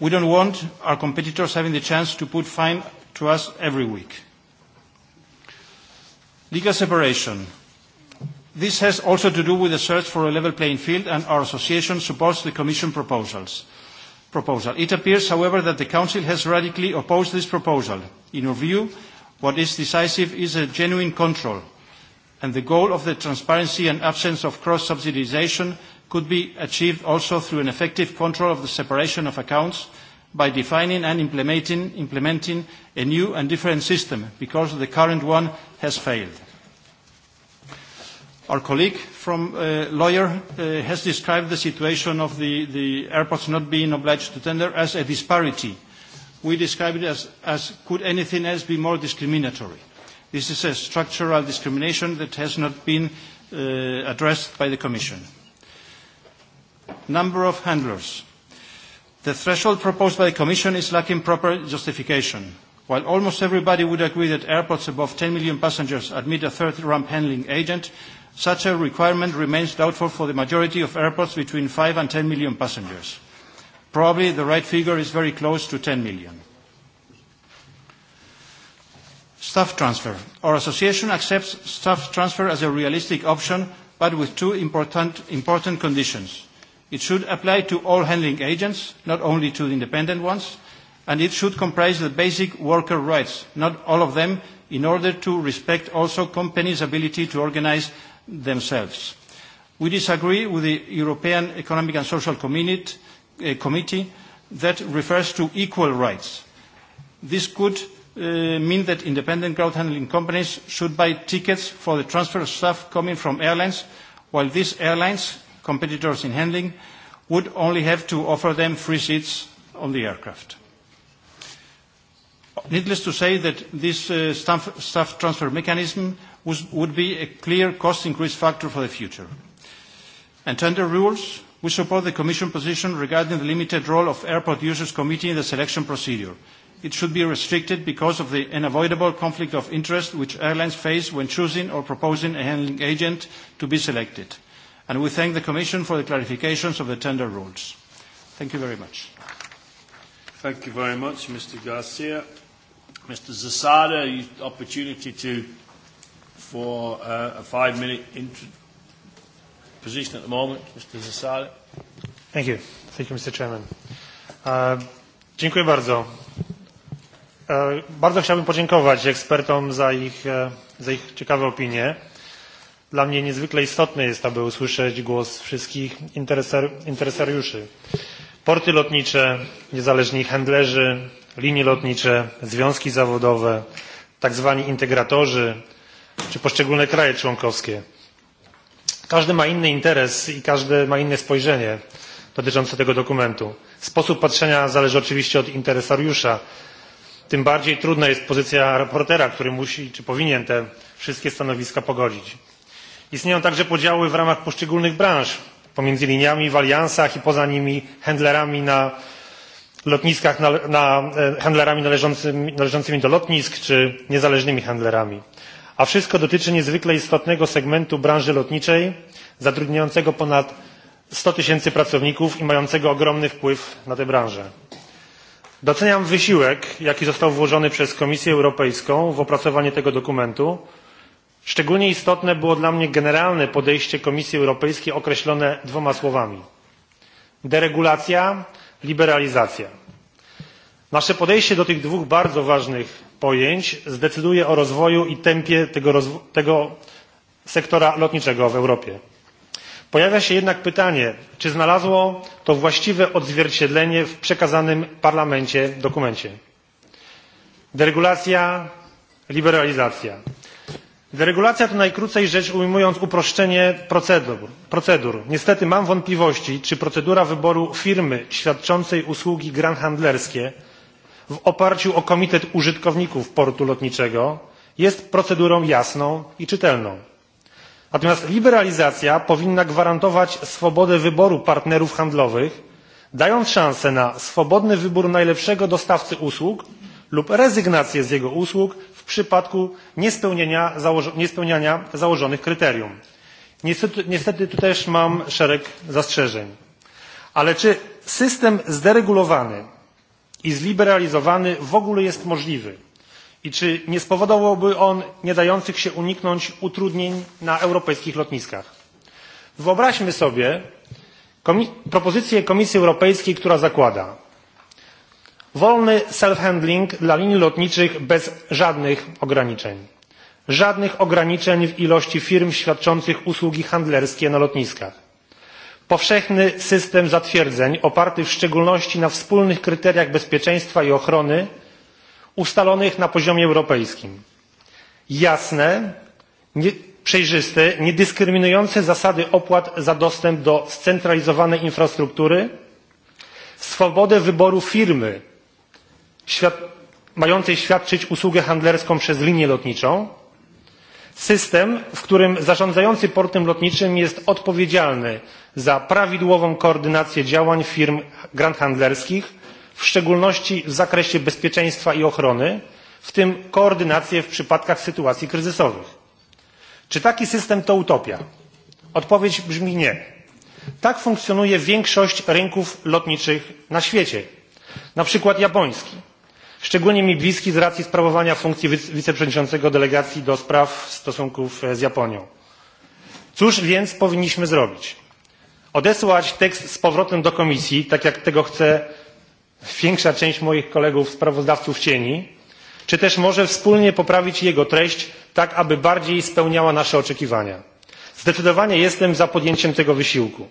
We don't want our competitors having the chance to put fine to us every week. Legal separation. This has also to do with the search for a level playing field, and our association supports the Commission proposals proposal. It appears, however, that the Council has radically opposed this proposal. In our view, what is decisive is a genuine control, and the goal of the transparency and absence of cross-subsidization could be achieved also through an effective control of the separation of accounts by defining and implementing, implementing a new and different system, because the current one has failed. Our colleague from uh, lawyer uh, has described the situation of the, the airports not being obliged to tender as a disparity. We describe it as, as could anything else be more discriminatory. This is a structural discrimination that has not been uh, addressed by the Commission. Number of handlers. The threshold proposed by the Commission is lacking proper justification. While almost everybody would agree that airports above 10 million passengers admit a third ramp handling agent, Such a requirement remains doubtful for the majority of airports between 5 and 10 million passengers. Probably the right figure is very close to 10 million. Staff transfer. Our association accepts staff transfer as a realistic option, but with two important, important conditions. It should apply to all handling agents, not only to the independent ones, and it should comprise the basic worker rights, not all of them, in order to respect also companies' ability to organize themselves. We disagree with the European Economic and Social Committee that refers to equal rights. This could mean that independent crowd handling companies should buy tickets for the transfer of staff coming from airlines, while these airlines, competitors in handling, would only have to offer them free seats on the aircraft. Needless to say that this staff transfer mechanism would be a clear cost increase factor for the future. And tender rules, we support the Commission position regarding the limited role of Airport Users Committee in the selection procedure. It should be restricted because of the unavoidable conflict of interest which airlines face when choosing or proposing a handling agent to be selected. And we thank the Commission for the clarifications of the tender rules. Thank you very much. Thank you very much, Mr. Garcia. Mr. Zasada, opportunity to for uh, a five-minute intro position at the moment. Mr. Zasada. Thank you. Thank you, Mr. Chairman. Uh, dziękuję bardzo. Bardzo chciałbym podziękować ekspertom za ich, za ich ciekawe opinie. Dla mnie niezwykle istotne jest, aby usłyszeć głos wszystkich interesariuszy. Porty lotnicze, niezależni handlerzy, linie lotnicze, związki zawodowe, tak zwani integratorzy, czy poszczególne kraje członkowskie. Każdy ma inny interes i każdy ma inne spojrzenie dotyczące tego dokumentu. Sposób patrzenia zależy oczywiście od interesariusza. Tym bardziej trudna jest pozycja raportera, który musi czy powinien te wszystkie stanowiska pogodzić. Istnieją także podziały w ramach poszczególnych branż, pomiędzy liniami w aliansach i poza nimi handlerami na lotniskach, na, handlerami należącymi do lotnisk czy niezależnymi handlerami a wszystko dotyczy niezwykle istotnego segmentu branży lotniczej zatrudniającego ponad sto tysięcy pracowników i mającego ogromny wpływ na tę branżę. Doceniam wysiłek, jaki został włożony przez Komisję Europejską w opracowanie tego dokumentu. Szczególnie istotne było dla mnie generalne podejście Komisji Europejskiej określone dwoma słowami deregulacja, liberalizacja. Nasze podejście do tych dwóch bardzo ważnych pojęć zdecyduje o rozwoju i tempie tego sektora lotniczego w Europie. Pojawia się jednak pytanie, czy znalazło to właściwe odzwierciedlenie w przekazanym Parlamencie dokumencie. Deregulacja, liberalizacja. Deregulacja to najkrócej rzecz ujmując uproszczenie procedur. Niestety mam wątpliwości, czy procedura wyboru firmy świadczącej usługi grand handlerskie – w oparciu o Komitet Użytkowników Portu Lotniczego jest procedurą jasną i czytelną. Natomiast liberalizacja powinna gwarantować swobodę wyboru partnerów handlowych, dając szansę na swobodny wybór najlepszego dostawcy usług lub rezygnację z jego usług w przypadku niespełniania założonych kryterium. Niestety tu też mam szereg zastrzeżeń. Ale czy system zderegulowany i zliberalizowany w ogóle jest możliwy i czy nie spowodowałby on nie dających się uniknąć utrudnień na europejskich lotniskach. Wyobraźmy sobie propozycję Komisji Europejskiej, która zakłada wolny self-handling dla linii lotniczych bez żadnych ograniczeń. Żadnych ograniczeń w ilości firm świadczących usługi handlerskie na lotniskach powszechny system zatwierdzeń oparty w szczególności na wspólnych kryteriach bezpieczeństwa i ochrony ustalonych na poziomie europejskim jasne przejrzyste niedyskryminujące zasady opłat za dostęp do scentralizowanej infrastruktury swobodę wyboru firmy mającej świadczyć usługę handlerską przez linię lotniczą system w którym zarządzający portem lotniczym jest odpowiedzialny za prawidłową koordynację działań firm granthandlerskich, w szczególności w zakresie bezpieczeństwa i ochrony, w tym koordynację w przypadkach sytuacji kryzysowych. Czy taki system to utopia? Odpowiedź brzmi nie. Tak funkcjonuje większość rynków lotniczych na świecie, na przykład japoński, szczególnie mi bliski z racji sprawowania funkcji wiceprzewodniczącego delegacji do spraw stosunków z Japonią. Cóż więc powinniśmy zrobić? odesłać tekst z powrotem do komisji, tak jak tego chce większa część moich kolegów sprawozdawców cieni, czy też może wspólnie poprawić jego treść, tak aby bardziej spełniała nasze oczekiwania. Zdecydowanie jestem za podjęciem tego wysiłku.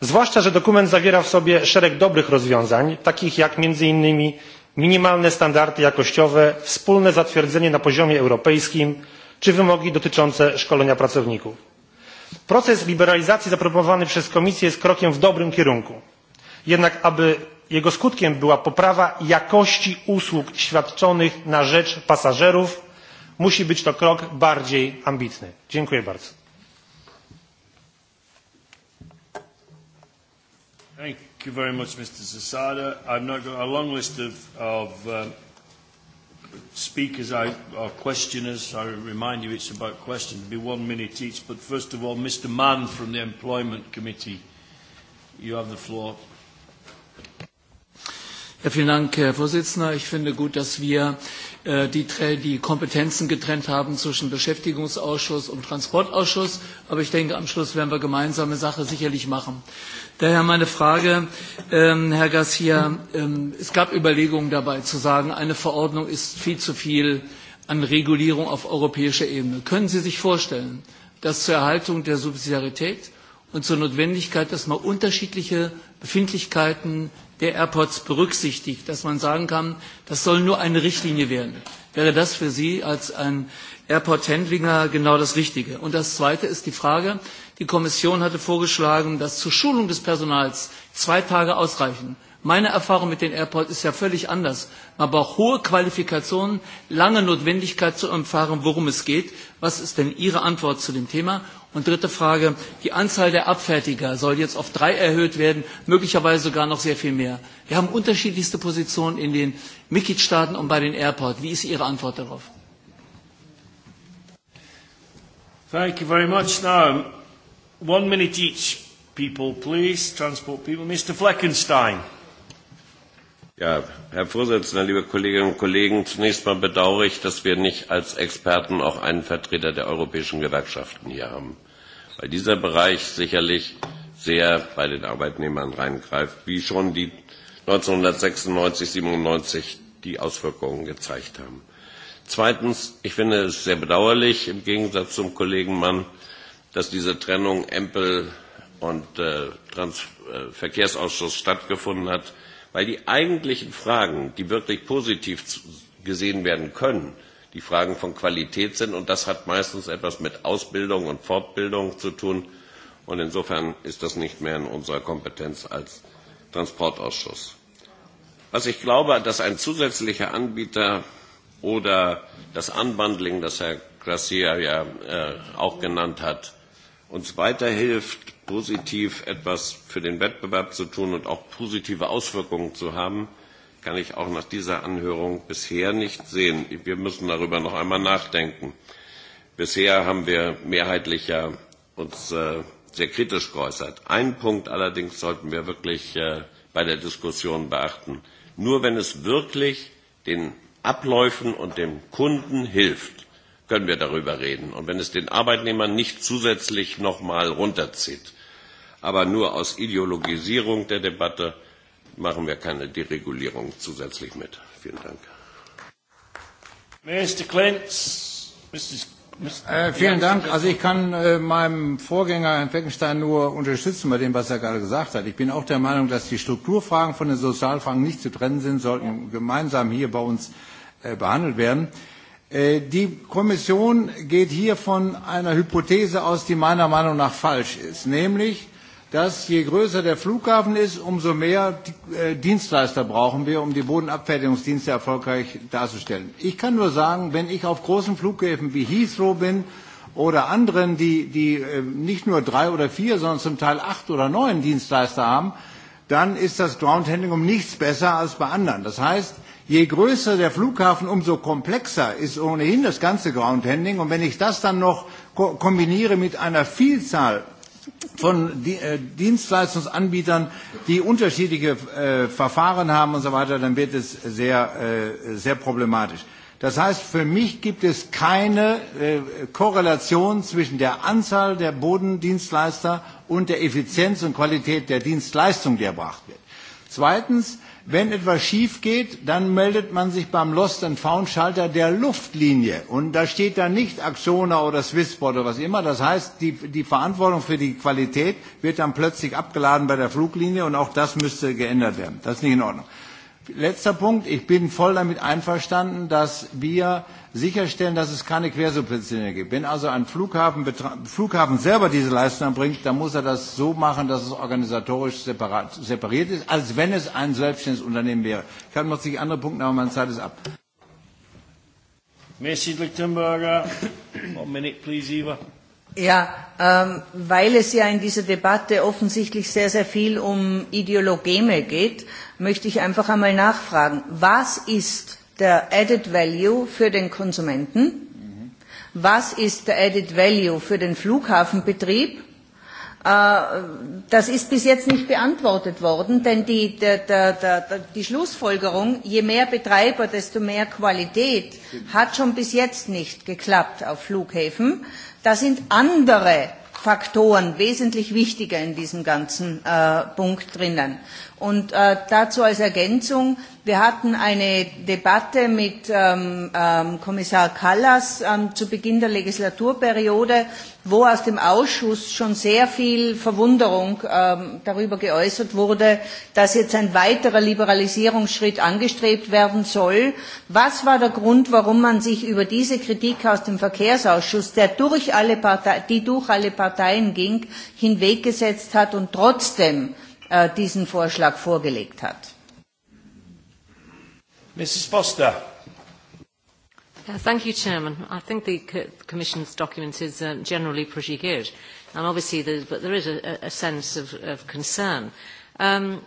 Zwłaszcza, że dokument zawiera w sobie szereg dobrych rozwiązań, takich jak między innymi minimalne standardy jakościowe, wspólne zatwierdzenie na poziomie europejskim czy wymogi dotyczące szkolenia pracowników proces liberalizacji zaproponowany przez komisję jest krokiem w dobrym kierunku jednak aby jego skutkiem była poprawa jakości usług świadczonych na rzecz pasażerów musi być to krok bardziej ambitny. dziękuję bardzo. Thank you very much, Mr. Zasada. I've got a long list of, of um, speakers I, or questioners, I remind you it's about questions, It'll be one minute each. But first of all, Mr. Mann from the Employment Committee, you have the floor. Ja, vielen Dank, Herr Vorsitzender. Ich finde gut, dass wir die, Kompetenzen getrennt haben zwischen Beschäftigungsausschuss und Transportausschuss. Aber ich denke, am Schluss werden wir gemeinsame Sache sicherlich machen. Daher meine Frage, Herr Garcia, es gab Überlegungen dabei zu sagen, eine Verordnung ist viel zu viel an Regulierung auf europäischer Ebene. Können Sie sich vorstellen, dass zur Erhaltung der Subsidiarität und zur Notwendigkeit, dass man unterschiedliche Befindlichkeiten der Airports berücksichtigt, dass man sagen kann, das soll nur eine Richtlinie werden. Wäre das für Sie als ein Airport-Handlinger genau das Richtige? Und das Zweite ist die Frage, die Kommission hatte vorgeschlagen, dass zur Schulung des Personals zwei Tage ausreichen. Meine Erfahrung mit den Airports ist ja völlig anders. Man braucht hohe Qualifikationen, lange Notwendigkeit zu erfahren, worum es geht. Was ist denn Ihre Antwort zu dem Thema? Und dritte Frage, die Anzahl der Abfertiger soll jetzt auf drei erhöht werden, möglicherweise sogar noch sehr viel mehr. Wir haben unterschiedlichste Positionen in den Mitgliedstaaten und bei den Airports. Wie ist Ihre Antwort darauf? Thank you very much. Now, one minute each, people, please, transport people. Mr. Fleckenstein. Ja, Herr Vorsitzender, liebe Kolleginnen und Kollegen, zunächst mal bedauere ich, dass wir nicht als Experten auch einen Vertreter der europäischen Gewerkschaften hier haben weil dieser Bereich sicherlich sehr bei den Arbeitnehmern reingreift, wie schon die 1996, 97 die Auswirkungen gezeigt haben. Zweitens, ich finde es sehr bedauerlich, im Gegensatz zum Kollegen Mann, dass diese Trennung Empel und Verkehrsausschuss stattgefunden hat, weil die eigentlichen Fragen, die wirklich positiv gesehen werden können, die Fragen von Qualität sind. Und das hat meistens etwas mit Ausbildung und Fortbildung zu tun. Und insofern ist das nicht mehr in unserer Kompetenz als Transportausschuss. Was ich glaube, dass ein zusätzlicher Anbieter oder das Unbundling, das Herr Gracia ja auch genannt hat, uns weiterhilft, positiv etwas für den Wettbewerb zu tun und auch positive Auswirkungen zu haben – kann ich auch nach dieser Anhörung bisher nicht sehen. Wir müssen darüber noch einmal nachdenken. Bisher haben wir mehrheitlich ja uns sehr kritisch geäußert. Einen Punkt allerdings sollten wir wirklich bei der Diskussion beachten. Nur wenn es wirklich den Abläufen und dem Kunden hilft, können wir darüber reden. Und wenn es den Arbeitnehmer nicht zusätzlich noch mal runterzieht, aber nur aus Ideologisierung der Debatte machen wir keine Deregulierung zusätzlich mit. Vielen Dank. Mr. Klintz, Mrs. Äh, vielen Dank. Also ich kann äh, meinem Vorgänger Herrn Feckenstein, nur unterstützen bei dem, was er gerade gesagt hat. Ich bin auch der Meinung, dass die Strukturfragen von den Sozialfragen nicht zu trennen sind, sollten gemeinsam hier bei uns äh, behandelt werden. Äh, die Kommission geht hier von einer Hypothese aus, die meiner Meinung nach falsch ist, nämlich dass je größer der Flughafen ist, umso mehr Dienstleister brauchen wir, um die Bodenabfertigungsdienste erfolgreich darzustellen. Ich kann nur sagen, wenn ich auf großen Flughäfen wie Heathrow bin oder anderen, die, die nicht nur drei oder vier, sondern zum Teil acht oder neun Dienstleister haben, dann ist das Groundhandling um nichts besser als bei anderen. Das heißt, je größer der Flughafen, umso komplexer ist ohnehin das ganze Groundhandling. Und wenn ich das dann noch kombiniere mit einer Vielzahl von Dienstleistungsanbietern, die unterschiedliche Verfahren haben und so weiter, dann wird es sehr, sehr problematisch. Das heißt, für mich gibt es keine Korrelation zwischen der Anzahl der Bodendienstleister und der Effizienz und Qualität der Dienstleistung, die erbracht wird. Zweitens, Wenn etwas schief geht, dann meldet man sich beim Lost and Found Schalter der Luftlinie. Und da steht dann nicht Axona oder Swissport oder was immer. Das heißt, die, die Verantwortung für die Qualität wird dann plötzlich abgeladen bei der Fluglinie und auch das müsste geändert werden. Das ist nicht in Ordnung. Letzter Punkt. Ich bin voll damit einverstanden, dass wir sicherstellen, dass es keine Quersubventionen gibt. Wenn also ein Flughafen, Flughafen selber diese Leistung bringt, dann muss er das so machen, dass es organisatorisch separat, separiert ist, als wenn es ein selbstständiges Unternehmen wäre. Ich habe noch zig andere Punkte, aber meine Zeit ist ab. Mrs. Lichtenberger, one minute please, Eva. Ja, ähm, weil es ja in dieser Debatte offensichtlich sehr, sehr viel um Ideologeme geht, möchte ich einfach einmal nachfragen, was ist der Added Value für den Konsumenten? Was ist der Added Value für den Flughafenbetrieb? Das ist bis jetzt nicht beantwortet worden, denn die, der, der, der, die Schlussfolgerung, je mehr Betreiber, desto mehr Qualität, hat schon bis jetzt nicht geklappt auf Flughäfen. Da sind andere Faktoren wesentlich wichtiger in diesem ganzen Punkt drinnen. Und äh, dazu als Ergänzung, wir hatten eine Debatte mit ähm, ähm, Kommissar Kallas ähm, zu Beginn der Legislaturperiode, wo aus dem Ausschuss schon sehr viel Verwunderung ähm, darüber geäußert wurde, dass jetzt ein weiterer Liberalisierungsschritt angestrebt werden soll. Was war der Grund, warum man sich über diese Kritik aus dem Verkehrsausschuss, der durch alle Partei, die durch alle Parteien ging, hinweggesetzt hat und trotzdem diesen Vorschlag vorgelegt hat. Mrs. Foster. Thank you, Chairman. I think the Commission's document is uh, generally pretty good, and obviously, but there is a, a sense of, of concern. Um,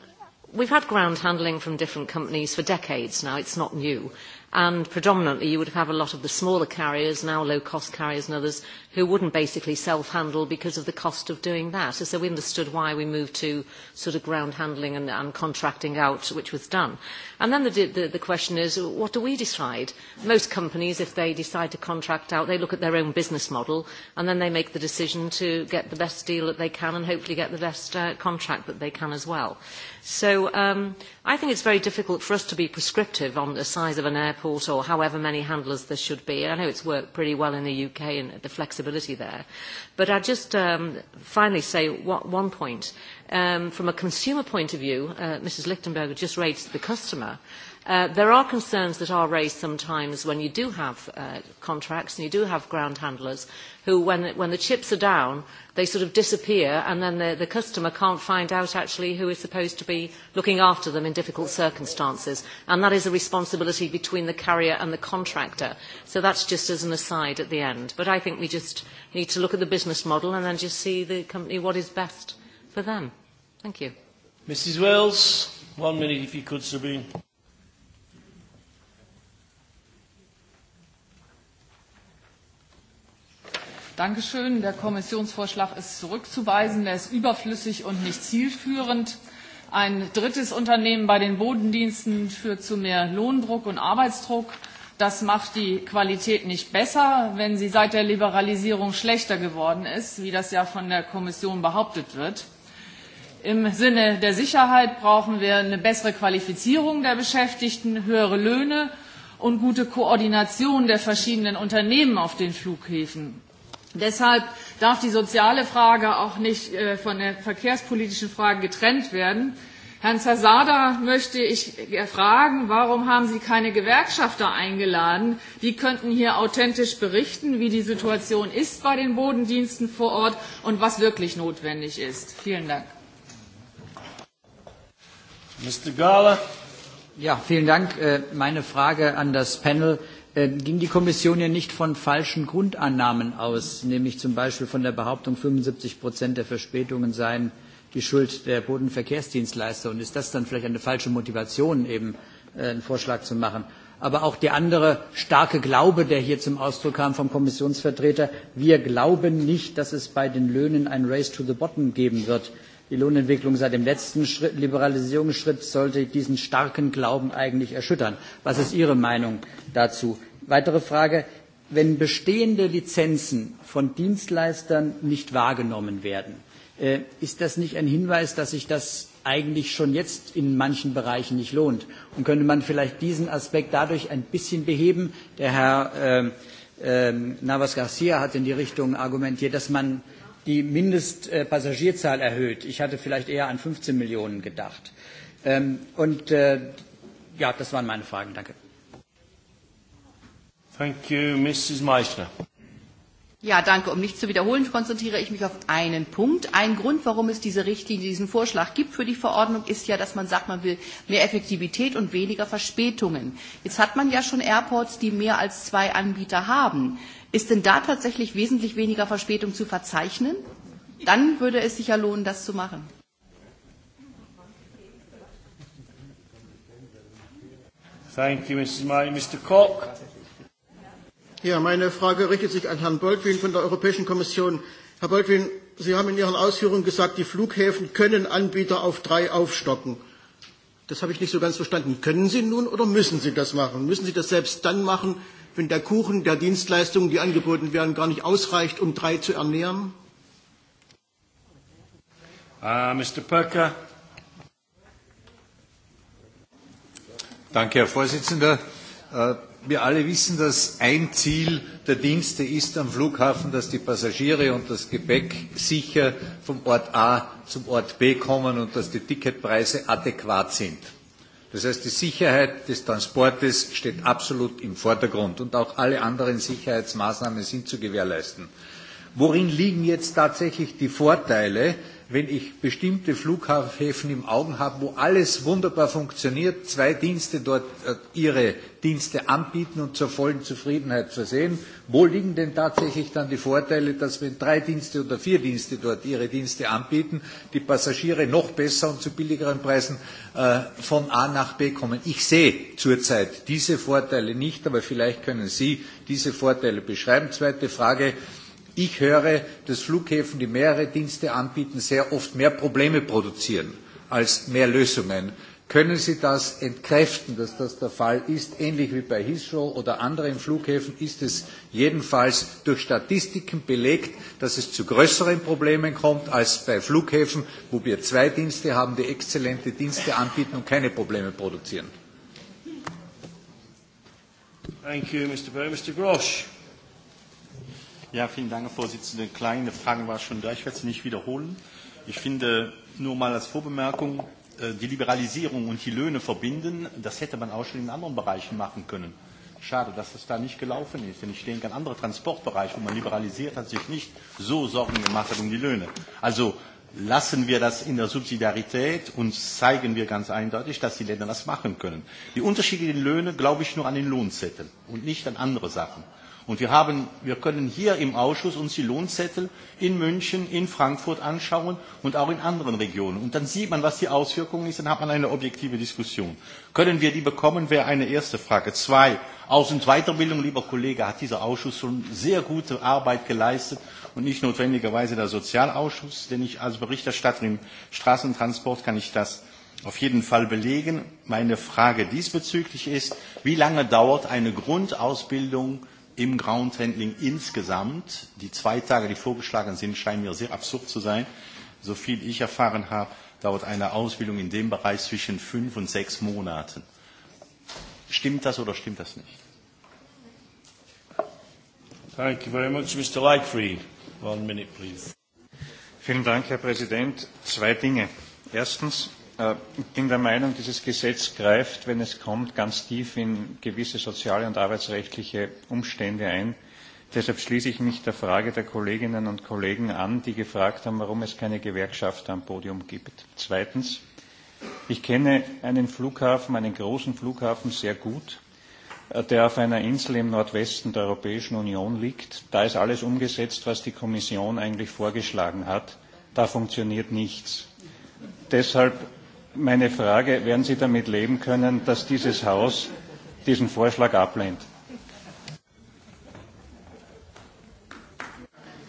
we've had ground handling from different companies for decades now. It's not new and predominantly you would have a lot of the smaller carriers, now low-cost carriers and others, who wouldn't basically self-handle because of the cost of doing that. So we understood why we moved to sort of ground handling and, and contracting out, which was done. And then the, the, the question is, what do we decide? Most companies, if they decide to contract out, they look at their own business model and then they make the decision to get the best deal that they can and hopefully get the best uh, contract that they can as well. So um, I think it's very difficult for us to be prescriptive on the size of an airport or however many handlers there should be. I know it's worked pretty well in the UK and the flexibility flexibility there. But I'd just um, finally say what one point. Um, from a consumer point of view, uh, Mrs. Lichtenberger just raised the customer there are concerns that are raised sometimes when you do have uh, contracts and you do have ground handlers who, when, when the chips are down, they sort of disappear and then the, the customer can't find out actually who is supposed to be looking after them in difficult circumstances. And that is a responsibility between the carrier and the contractor. So that's just as an aside at the end. But I think we just need to look at the business model and then just see the company what is best for them. Thank you. Mrs Wells, one minute if you could, Sabine. Dankeschön. Der Kommissionsvorschlag ist zurückzuweisen. Er ist überflüssig und nicht zielführend. Ein drittes Unternehmen bei den Bodendiensten führt zu mehr Lohndruck und Arbeitsdruck. Das macht die Qualität nicht besser, wenn sie seit der Liberalisierung schlechter geworden ist, wie das ja von der Kommission behauptet wird. Im Sinne der Sicherheit brauchen wir eine bessere Qualifizierung der Beschäftigten, höhere Löhne und gute Koordination der verschiedenen Unternehmen auf den Flughäfen. Deshalb darf die soziale Frage auch nicht von der verkehrspolitischen Frage getrennt werden. Herrn Zasada möchte ich fragen, warum haben Sie keine Gewerkschafter eingeladen? Die könnten hier authentisch berichten, wie die Situation ist bei den Bodendiensten vor Ort und was wirklich notwendig ist. Vielen Dank. Mr. Gala. Ja, vielen Dank. Meine Frage an das Panel ging die Kommission ja nicht von falschen Grundannahmen aus, nämlich zum Beispiel von der Behauptung, 75 Prozent der Verspätungen seien die Schuld der Bodenverkehrsdienstleister. Und ist das dann vielleicht eine falsche Motivation, eben einen Vorschlag zu machen? Aber auch der andere starke Glaube, der hier zum Ausdruck kam vom Kommissionsvertreter, wir glauben nicht, dass es bei den Löhnen ein Race to the Bottom geben wird Die Lohnentwicklung seit dem letzten Liberalisierungsschritt sollte diesen starken Glauben eigentlich erschüttern. Was ist Ihre Meinung dazu? Weitere Frage. Wenn bestehende Lizenzen von Dienstleistern nicht wahrgenommen werden, ist das nicht ein Hinweis, dass sich das eigentlich schon jetzt in manchen Bereichen nicht lohnt? Und könnte man vielleicht diesen Aspekt dadurch ein bisschen beheben? Der Herr Navas Garcia hat in die Richtung argumentiert, dass man die Mindestpassagierzahl erhöht. Ich hatte vielleicht eher an 15 Millionen gedacht. Und ja, das waren meine Fragen. Danke. Thank you, Mrs. Meissner. Ja, danke. Um nichts zu wiederholen, konzentriere ich mich auf einen Punkt. Ein Grund, warum es diese Richtlinie, diesen Vorschlag gibt für die Verordnung, ist ja, dass man sagt, man will mehr Effektivität und weniger Verspätungen. Jetzt hat man ja schon Airports, die mehr als zwei Anbieter haben. Ist denn da tatsächlich wesentlich weniger Verspätung zu verzeichnen? Dann würde es sich ja lohnen, das zu machen. Thank you, Mrs. May. Mr. Koch. Ja, meine Frage richtet sich an Herrn Boldwin von der Europäischen Kommission. Herr Boldwin, Sie haben in Ihren Ausführungen gesagt, die Flughäfen können Anbieter auf drei aufstocken. Das habe ich nicht so ganz verstanden. Können Sie nun oder müssen Sie das machen? Müssen Sie das selbst dann machen, wenn der Kuchen der Dienstleistungen, die angeboten werden, gar nicht ausreicht, um drei zu ernähren? Uh, Mr. Perker. Danke, Herr Vorsitzender. Wir alle wissen, dass ein Ziel der Dienste ist am Flughafen, dass die Passagiere und das Gepäck sicher vom Ort A zum Ort B kommen und dass die Ticketpreise adäquat sind. Das heißt, die Sicherheit des Transportes steht absolut im Vordergrund und auch alle anderen Sicherheitsmaßnahmen sind zu gewährleisten. Worin liegen jetzt tatsächlich die Vorteile wenn ich bestimmte Flughäfen im Augen habe, wo alles wunderbar funktioniert, zwei Dienste dort ihre Dienste anbieten und zur vollen Zufriedenheit versehen. Wo liegen denn tatsächlich dann die Vorteile, dass wenn drei Dienste oder vier Dienste dort ihre Dienste anbieten, die Passagiere noch besser und zu billigeren Preisen von A nach B kommen? Ich sehe zurzeit diese Vorteile nicht, aber vielleicht können Sie diese Vorteile beschreiben. Zweite Frage. Ich höre, dass Flughäfen, die mehrere Dienste anbieten, sehr oft mehr Probleme produzieren als mehr Lösungen. Können Sie das entkräften, dass das der Fall ist? Ähnlich wie bei Heathrow oder anderen Flughäfen ist es jedenfalls durch Statistiken belegt, dass es zu größeren Problemen kommt als bei Flughäfen, wo wir zwei Dienste haben, die exzellente Dienste anbieten und keine Probleme produzieren. Thank you, Mr. Mr. Grosch. Ja, vielen Dank, Herr Vorsitzender. Kleine Fragen war schon da. Ich werde sie nicht wiederholen. Ich finde nur mal als Vorbemerkung, die Liberalisierung und die Löhne verbinden, das hätte man auch schon in anderen Bereichen machen können. Schade, dass das da nicht gelaufen ist. Denn ich denke an andere Transportbereiche, wo man liberalisiert hat, sich nicht so Sorgen gemacht hat um die Löhne. Also lassen wir das in der Subsidiarität und zeigen wir ganz eindeutig, dass die Länder das machen können. Die unterschiedlichen Löhne glaube ich nur an den Lohnzettel und nicht an andere Sachen. Und wir, haben, wir können hier im Ausschuss uns die Lohnzettel in München, in Frankfurt anschauen und auch in anderen Regionen. Und dann sieht man, was die Auswirkungen sind, dann hat man eine objektive Diskussion. Können wir die bekommen, wäre eine erste Frage. Zwei, Aus- und Weiterbildung, lieber Kollege, hat dieser Ausschuss schon sehr gute Arbeit geleistet und nicht notwendigerweise der Sozialausschuss, denn ich als Berichterstatter im Straßentransport kann ich das auf jeden Fall belegen. Meine Frage diesbezüglich ist, wie lange dauert eine Grundausbildung im Groundhandling insgesamt. Die zwei Tage, die vorgeschlagen sind, scheinen mir sehr absurd zu sein. So viel ich erfahren habe, dauert eine Ausbildung in dem Bereich zwischen fünf und sechs Monaten. Stimmt das oder stimmt das nicht? Thank you very much, Mr. Lightfree. One minute, please. Vielen Dank, Herr Präsident. Zwei Dinge. Erstens, Ich bin der Meinung, dieses Gesetz greift, wenn es kommt, ganz tief in gewisse soziale und arbeitsrechtliche Umstände ein. Deshalb schließe ich mich der Frage der Kolleginnen und Kollegen an, die gefragt haben, warum es keine Gewerkschaft am Podium gibt. Zweitens, ich kenne einen Flughafen, einen großen Flughafen sehr gut, der auf einer Insel im Nordwesten der Europäischen Union liegt. Da ist alles umgesetzt, was die Kommission eigentlich vorgeschlagen hat. Da funktioniert nichts. Deshalb meine Frage, werden Sie damit leben können, dass dieses Haus diesen Vorschlag ablehnt?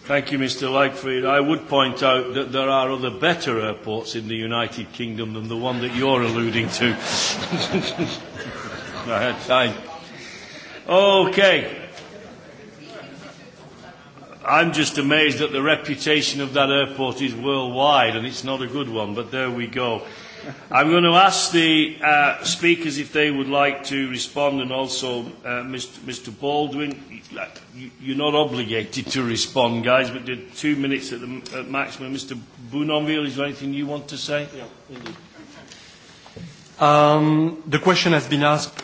Thank you, Mr. Lightfried. I would point out that there are other better airports in the United Kingdom than the one that you're alluding to. I had time. Okay. I'm just amazed that the reputation of that airport is worldwide, and it's not a good one, but there we go. I'm going to ask the uh, speakers if they would like to respond, and also uh, Mr. Mr. Baldwin. You're not obligated to respond, guys, but the two minutes at the at maximum. Mr. Bounonville, is there anything you want to say? Yeah, Um, the question has been asked,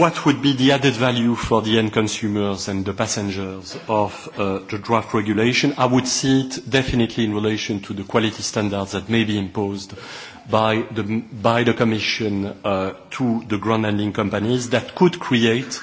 what would be the added value for the end consumers and the passengers of uh, the draft regulation? I would see it definitely in relation to the quality standards that may be imposed by the, by the Commission uh, to the ground handling companies that could create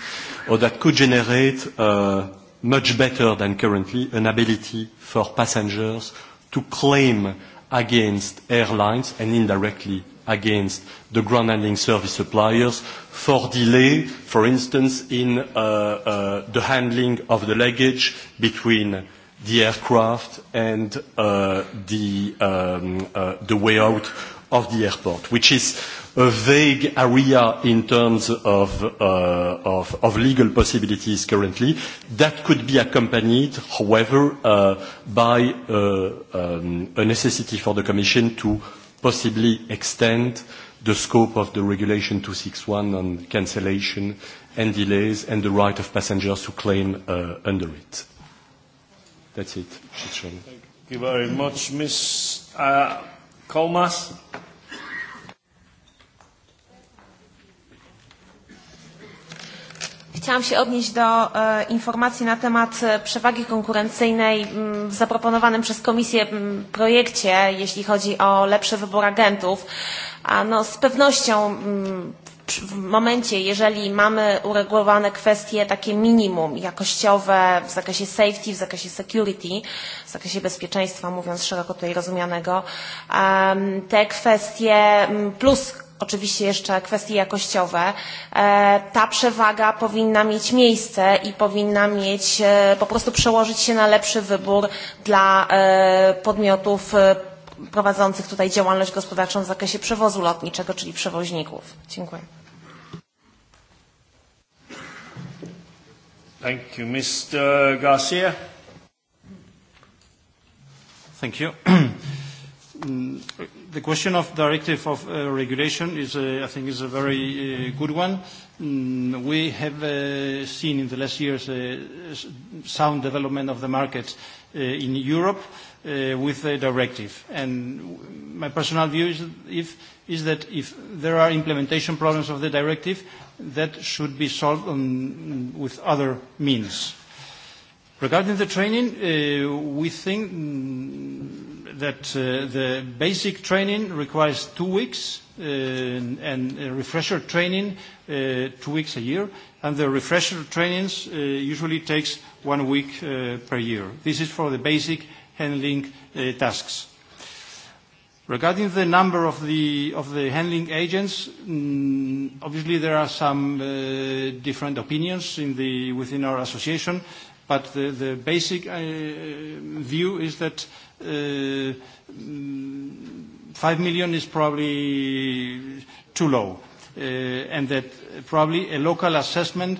or that could generate uh, much better than currently an ability for passengers to claim against airlines and indirectly against the ground handling service suppliers for delay, for instance, in uh, uh, the handling of the luggage between the aircraft and uh, the, um, uh, the way out of the airport, which is a vague area in terms of, uh, of, of legal possibilities currently. That could be accompanied, however, uh, by uh, um, a necessity for the Commission to possibly extend the scope of the Regulation 261 on cancellation and delays and the right of passengers to claim uh, under it. That's it. Thank you very much, Ms. Uh, Колмас. Chciałam się odnieść do informacji na temat przewagi konkurencyjnej w zaproponowanym przez Komisję projekcie, jeśli chodzi o lepszy wybór agentów. No, z pewnością w momencie, jeżeli mamy uregulowane kwestie takie minimum jakościowe w zakresie safety, w zakresie security, w zakresie bezpieczeństwa, mówiąc szeroko tutaj rozumianego, te kwestie plus oczywiście jeszcze kwestie jakościowe, ta przewaga powinna mieć miejsce i powinna mieć po prostu przełożyć się na lepszy wybór dla podmiotów prowadzących tutaj działalność gospodarczą w zakresie przewozu lotniczego, czyli przewoźników. Dziękuję. Thank you, Mr. Garcia. Thank you. The question of directive of uh, regulation is, uh, I think, is a very uh, good one. Mm, we have uh, seen in the last years a uh, sound development of the market uh, in Europe. Uh, with the directive. And my personal view is, if, is that if there are implementation problems of the directive, that should be solved on, with other means. Regarding the training, uh, we think that uh, the basic training requires two weeks uh, and uh, refresher training uh, two weeks a year, and the refresher trainings uh, usually takes one week uh, per year. This is for the basic handling tasks. Regarding the number of the handling agents, obviously there are some different opinions within our association, but the basic view is that 5 million is probably too low and that probably a local assessment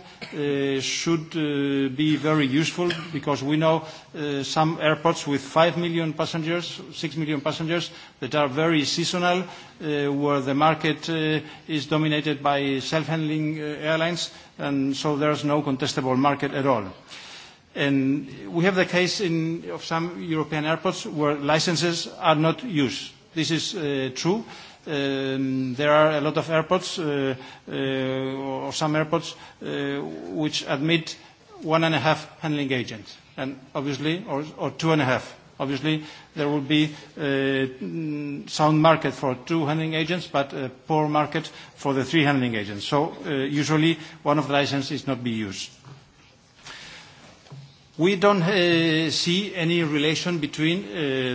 should be very useful because we know some airports with 5 million passengers, 6 million passengers that are very seasonal, where the market is dominated by self-handling airlines, and so there's no contestable market at all. And we have the case in, of some European airports where licenses are not used. This is true um, there are a lot of airports uh, uh, or some airports uh, which admit one and a half handling agents, and obviously, or, or two and a half. Obviously, there will be uh, sound market for two handling agents, but a poor market for the three handling agents. So uh, usually, one of the licenses is not be used. We don't uh, see any relation between uh,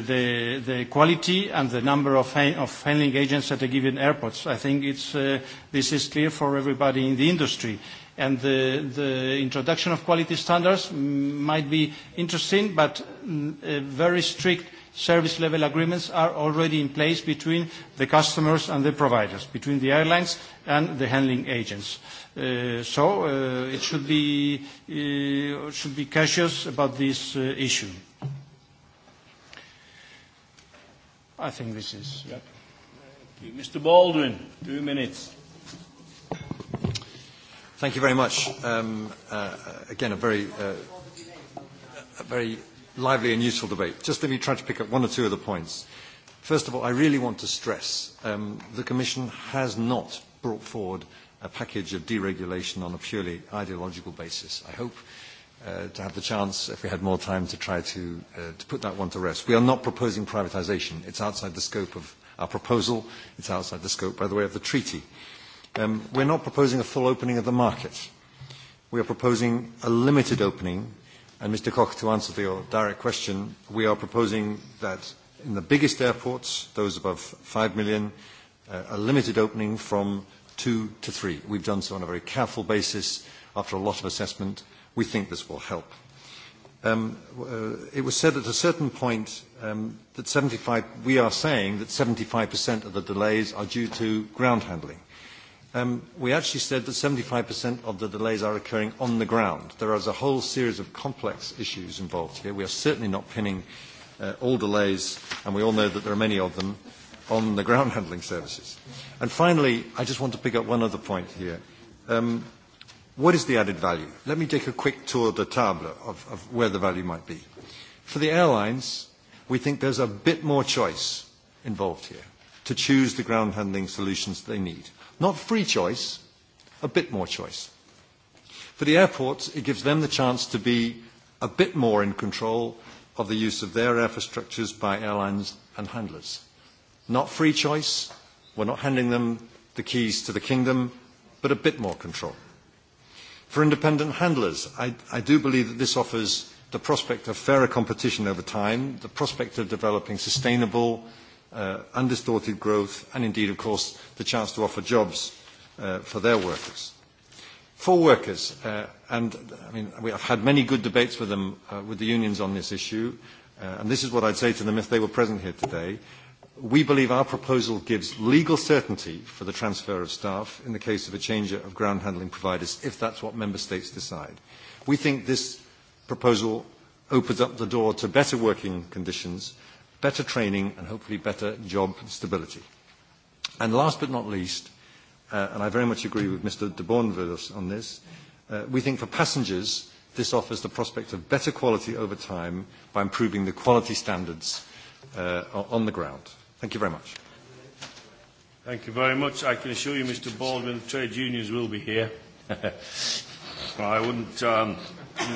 the, the quality and the number of, of handling agents at a given airport. I think it's, uh, this is clear for everybody in the industry. And the, the introduction of quality standards might be interesting, but uh, very strict uh, service level agreements are already in place between the customers and the providers, between the airlines and the handling agents. So it should be cautious about this issue. I think this is. Yep. Mr. Baldwin, two minutes. Thank you very much. Again, a very lively and useful debate. Just let me try to pick up one or two of the points. First of all, I really want to stress um, the Commission has not brought forward a package of deregulation on a purely ideological basis. I hope uh, to have the chance, if we had more time, to try to, uh, to put that one to rest. We are not proposing privatisation. It's outside the scope of our proposal. It's outside the scope, by the way, of the treaty. Um, we're not proposing a full opening of the market. We are proposing a limited opening And Mr. Koch, to answer your direct question, we are proposing that in the biggest airports, those above 5 million, uh, a limited opening from two to three. We've done so on a very careful basis after a lot of assessment. We think this will help. Um, uh, it was said at a certain point um, that 75, we are saying that 75% of the delays are due to ground handling. Um, we actually said that 75% of the delays are occurring on the ground. There is a whole series of complex issues involved here. We are certainly not pinning uh, all delays, and we all know that there are many of them, on the ground handling services. And finally, I just want to pick up one other point here. Um, what is the added value? Let me take a quick tour de table of, of where the value might be. For the airlines, we think there's a bit more choice involved here to choose the ground handling solutions they need. Not free choice, a bit more choice. For the airports, it gives them the chance to be a bit more in control of the use of their infrastructures by airlines and handlers. Not free choice, we're not handing them the keys to the kingdom, but a bit more control. For independent handlers, I, I do believe that this offers the prospect of fairer competition over time, the prospect of developing sustainable undistorted growth, and indeed, of course, the chance to offer jobs for their workers. For workers, and I mean, we have had many good debates with them, with the unions on this issue, and this is what I'd say to them if they were present here today. We believe our proposal gives legal certainty for the transfer of staff in the case of a change of ground handling providers, if that's what member states decide. We think this proposal opens up the door to better working conditions better training and hopefully better job stability. And last but not least, uh, and I very much agree with Mr. de Bornville on this, uh, we think for passengers this offers the prospect of better quality over time by improving the quality standards uh, on the ground. Thank you very much. Thank you very much. I can assure you, Mr. Baldwin, the trade unions will be here. I wouldn't um,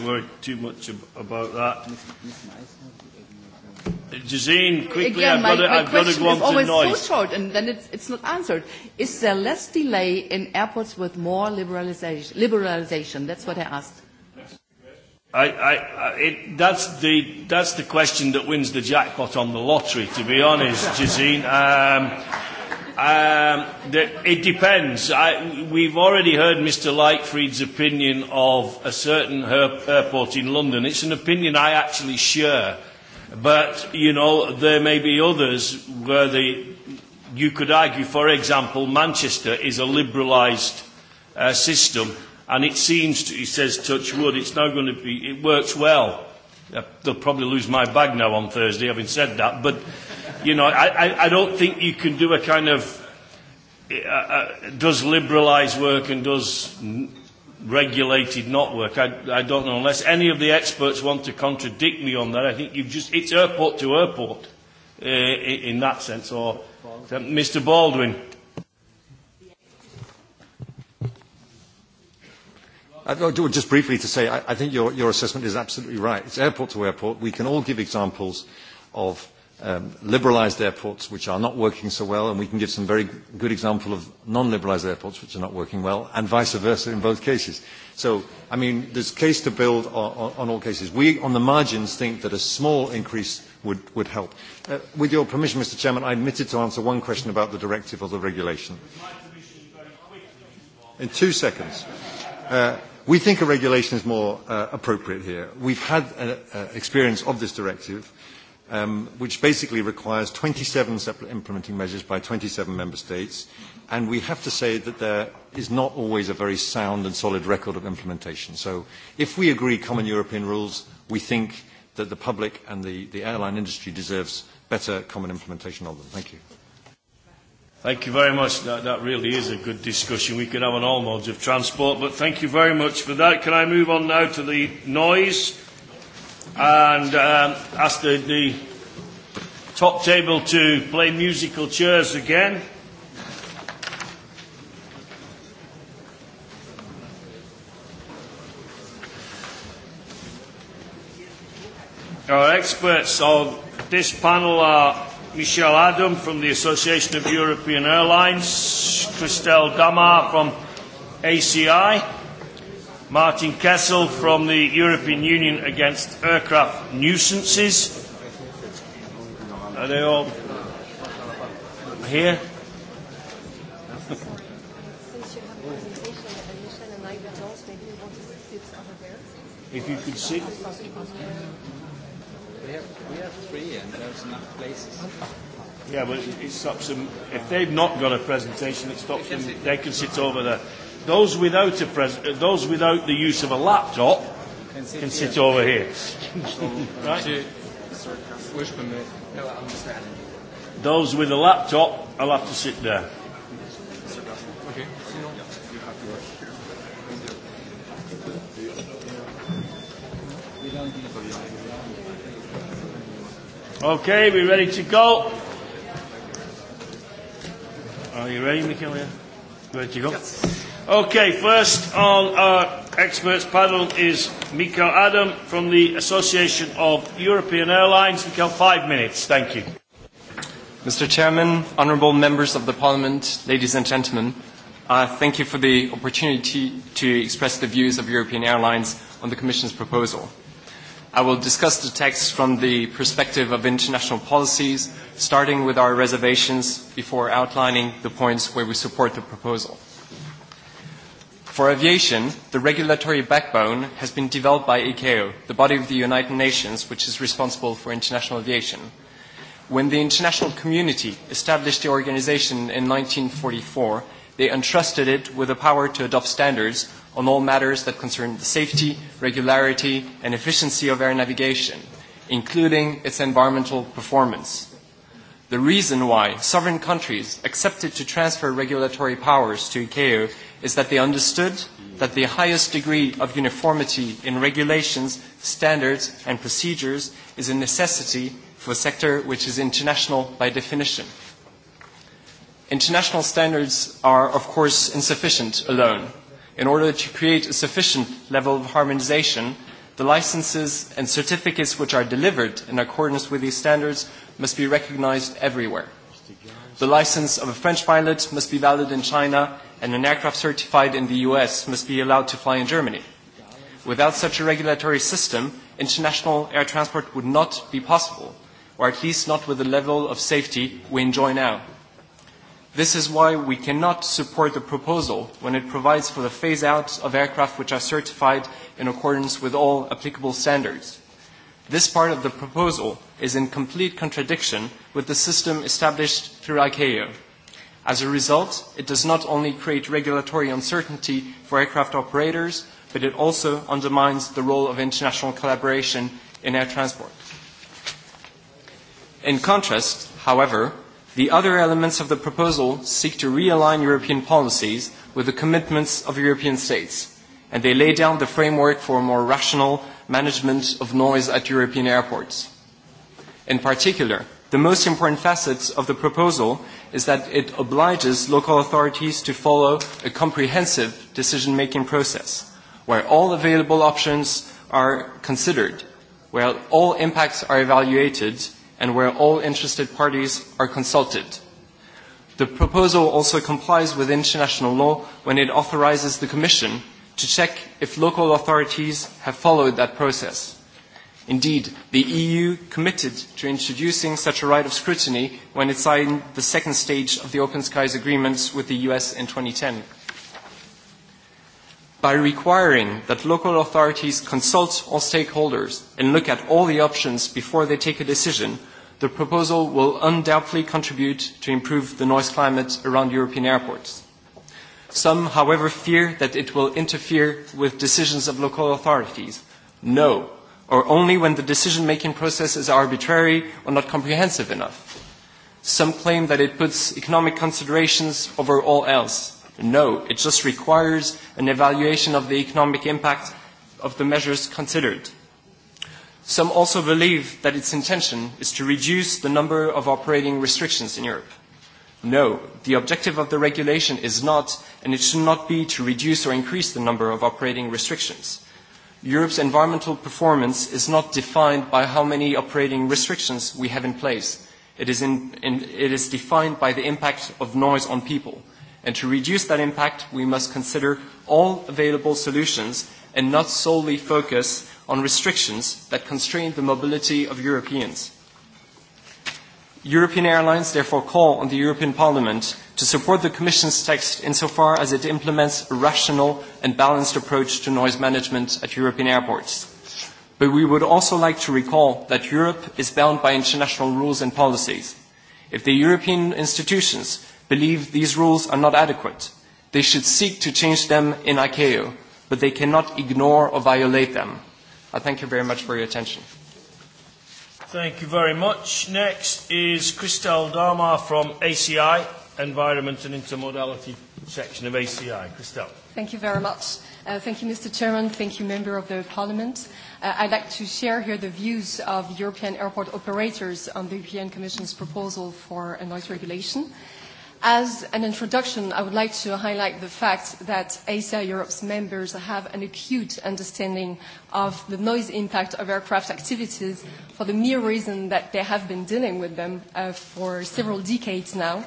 worry too much ab- about that. Jazeen, quickly, Again, I've, my, got to, my I've got to go on is always to noise. so short, and then it's, it's not answered. Is there less delay in airports with more liberalization? liberalization? That's what I asked. I, I, I, it, that's, the, that's the question that wins the jackpot on the lottery, to be honest, Jazeen. Um, um, the, it depends. I, we've already heard Mr. Lightfried's opinion of a certain her, airport in London. It's an opinion I actually share But, you know, there may be others where the, you could argue, for example, Manchester is a liberalised uh, system and it seems, to, he says, touch wood, it's now going to be, it works well. Uh They'll probably lose my bag now on Thursday, having said that. But, you know, I, I, I don't think you can do a kind of, uh, uh, does liberalise work and does regulated not work. I, I don't know. Unless any of the experts want to contradict me on that, I think you've just it's airport to airport uh, in that sense. Or Mr. Baldwin. Just briefly to say, I, I think your, your assessment is absolutely right. It's airport to airport. We can all give examples of um, liberalised airports which are not working so well, and we can give some very good example of non-liberalised airports which are not working well, and vice versa in both cases. So, I mean, there's case to build on, on, on all cases. We, on the margins, think that a small increase would, would help. Uh, with your permission, Mr Chairman, I admitted to answer one question about the directive or the regulation. In two seconds. Uh, we think a regulation is more uh, appropriate here. We've had uh, uh, experience of this directive um, which basically requires 27 separate implementing measures by 27 member states. And we have to say that there is not always a very sound and solid record of implementation. So if we agree common European rules, we think that the public and the, the airline industry deserves better common implementation of them. Thank you. Thank you very much. That, that really is a good discussion. We could have on all modes of transport, but thank you very much for that. Can I move on now to the noise? and um, ask the, the top table to play musical chairs again. Our experts of this panel are Michelle Adam from the Association of European Airlines, Christelle Damar from ACI, Martin Kessel from the European Union Against Aircraft Nuisances. Are they all here? If you could see. We have, we have three and there's enough places. Yeah, but it stops them. If they've not got a presentation, it stops them. They can sit over there. Those without, a pres- those without the use of a laptop can sit, can sit here. over here. right? Those with a laptop, I'll have to sit there. Okay. Okay, we ready to go? Are you ready, Michele? Yeah? Ready to go? Yes. Okay, first on our experts panel is Mikael Adam from the Association of European Airlines. Mikael, five minutes. Thank you. Mr. Chairman, honourable members of the Parliament, ladies and gentlemen, uh, thank you for the opportunity to express the views of European Airlines on the Commission's proposal. I will discuss the text from the perspective of international policies, starting with our reservations before outlining the points where we support the proposal. For aviation, the regulatory backbone has been developed by ICAO, the body of the United Nations which is responsible for international aviation. When the international community established the organization in 1944, they entrusted it with the power to adopt standards on all matters that concern the safety, regularity, and efficiency of air navigation, including its environmental performance. The reason why sovereign countries accepted to transfer regulatory powers to ICAO is that they understood that the highest degree of uniformity in regulations, standards and procedures is a necessity for a sector which is international by definition. International standards are, of course, insufficient alone. In order to create a sufficient level of harmonization, the licenses and certificates which are delivered in accordance with these standards must be recognized everywhere. The license of a French pilot must be valid in China and an aircraft certified in the US must be allowed to fly in Germany. Without such a regulatory system, international air transport would not be possible, or at least not with the level of safety we enjoy now. This is why we cannot support the proposal when it provides for the phase out of aircraft which are certified in accordance with all applicable standards. This part of the proposal is in complete contradiction with the system established through ICAO. As a result, it does not only create regulatory uncertainty for aircraft operators, but it also undermines the role of international collaboration in air transport. In contrast, however, the other elements of the proposal seek to realign European policies with the commitments of European states, and they lay down the framework for a more rational management of noise at European airports. In particular, The most important facets of the proposal is that it obliges local authorities to follow a comprehensive decision-making process, where all available options are considered, where all impacts are evaluated, and where all interested parties are consulted. The proposal also complies with international law when it authorizes the Commission to check if local authorities have followed that process. Indeed, the EU committed to introducing such a right of scrutiny when it signed the second stage of the Open Skies Agreement with the US in 2010. By requiring that local authorities consult all stakeholders and look at all the options before they take a decision, the proposal will undoubtedly contribute to improve the noise climate around European airports. Some, however, fear that it will interfere with decisions of local authorities. No, or only when the decision-making process is arbitrary or not comprehensive enough. Some claim that it puts economic considerations over all else. No, it just requires an evaluation of the economic impact of the measures considered. Some also believe that its intention is to reduce the number of operating restrictions in Europe. No, the objective of the regulation is not, and it should not be, to reduce or increase the number of operating restrictions Europe's environmental performance is not defined by how many operating restrictions we have in place. It is, in, in, it is defined by the impact of noise on people. And to reduce that impact, we must consider all available solutions and not solely focus on restrictions that constrain the mobility of Europeans. European airlines therefore call on the European Parliament to support the Commission's text insofar as it implements a rational and balanced approach to noise management at European airports. But we would also like to recall that Europe is bound by international rules and policies. If the European institutions believe these rules are not adequate, they should seek to change them in ICAO, but they cannot ignore or violate them. I thank you very much for your attention. Thank you very much. Next is Christel Dama from ACI. Environment and Intermodality section of ACI. Christelle. Thank you very much. Uh, thank you, Mr. Chairman. Thank you, Member of the Parliament. Uh, I'd like to share here the views of European airport operators on the European Commission's proposal for a noise regulation. As an introduction, I would like to highlight the fact that ACI Europe's members have an acute understanding of the noise impact of aircraft activities for the mere reason that they have been dealing with them uh, for several decades now.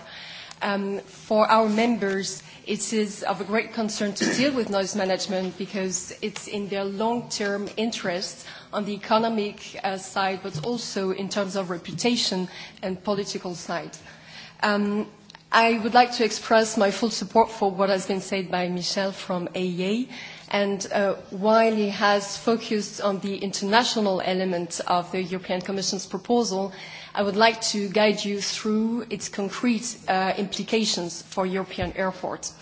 Um, for our members, it is of a great concern to deal with noise management because it's in their long-term interest on the economic uh, side, but also in terms of reputation and political side. Um, I would like to express my full support for what has been said by Michel from AEA. And uh, while he has focused on the international element of the European Commission's proposal, I would like to guide you through its concrete uh, implications for European airports.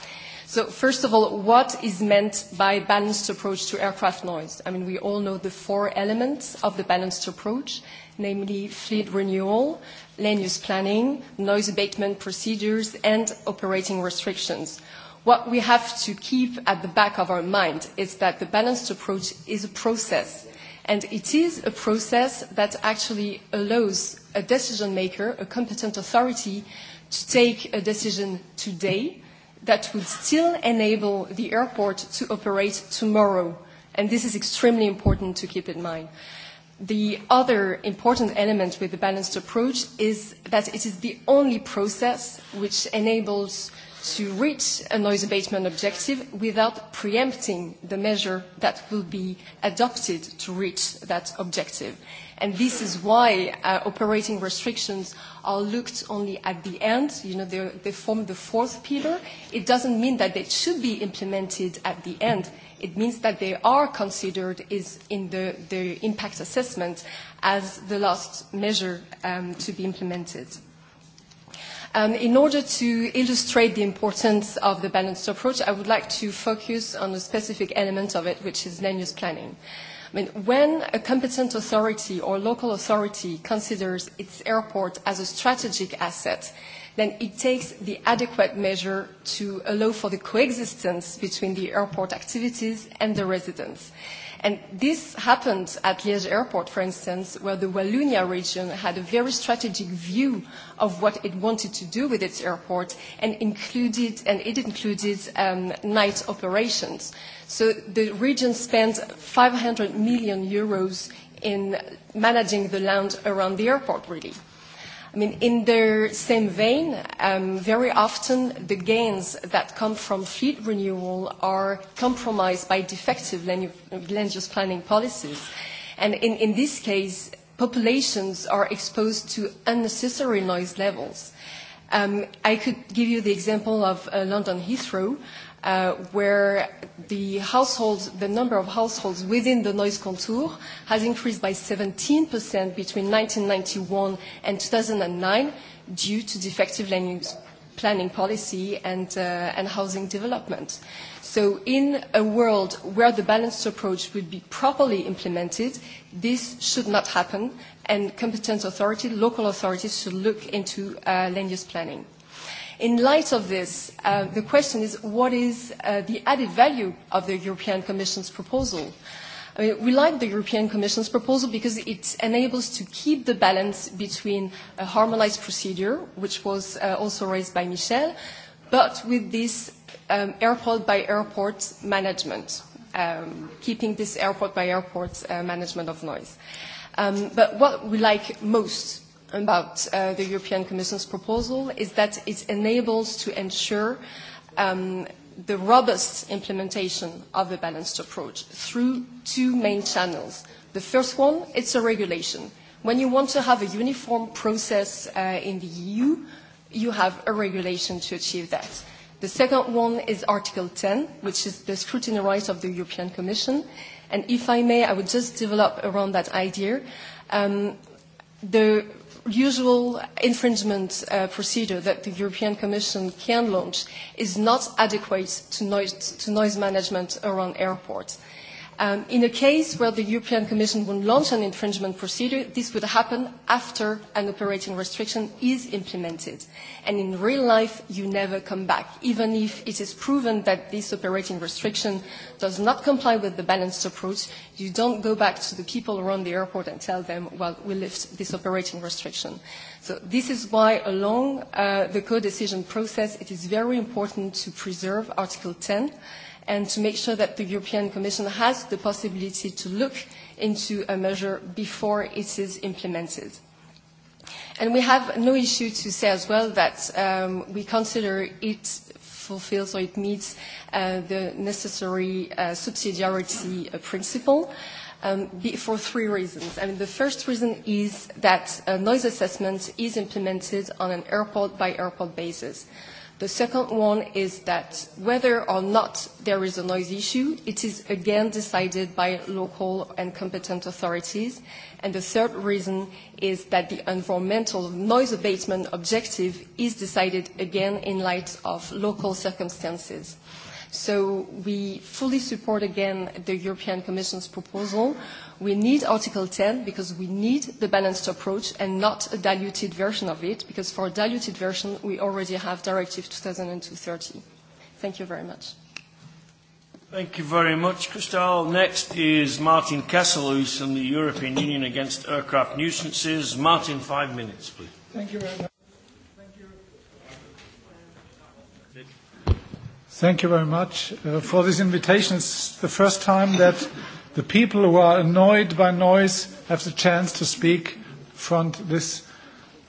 So first of all, what is meant by balanced approach to aircraft noise? I mean, we all know the four elements of the balanced approach, namely fleet renewal, land use planning, noise abatement procedures, and operating restrictions. What we have to keep at the back of our mind is that the balanced approach is a process, and it is a process that actually allows a decision maker, a competent authority, to take a decision today that would still enable the airport to operate tomorrow. And this is extremely important to keep in mind. The other important element with the balanced approach is that it is the only process which enables to reach a noise abatement objective without preempting the measure that will be adopted to reach that objective. And this is why uh, operating restrictions are looked only at the end. You know, they, form the fourth pillar. It doesn't mean that they should be implemented at the end. It means that they are considered is in the, the impact assessment as the last measure um, to be implemented. Um, in order to illustrate the importance of the balanced approach, I would like to focus on a specific element of it, which is land use planning. Uh, I mean, when a competent authority or local authority considers its airport as a strategic asset, then it takes the adequate measure to allow for the coexistence between the airport activities and the residents. And this happened at Liège airport, for instance, where the Wallonia region had a very strategic view of what it wanted to do with its airport and included, and it included um, night operations. So the region spent 500 million euros in managing the land around the airport, really. I mean, in the same vein, um, very often the gains that come from fleet renewal are compromised by defective land, land use planning policies. And in, in this case, populations are exposed to unnecessary noise levels. Um, I could give you the example of uh, London Heathrow, where the households, the number of households within the noise contour has increased by 17% between 1991 and 2009 due to defective land use planning policy and, uh, and housing development. So in a world where the balanced approach would be properly implemented, this should not happen, and competent authorities, local authorities, should look into uh, land use planning. In light of this, uh, the question is what is uh, the added value of the European Commission's proposal? I mean, we like the European Commission's proposal because it enables to keep the balance between a harmonized procedure, which was uh, also raised by Michel, but with this um, airport by airport management, um, keeping this airport by airport uh, management of noise. Um, but what we like most about uh, the European Commission's proposal is that it enables to ensure um, the robust implementation of the balanced approach through two main channels. The first one, it's a regulation. When you want to have a uniform process uh, in the EU, you have a regulation to achieve that. The second one is Article 10, which is the scrutiny rights of the European Commission. And if I may, I would just develop around that idea. Um, the usual infringement uh, procedure that the European Commission can launch is not adequate to noise, to noise management around airports. Um, in a case where the European Commission would launch an infringement procedure, this would happen after an operating restriction is implemented. And in real life, you never come back, even if it is proven that this operating restriction does not comply with the balanced approach. You don't go back to the people around the airport and tell them, well, we lift this operating restriction. So this is why along uh, the co-decision process, it is very important to preserve Article 10 and to make sure that the European Commission has the possibility to look into a measure before it is implemented. And we have no issue to say as well that um, we consider it fulfills or it meets uh, the necessary uh, subsidiarity uh, principle um, for three reasons. I mean, the first reason is that a noise assessment is implemented on an airport-by-airport basis. The second one is that whether or not there is a noise issue, it is again decided by local and competent authorities. And the third reason is that the environmental noise abatement objective is decided again in light of local circumstances. So we fully support again the European Commission's proposal We need Article 10 because we need the balanced approach and not a diluted version of it, because for a diluted version, we already have Directive 2002-30. Thank you very much. Thank you very much, Christelle. Next is Martin Kessel, who's from the European Union Against Aircraft Nuisances. Martin, five minutes, please. Thank you very much. Thank you very much uh, for this invitation. It's the first time that The people who are annoyed by noise have the chance to speak front this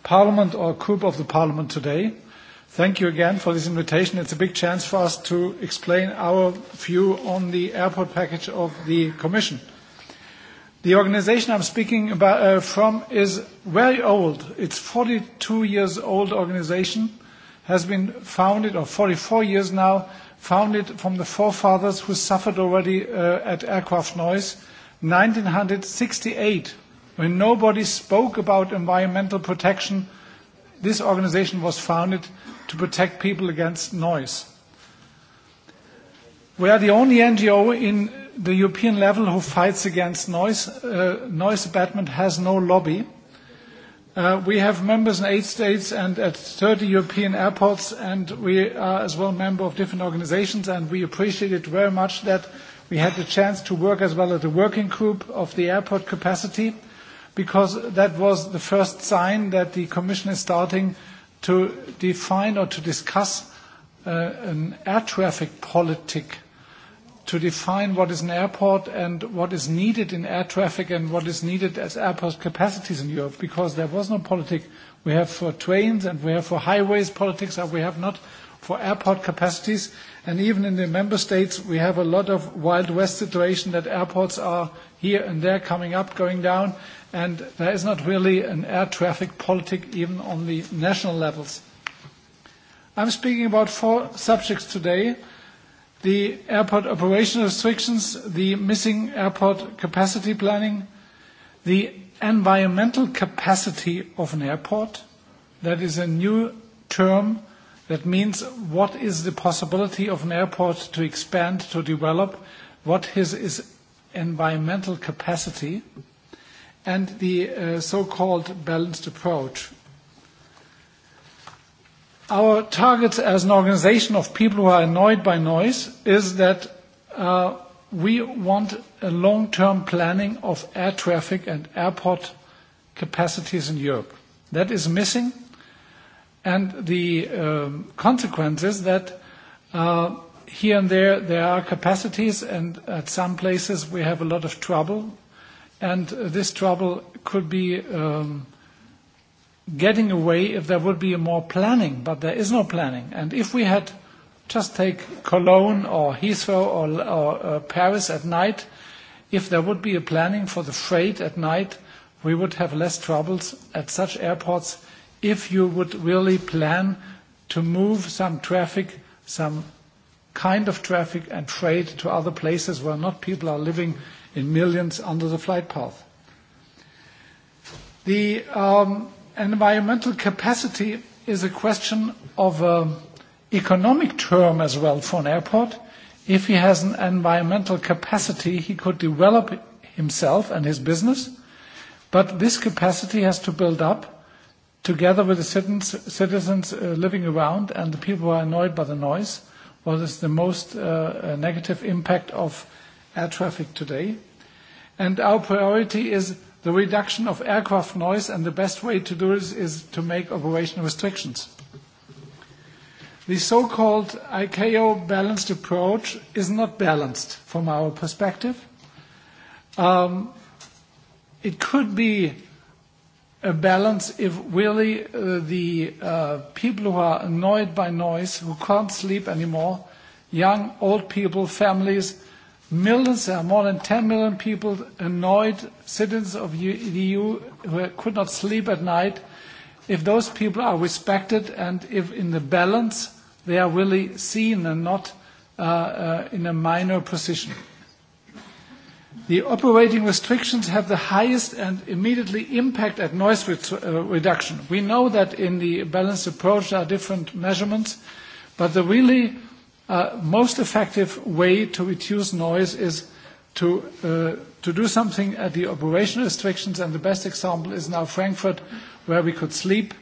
parliament or group of the parliament today. Thank you again for this invitation. It's a big chance for us to explain our view on the airport package of the Commission. The organization I'm speaking about, uh, from is very old. It's 42 years old organization, has been founded, or 44 years now, founded from the forefathers who suffered already uh, at aircraft noise, 1968, when nobody spoke about environmental protection, this organization was founded to protect people against noise. We are the only NGO in the European level who fights against noise. Uh, noise abatement has no lobby We have members in eight states and at 30 European airports, and we are as well member of different organizations, and we appreciate it very much that we had the chance to work as well as a working group of the airport capacity, because that was the first sign that the commission is starting to define or to discuss an air traffic politic to define what is an airport and what is needed in air traffic and what is needed as airport capacities in Europe, because there was no politic we have for trains and we have for highways politics and we have not for airport capacities. And even in the member states, we have a lot of wild west situation that airports are here and there coming up, going down, and there is not really an air traffic politic even on the national levels. I'm speaking about four subjects today the airport operational restrictions, the missing airport capacity planning, the environmental capacity of an airport. That is a new term. That means what is the possibility of an airport to expand, to develop, what is its environmental capacity, and the so-called balanced approach Our targets as an organization of people who are annoyed by noise is that uh, we want a long-term planning of air traffic and airport capacities in Europe. That is missing, and the um, consequence is that uh, here and there there are capacities, and at some places we have a lot of trouble, and this trouble could be um, – getting away if there would be more planning, but there is no planning. And if we had just take Cologne or Heathrow or, or uh, Paris at night, if there would be a planning for the freight at night, we would have less troubles at such airports if you would really plan to move some traffic, some kind of traffic and freight to other places where not people are living in millions under the flight path. The um, environmental capacity is a question of an economic term as well for an airport. If he has an environmental capacity, he could develop himself and his business, but this capacity has to build up together with the citizens, citizens uh, living around and the people who are annoyed by the noise. What is the most uh, negative impact of air traffic today? And our priority is the reduction of aircraft noise, and the best way to do this is to make operational restrictions. The so-called ICAO balanced approach is not balanced from our perspective. Um, it could be a balance if really uh, the uh, people who are annoyed by noise, who can't sleep anymore, young, old people, families, Millions, there are more than 10 million people, annoyed citizens of the EU who could not sleep at night. If those people are respected and if in the balance they are really seen and not uh, uh, in a minor position. The operating restrictions have the highest and immediately impact at noise reduction. We know that in the balanced approach there are different measurements, but the really uh, most effective way to reduce noise is to, uh, to do something at the operational restrictions, and the best example is now Frankfurt, where we could sleep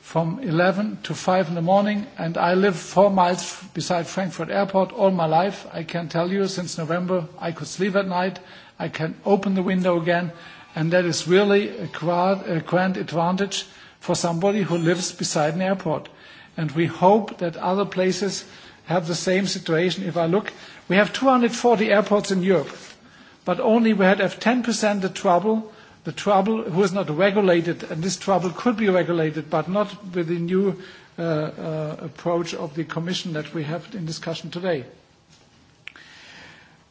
from 11 to 5 in the morning, and I live four miles beside Frankfurt Airport all my life. I can tell you, since November, I could sleep at night. I can open the window again, and that is really a grand advantage for somebody who lives beside an airport. And we hope that other places – have the same situation. If I look, we have 240 airports in Europe, but only we had 10% the trouble, the trouble who is not regulated, and this trouble could be regulated, but not with the new approach of the Commission that we have in discussion today.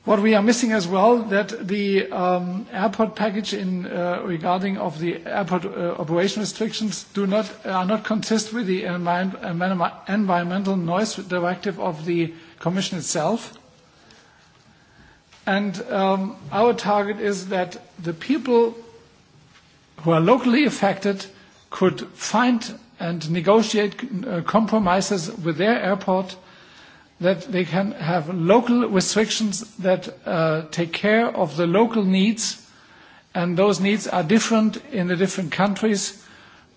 What we are missing as well, that the airport package in uh, regarding of the airport uh, operation restrictions do not are not consist with the environmental noise directive of the Commission itself. And our target is that the people who are locally affected could find and negotiate compromises with their airport that they can have local restrictions that uh, take care of the local needs, and those needs are different in the different countries.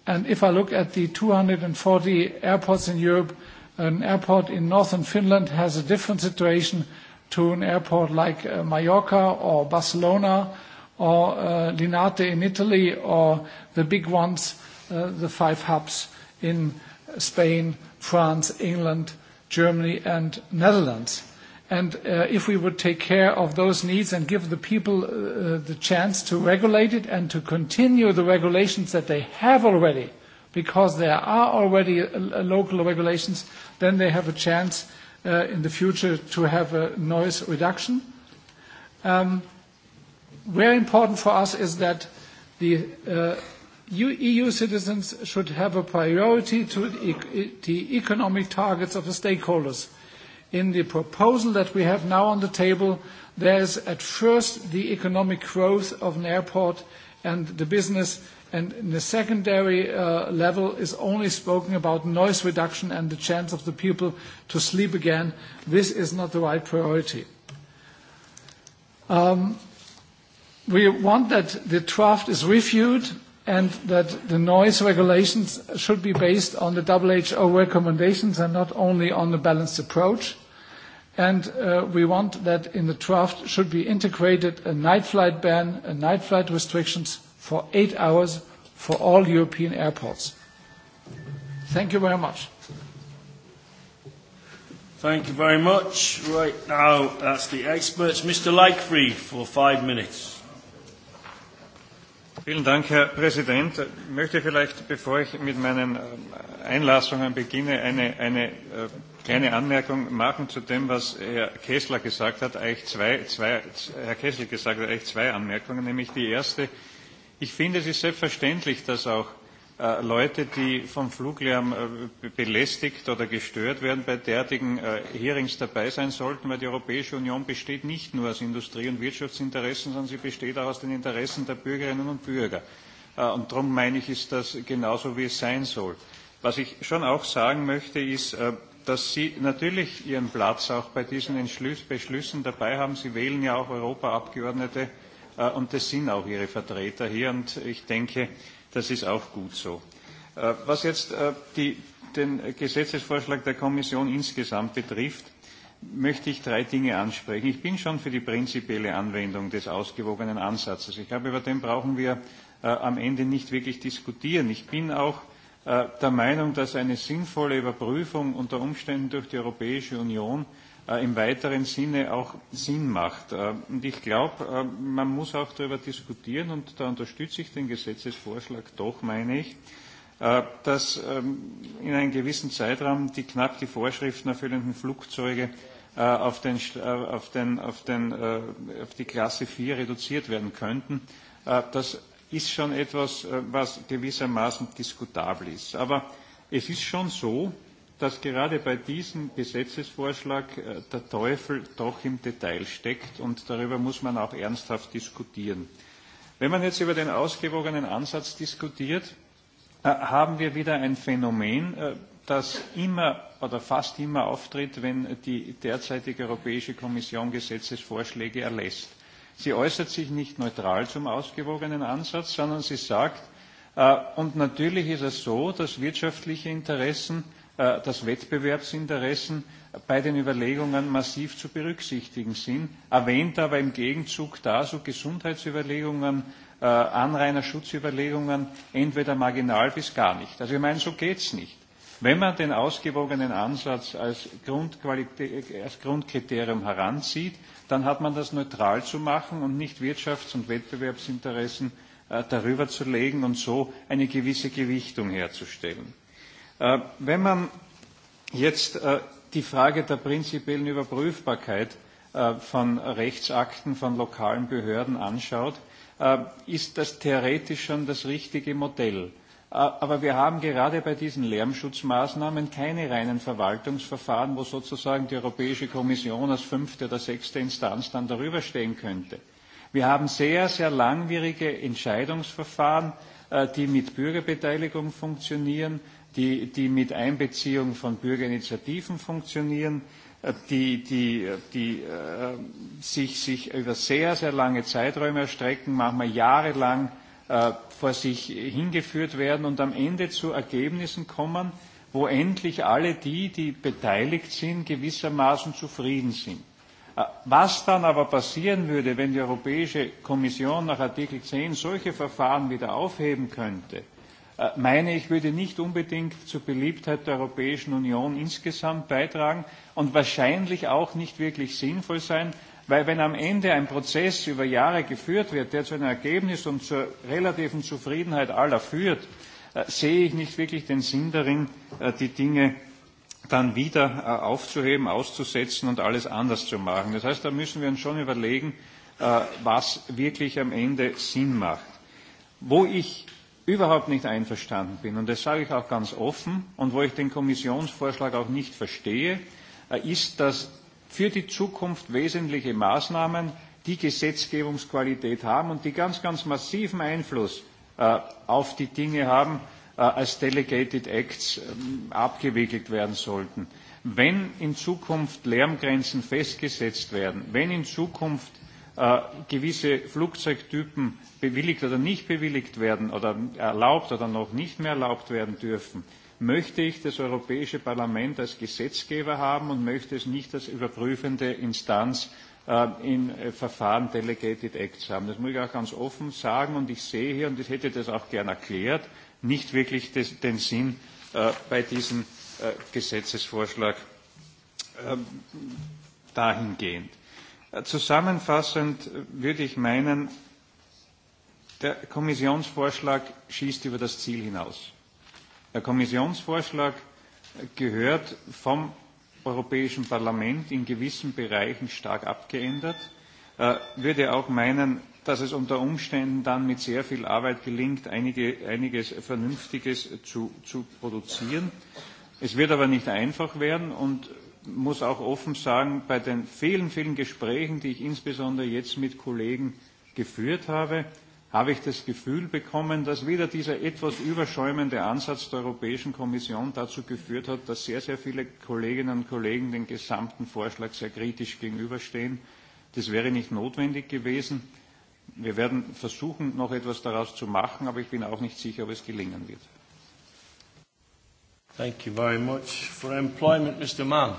And if I look at the 240 airports in Europe, an airport in northern Finland has a different situation to an airport like uh, Mallorca or Barcelona or uh, Linate in Italy or the big ones, uh, the five hubs in Spain, France, England, Germany and Netherlands. And uh, if we would take care of those needs and give the people uh, the chance to regulate it and to continue the regulations that they have already, because there are already uh, local regulations, then they have a chance uh, in the future to have a noise reduction. Um, very important for us is that the uh, EU citizens should have a priority to the economic targets of the stakeholders. In the proposal that we have now on the table, there is at first the economic growth of an airport and the business, and in the secondary level is only spoken about noise reduction and the chance of the people to sleep again. This is not the right priority. We want that the draft is reviewed and that the noise regulations should be based on the WHO recommendations and not only on the balanced approach. And we want that in the draft should be integrated a night flight ban and night flight restrictions for eight hours for all European airports. Thank you very much. Thank you very much. Right now, that's the experts. Mr. Lakefree for five minutes. Herr Präsident! Ich möchte vielleicht, bevor ich mit meinen Einlassungen beginne, eine, kleine Anmerkung machen zu dem, was Herr Kessler gesagt hat. Eigentlich zwei, zwei, Herr Kessler gesagt hat, eigentlich zwei Anmerkungen. Nämlich die erste. Ich finde, es ist selbstverständlich, dass auch Leute, die vom Fluglärm belästigt oder gestört werden, bei derartigen Hearings dabei sein sollten, weil die Europäische Union besteht nicht nur aus Industrie- und Wirtschaftsinteressen, sondern sie besteht auch aus den Interessen der Bürgerinnen und Bürger. Und darum meine ich, ist das genauso, wie es sein soll. Was ich schon auch sagen möchte, ist, dass Sie natürlich Ihren Platz auch bei diesen Beschlüssen dabei haben. Sie wählen ja auch Europaabgeordnete und das sind auch Ihre Vertreter hier. Und ich denke, Das ist auch gut so. Was jetzt die, den Gesetzesvorschlag der Kommission insgesamt betrifft, möchte ich drei Dinge ansprechen. Ich bin schon für die prinzipielle Anwendung des ausgewogenen Ansatzes. Ich glaube, über den brauchen wir am Ende nicht wirklich diskutieren. Ich bin auch der Meinung, dass eine sinnvolle Überprüfung unter Umständen durch die Europäische Union im weiteren Sinne auch Sinn macht. Und ich glaube, man muss auch darüber diskutieren, und da unterstütze ich den Gesetzesvorschlag doch, meine ich, dass in einem gewissen Zeitraum die knapp die Vorschriften erfüllenden Flugzeuge auf, den, auf, den, auf, den, auf die Klasse 4 reduziert werden könnten. Das ist schon etwas, was gewissermaßen diskutabel ist. Aber es ist schon so, dass gerade bei diesem Gesetzesvorschlag der Teufel doch im Detail steckt und darüber muss man auch ernsthaft diskutieren. Wenn man jetzt über den ausgewogenen Ansatz diskutiert, haben wir wieder ein Phänomen, das immer oder fast immer auftritt, wenn die derzeitige Europäische Kommission Gesetzesvorschläge erlässt. Sie äußert sich nicht neutral zum ausgewogenen Ansatz, sondern sie sagt, und natürlich ist es so, dass wirtschaftliche Interessen dass Wettbewerbsinteressen bei den Überlegungen massiv zu berücksichtigen sind, erwähnt aber im Gegenzug dazu Gesundheitsüberlegungen, Anrainerschutzüberlegungen entweder marginal bis gar nicht. Also ich meine, so geht es nicht. Wenn man den ausgewogenen Ansatz als, als Grundkriterium heranzieht, dann hat man das neutral zu machen und nicht Wirtschafts- und Wettbewerbsinteressen darüber zu legen und so eine gewisse Gewichtung herzustellen. Wenn man jetzt die Frage der prinzipiellen Überprüfbarkeit von Rechtsakten von lokalen Behörden anschaut, ist das theoretisch schon das richtige Modell. Aber wir haben gerade bei diesen Lärmschutzmaßnahmen keine reinen Verwaltungsverfahren, wo sozusagen die Europäische Kommission als fünfte oder sechste Instanz dann darüber stehen könnte. Wir haben sehr, sehr langwierige Entscheidungsverfahren, die mit Bürgerbeteiligung funktionieren, die, die mit Einbeziehung von Bürgerinitiativen funktionieren, die, die, die äh, sich, sich über sehr, sehr lange Zeiträume erstrecken, manchmal jahrelang äh, vor sich hingeführt werden und am Ende zu Ergebnissen kommen, wo endlich alle die, die beteiligt sind, gewissermaßen zufrieden sind. Was dann aber passieren würde, wenn die Europäische Kommission nach Artikel 10 solche Verfahren wieder aufheben könnte, meine, ich würde nicht unbedingt zur Beliebtheit der Europäischen Union insgesamt beitragen und wahrscheinlich auch nicht wirklich sinnvoll sein, weil wenn am Ende ein Prozess über Jahre geführt wird, der zu einem Ergebnis und zur relativen Zufriedenheit aller führt, sehe ich nicht wirklich den Sinn darin, die Dinge dann wieder aufzuheben, auszusetzen und alles anders zu machen. Das heißt, da müssen wir uns schon überlegen, was wirklich am Ende Sinn macht. Wo ich überhaupt nicht einverstanden bin, und das sage ich auch ganz offen, und wo ich den Kommissionsvorschlag auch nicht verstehe, ist, dass für die Zukunft wesentliche Maßnahmen die Gesetzgebungsqualität haben und die ganz, ganz massiven Einfluss auf die Dinge haben, als Delegated Acts abgewickelt werden sollten. Wenn in Zukunft Lärmgrenzen festgesetzt werden, wenn in Zukunft gewisse Flugzeugtypen bewilligt oder nicht bewilligt werden oder erlaubt oder noch nicht mehr erlaubt werden dürfen, möchte ich das Europäische Parlament als Gesetzgeber haben und möchte es nicht als überprüfende Instanz in Verfahren Delegated Acts haben. Das muss ich auch ganz offen sagen und ich sehe hier, und ich hätte das auch gern erklärt, nicht wirklich den Sinn bei diesem Gesetzesvorschlag dahingehend. Zusammenfassend würde ich meinen, der Kommissionsvorschlag schießt über das Ziel hinaus. Der Kommissionsvorschlag gehört vom Europäischen Parlament in gewissen Bereichen stark abgeändert. Ich würde auch meinen, dass es unter Umständen dann mit sehr viel Arbeit gelingt, einiges Vernünftiges zu, produzieren. Es wird aber nicht einfach werden und muss auch offen sagen, bei den vielen, vielen Gesprächen, die ich insbesondere jetzt mit Kollegen geführt habe, habe ich das Gefühl bekommen, dass wieder dieser etwas überschäumende Ansatz der Europäischen Kommission dazu geführt hat, dass sehr, sehr viele Kolleginnen und Kollegen dem gesamten Vorschlag sehr kritisch gegenüberstehen. Das wäre nicht notwendig gewesen. Wir werden versuchen, noch etwas daraus zu machen, aber ich bin auch nicht sicher, ob es gelingen wird. Thank you very much. For employment, Mr. Mann.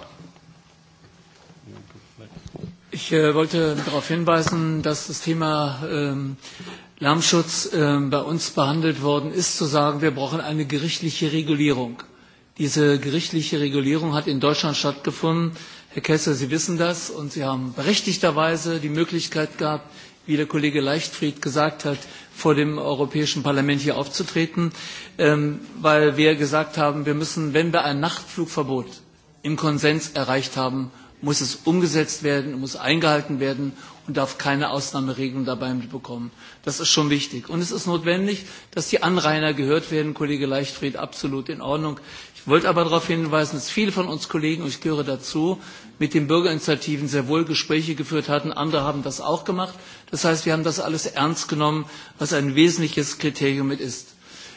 Ich wollte darauf hinweisen, dass das Thema Lärmschutz bei uns behandelt worden ist, zu sagen, wir brauchen eine gerichtliche Regulierung. Diese gerichtliche Regulierung hat in Deutschland stattgefunden. Herr Kessler, Sie wissen das und Sie haben berechtigterweise die Möglichkeit gehabt, wie der Kollege Leichtfried gesagt hat, vor dem Europäischen Parlament hier aufzutreten, weil wir gesagt haben, wir müssen, wenn wir ein Nachtflugverbot im Konsens erreicht haben, muss es umgesetzt werden, muss eingehalten werden und darf keine Ausnahmeregelung dabei bekommen. Das ist schon wichtig. Und es ist notwendig, dass die Anrainer gehört werden. Kollege Leichtfried, absolut in Ordnung. Ich wollte aber darauf hinweisen, dass viele von uns Kollegen, und ich gehöre dazu, mit den Bürgerinitiativen sehr wohl Gespräche geführt hatten. Andere haben das auch gemacht. Das heißt, wir haben das alles ernst genommen, was ein wesentliches Kriterium mit ist.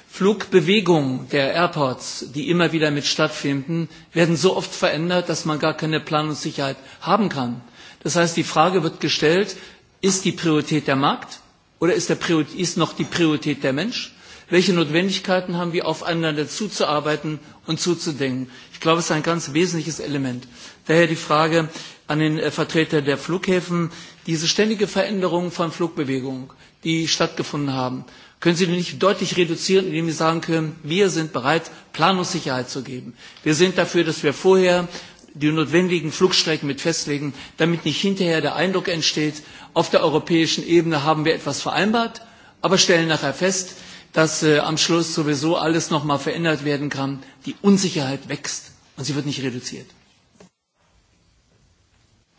Flugbewegungen der Airports, die immer wieder mit stattfinden, werden so oft verändert, dass man gar keine Planungssicherheit haben kann. Das heißt, die Frage wird gestellt, ist die Priorität der Markt oder ist, der Priorität, ist noch die Priorität der Mensch? Welche Notwendigkeiten haben wir, aufeinander zuzuarbeiten und zuzudenken. Ich glaube, es ist ein ganz wesentliches Element. Daher die Frage an den Vertreter der Flughäfen, diese ständige Veränderung von Flugbewegungen, die stattgefunden haben, können Sie nicht deutlich reduzieren, indem Sie sagen können, wir sind bereit, Planungssicherheit zu geben. Wir sind dafür, dass wir vorher die notwendigen Flugstrecken mit festlegen, damit nicht hinterher der Eindruck entsteht, auf der europäischen Ebene haben wir etwas vereinbart, aber stellen nachher fest, dass äh, am Schluss sowieso alles noch mal verändert werden kann. Die Unsicherheit wächst und sie wird nicht reduziert.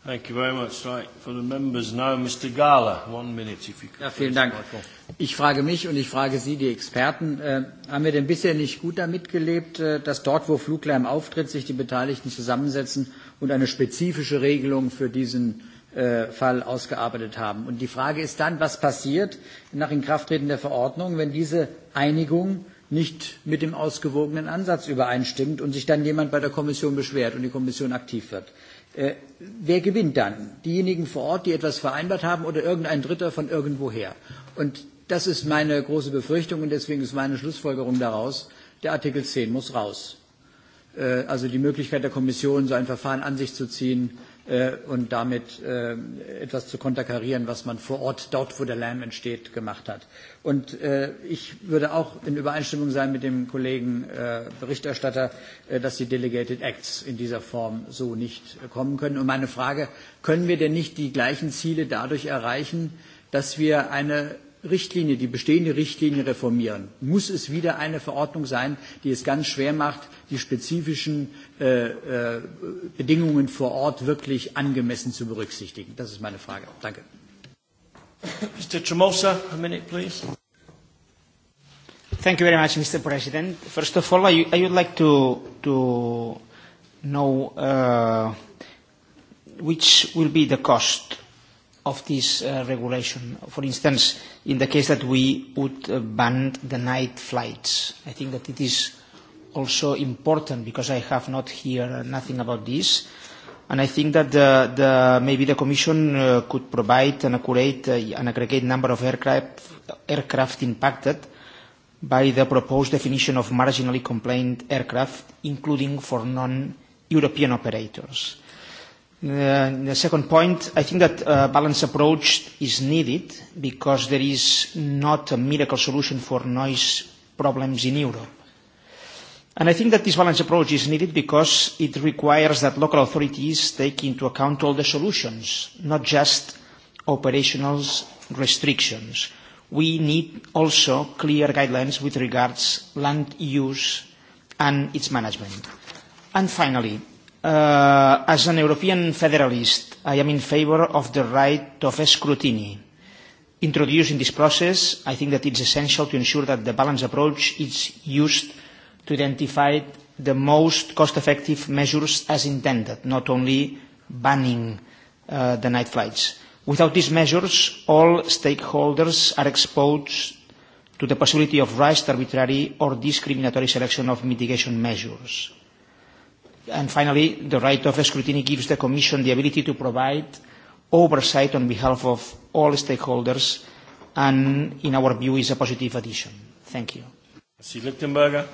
Thank you very much. Right. For the members now, Mr. Gala, one minute, if you could. Ja, vielen Dank. Ich frage mich und ich frage Sie, die Experten, äh, haben wir denn bisher nicht gut damit gelebt, äh, dass dort, wo Fluglärm auftritt, sich die Beteiligten zusammensetzen und eine spezifische Regelung für diesen Fall ausgearbeitet haben. Und die Frage ist dann, was passiert nach Inkrafttreten der Verordnung, wenn diese Einigung nicht mit dem ausgewogenen Ansatz übereinstimmt und sich dann jemand bei der Kommission beschwert und die Kommission aktiv wird. Wer gewinnt dann? Diejenigen vor Ort, die etwas vereinbart haben oder irgendein Dritter von irgendwoher? Und das ist meine große Befürchtung und deswegen ist meine Schlussfolgerung daraus, der Artikel 10 muss raus. Also die Möglichkeit der Kommission, so ein Verfahren an sich zu ziehen, und damit etwas zu konterkarieren, was man vor Ort, dort wo der Lärm entsteht, gemacht hat. Und ich würde auch in Übereinstimmung sein mit dem Kollegen Berichterstatter, dass die Delegated Acts in dieser Form so nicht kommen können. Und meine Frage, können wir denn nicht die gleichen Ziele dadurch erreichen, dass wir eine Richtlinie, die bestehende Richtlinie reformieren, muss es wieder eine Verordnung sein, die es ganz schwer macht, die spezifischen äh, äh, Bedingungen vor Ort wirklich angemessen zu berücksichtigen. Das ist meine Frage. Danke. Mr. Tremosa, a minute, please. Thank you very much, Mr. President. First of all, I, I would like to, to know uh, which will be the cost of this uh, regulation. For instance, in the case that we would uh, ban the night flights, I think that it is also important because I have not heard nothing about this. And I think that the, the, maybe the Commission uh, could provide an accurate, uh, an aggregate number of aircraft, aircraft impacted by the proposed definition of marginally complained aircraft, including for non-European operators Uh, the second point, I think that a balanced approach is needed because there is not a miracle solution for noise problems in Europe. And I think that this balanced approach is needed because it requires that local authorities take into account all the solutions, not just operational restrictions. We need also clear guidelines with regards land use and its management. And finally, Uh, as an European federalist, I am in favor of the right of scrutiny. Introduced in this process, I think that it's essential to ensure that the balanced approach is used to identify the most cost-effective measures as intended, not only banning uh, the night flights. Without these measures, all stakeholders are exposed to the possibility of rash, arbitrary or discriminatory selection of mitigation measures And finally, the right of scrutiny gives the Commission the ability to provide oversight on behalf of all stakeholders and, in our view, is a positive addition. Thank you. Merci, Lichtenberger.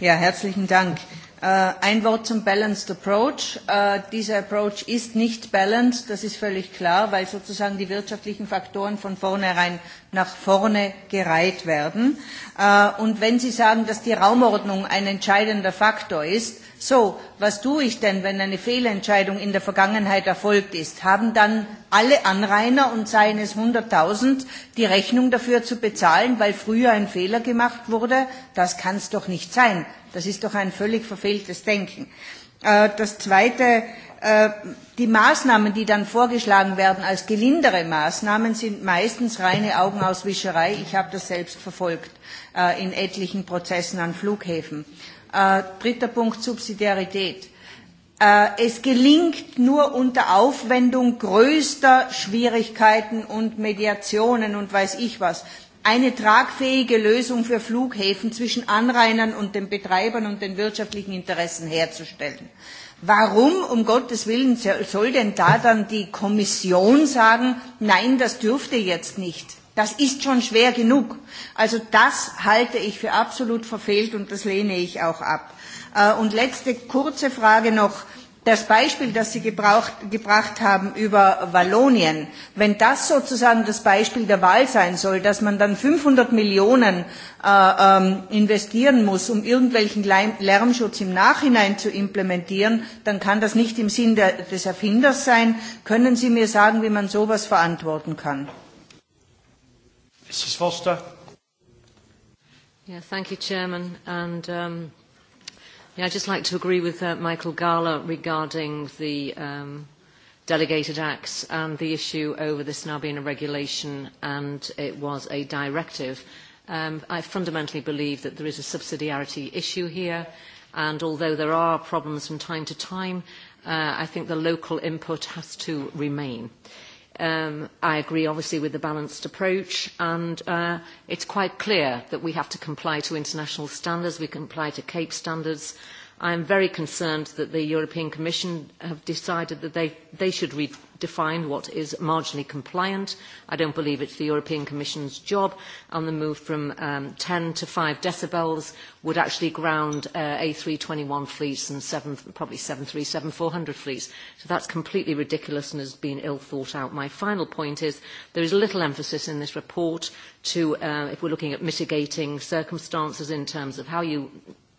Ja, herzlichen Dank. Ein Wort zum Balanced Approach. Dieser Approach ist nicht balanced, das ist völlig klar, weil sozusagen die wirtschaftlichen Faktoren von vornherein nach vorne gereiht werden. Und wenn Sie sagen, dass die Raumordnung ein entscheidender Faktor ist, So, was tue ich denn, wenn eine Fehlentscheidung in der Vergangenheit erfolgt ist? Haben dann alle Anrainer und seien es 100.000 die Rechnung dafür zu bezahlen, weil früher ein Fehler gemacht wurde? Das kann es doch nicht sein. Das ist doch ein völlig verfehltes Denken. Das Zweite, die Maßnahmen, die dann vorgeschlagen werden als gelindere Maßnahmen, sind meistens reine Augenauswischerei. Ich habe das selbst verfolgt in etlichen Prozessen an Flughäfen dritter Punkt Subsidiarität. Es gelingt nur unter Aufwendung größter Schwierigkeiten und Mediationen und weiß ich was eine tragfähige Lösung für Flughäfen zwischen Anrainern und den Betreibern und den wirtschaftlichen Interessen herzustellen. Warum um Gottes Willen soll denn da dann die Kommission sagen, nein, das dürfte jetzt nicht? Das ist schon schwer genug. Also das halte ich für absolut verfehlt und das lehne ich auch ab. Und letzte kurze Frage noch. Das Beispiel, das Sie gebraucht, gebracht haben über Wallonien, wenn das sozusagen das Beispiel der Wahl sein soll, dass man dann 500 Millionen äh, ähm, investieren muss, um irgendwelchen Lärmschutz im Nachhinein zu implementieren, dann kann das nicht im Sinn der, des Erfinders sein. Können Sie mir sagen, wie man sowas verantworten kann? Mrs. Foster. Yeah, thank you, Chairman. And um, yeah, I'd just like to agree with uh, Michael Gala regarding the um, delegated acts and the issue over this now being a regulation and it was a directive. Um, I fundamentally believe that there is a subsidiarity issue here and although there are problems from time to time, uh, I think the local input has to remain. Uh, Um, I agree, obviously, with the balanced approach, and uh, it's quite clear that we have to comply to international standards, we comply to CAPE standards. I am very concerned that the European Commission have decided that they, they should re define what is marginally compliant. I don't believe it's the European Commission's job, and the move from um, 10 to 5 decibels would actually ground uh, A321 fleets and seven, probably 737, 400 fleets. So that's completely ridiculous and has been ill thought out. My final point is there is little emphasis in this report to, uh, if we're looking at mitigating circumstances in terms of how you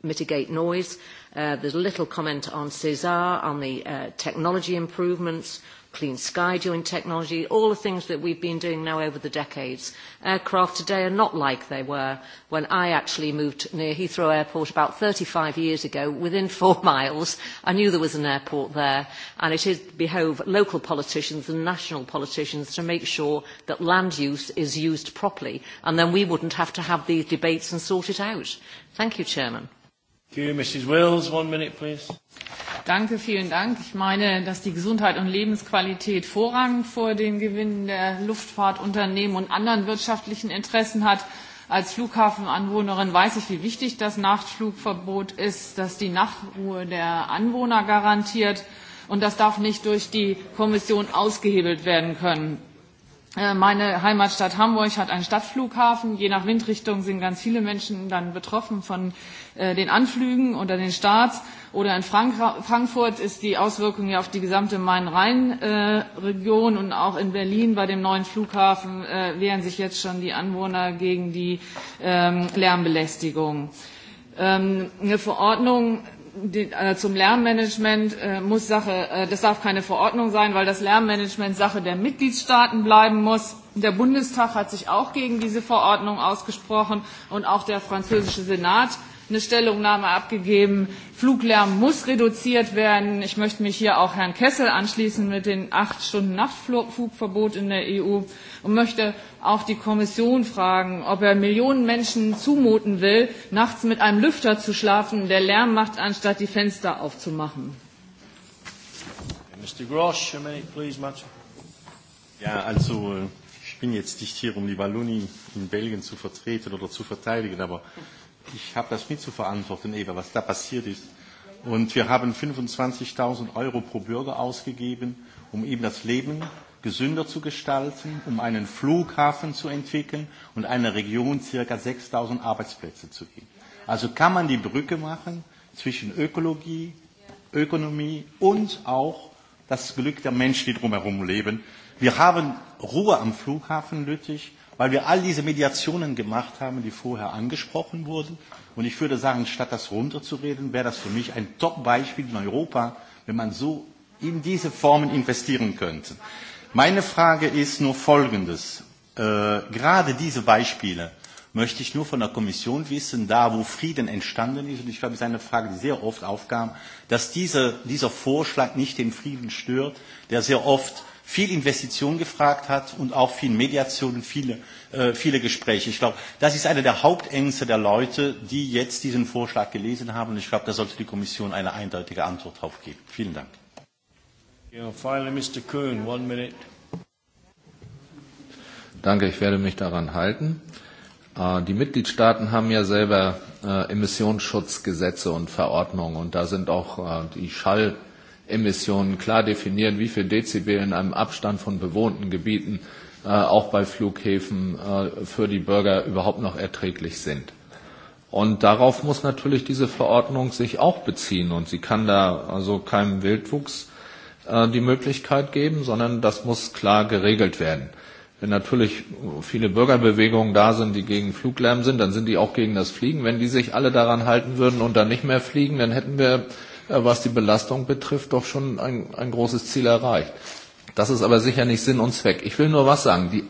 mitigate noise. Uh, there's little comment on CESAR, on the uh, technology improvements, clean sky doing technology, all the things that we've been doing now over the decades. Aircraft today are not like they were when I actually moved near Heathrow Airport about 35 years ago. Within four miles, I knew there was an airport there, and it is behove local politicians and national politicians to make sure that land use is used properly, and then we wouldn't have to have these debates and sort it out. Thank you, Chairman. Danke, vielen Dank. Ich meine, dass die Gesundheit und Lebensqualität Vorrang vor den Gewinnen der Luftfahrtunternehmen und anderen wirtschaftlichen Interessen hat. Als Flughafenanwohnerin weiß ich, wie wichtig das Nachtflugverbot ist, dass die Nachtruhe der Anwohner garantiert und das darf nicht durch die Kommission ausgehebelt werden können Meine Heimatstadt Hamburg hat einen Stadtflughafen. Je nach Windrichtung sind ganz viele Menschen dann betroffen von den Anflügen oder den Starts. Oder in Frankfurt ist die Auswirkung ja auf die gesamte Main-Rhein-Region und auch in Berlin bei dem neuen Flughafen wehren sich jetzt schon die Anwohner gegen die Lärmbelästigung. Eine Verordnung zum Lärmmanagement muss Sache, das darf keine Verordnung sein, weil das Lärmmanagement Sache der Mitgliedstaaten bleiben muss. Der Bundestag hat sich auch gegen diese Verordnung ausgesprochen und auch der französische Senat eine Stellungnahme abgegeben. Fluglärm muss reduziert werden. Ich möchte mich hier auch Herrn Kessel anschließen mit dem acht Stunden Nachtflugverbot in der EU und möchte auch die Kommission fragen, ob er Millionen Menschen zumuten will, nachts mit einem Lüfter zu schlafen, der Lärm macht, anstatt die Fenster aufzumachen. Mr. Grosch, a minute, please, Ja, also ich bin jetzt nicht hier, um die Walloni in Belgien zu vertreten oder zu verteidigen, aber ich habe das mit zu verantworten, Eva, was da passiert ist. Und wir haben 25.000 Euro pro Bürger ausgegeben, um eben das Leben gesünder zu gestalten, um einen Flughafen zu entwickeln und einer Region circa 6000 Arbeitsplätze zu geben. Also kann man die Brücke machen zwischen Ökologie, Ökonomie und auch das Glück der Menschen, die drumherum leben. Wir haben Ruhe am Flughafen Lüttich, weil wir all diese Mediationen gemacht haben, die vorher angesprochen wurden. Und ich würde sagen, statt das runterzureden, wäre das für mich ein Top-Beispiel in Europa, wenn man so in diese Formen investieren könnte. Meine Frage ist nur folgendes. Äh, gerade diese Beispiele möchte ich nur von der Kommission wissen, da wo Frieden entstanden ist, und ich glaube, es ist eine Frage, die sehr oft aufkam, dass diese, dieser Vorschlag nicht den Frieden stört, der sehr oft viel Investition gefragt hat und auch viel Mediation und viele, äh, viele Gespräche. Ich glaube, das ist eine der Hauptängste der Leute, die jetzt diesen Vorschlag gelesen haben. Und ich glaube, da sollte die Kommission eine eindeutige Antwort darauf geben. Vielen Dank finally, Mr. Kuhn, one minute. Danke, ich werde mich daran halten. Die Mitgliedstaaten haben ja selber Emissionsschutzgesetze und Verordnungen und da sind auch die Schallemissionen klar definiert, wie viel Dezibel in einem Abstand von bewohnten Gebieten auch bei Flughäfen für die Bürger überhaupt noch erträglich sind. Und darauf muss natürlich diese Verordnung sich auch beziehen und sie kann da also keinem Wildwuchs die Möglichkeit geben, sondern das muss klar geregelt werden. Wenn natürlich viele Bürgerbewegungen da sind, die gegen Fluglärm sind, dann sind die auch gegen das Fliegen. Wenn die sich alle daran halten würden und dann nicht mehr fliegen, dann hätten wir, was die Belastung betrifft, doch schon ein, ein großes Ziel erreicht. Das ist aber sicher nicht Sinn und Zweck. Ich will nur was sagen. Die,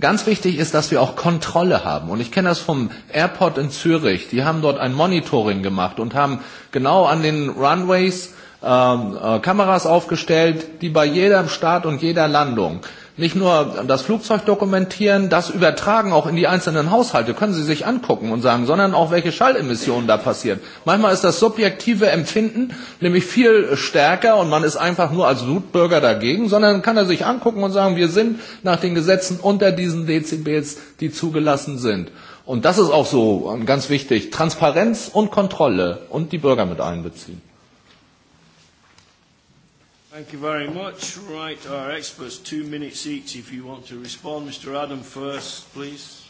ganz wichtig ist, dass wir auch Kontrolle haben. Und ich kenne das vom Airport in Zürich. Die haben dort ein Monitoring gemacht und haben genau an den Runways ähm, äh, Kameras aufgestellt, die bei jedem Start und jeder Landung nicht nur das Flugzeug dokumentieren, das übertragen auch in die einzelnen Haushalte, können Sie sich angucken und sagen, sondern auch welche Schallemissionen da passieren. Manchmal ist das subjektive Empfinden nämlich viel stärker und man ist einfach nur als Sudbürger dagegen, sondern kann er sich angucken und sagen, wir sind nach den Gesetzen unter diesen Dezibels, die zugelassen sind. Und das ist auch so ganz wichtig, Transparenz und Kontrolle und die Bürger mit einbeziehen. Thank you very much. Right, our experts, two minutes each if you want to respond. Mr. Adam first, please.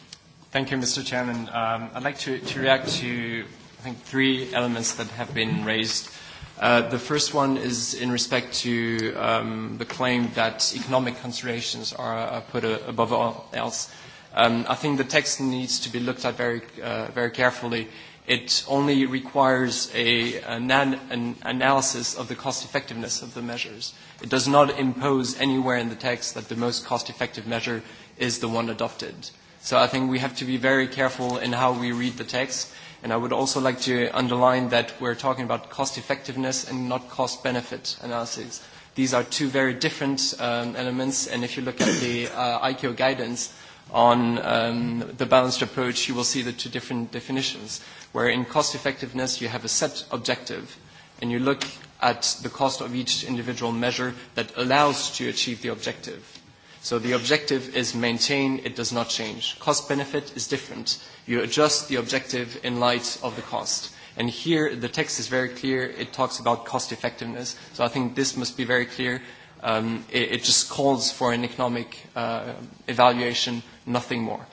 Thank you, Mr. Chairman. Um, I'd like to, to react to, I think, three elements that have been raised. Uh, the first one is in respect to um, the claim that economic considerations are uh, put a, above all else. Um, I think the text needs to be looked at very, uh, very carefully It only requires a, an, an analysis of the cost effectiveness of the measures. It does not impose anywhere in the text that the most cost effective measure is the one adopted. So I think we have to be very careful in how we read the text. And I would also like to underline that we're talking about cost effectiveness and not cost benefit analysis. These are two very different um, elements. And if you look at the uh, ICAO guidance, on um, the balanced approach, you will see the two different definitions where in cost effectiveness you have a set objective and you look at the cost of each individual measure that allows to achieve the objective. So the objective is maintain, it does not change. Cost benefit is different. You adjust the objective in light of the cost. And here the text is very clear. It talks about cost effectiveness. So I think this must be very clear. Um, it, it just calls for an economic uh, evaluation, nothing more.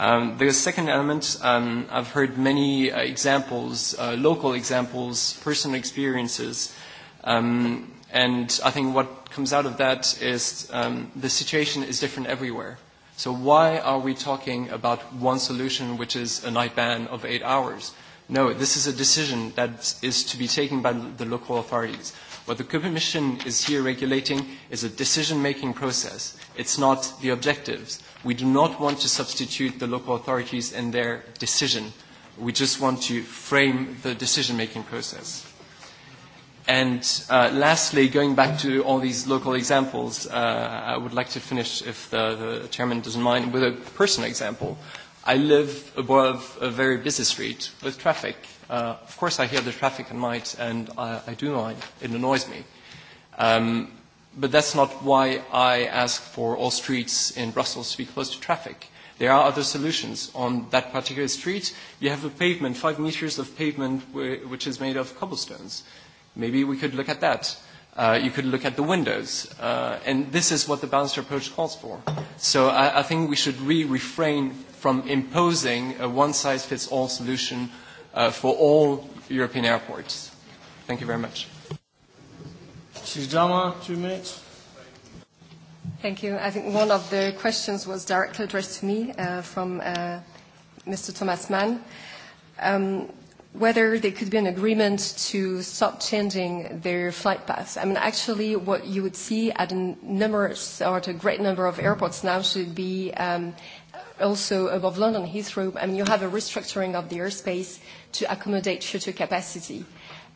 Um, the second element, um, I've heard many uh, examples, uh, local examples, personal experiences, um, and I think what comes out of that is um, the situation is different everywhere. So why are we talking about one solution, which is a night ban of eight hours? No, this is a decision that is to be taken by the local authorities. What the Commission is here regulating is a decision-making process. It's not the objectives. We do not want to substitute the local authorities in their decision. We just want to frame the decision-making process. And uh, lastly, going back to all these local examples, uh, I would like to finish, if the, the chairman doesn't mind, with a personal example. I live above a very busy street with traffic. Uh, of course, I hear the traffic at night, and I, I do mind. It annoys me. Um, but that's not why I ask for all streets in Brussels to be closed to traffic. There are other solutions. On that particular street, you have a pavement, five meters of pavement, which is made of cobblestones. Maybe we could look at that. Uh, you could look at the windows. Uh, and this is what the balanced approach calls for. So I, I think we should re refrain from imposing a one-size-fits-all solution uh, for all European airports. Thank you very much. Shijama, two minutes. Thank you. I think one of the questions was directly addressed to me uh, from uh, Mr. Thomas Mann. Um, whether there could be an agreement to stop changing their flight paths. I mean, actually, what you would see at a numerous or at a great number of airports now should be um, also above London Heathrow. I mean, you have a restructuring of the airspace to accommodate future capacity.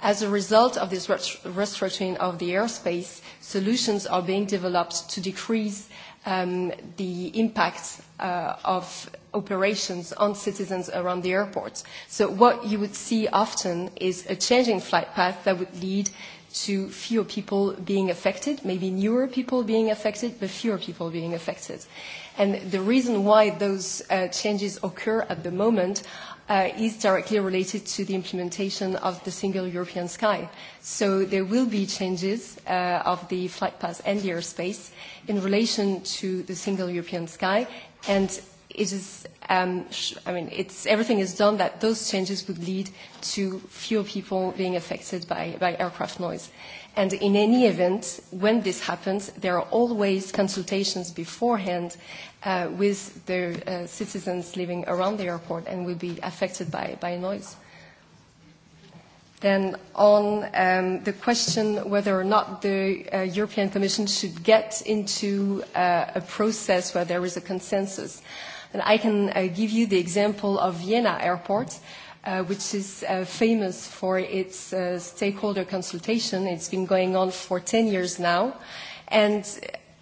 As a result of this restructuring of the airspace, solutions are being developed to decrease um, the impact uh, of operations on citizens around the airport. So what you would see often is a changing flight path that would lead to fewer people being affected, maybe newer people being affected, but fewer people being affected. And the reason why those uh, changes occur at the moment uh, is directly related to the implementation of the single European sky. So there will be changes uh, of the flight path and the airspace in relation to the single European sky, and it is, um, sh- I mean, it's, everything is done that those changes would lead to fewer people being affected by, by aircraft noise. Uh, And in any event, when this happens, there are always consultations beforehand uh, with the uh, citizens living around the airport and will be affected by, by noise. Then on um, the question whether or not the uh, European Commission should get into uh, a process where there is a consensus. And I can uh, give you the example of Vienna Airport which is uh, famous for its uh, stakeholder consultation. It's been going on for 10 years now. And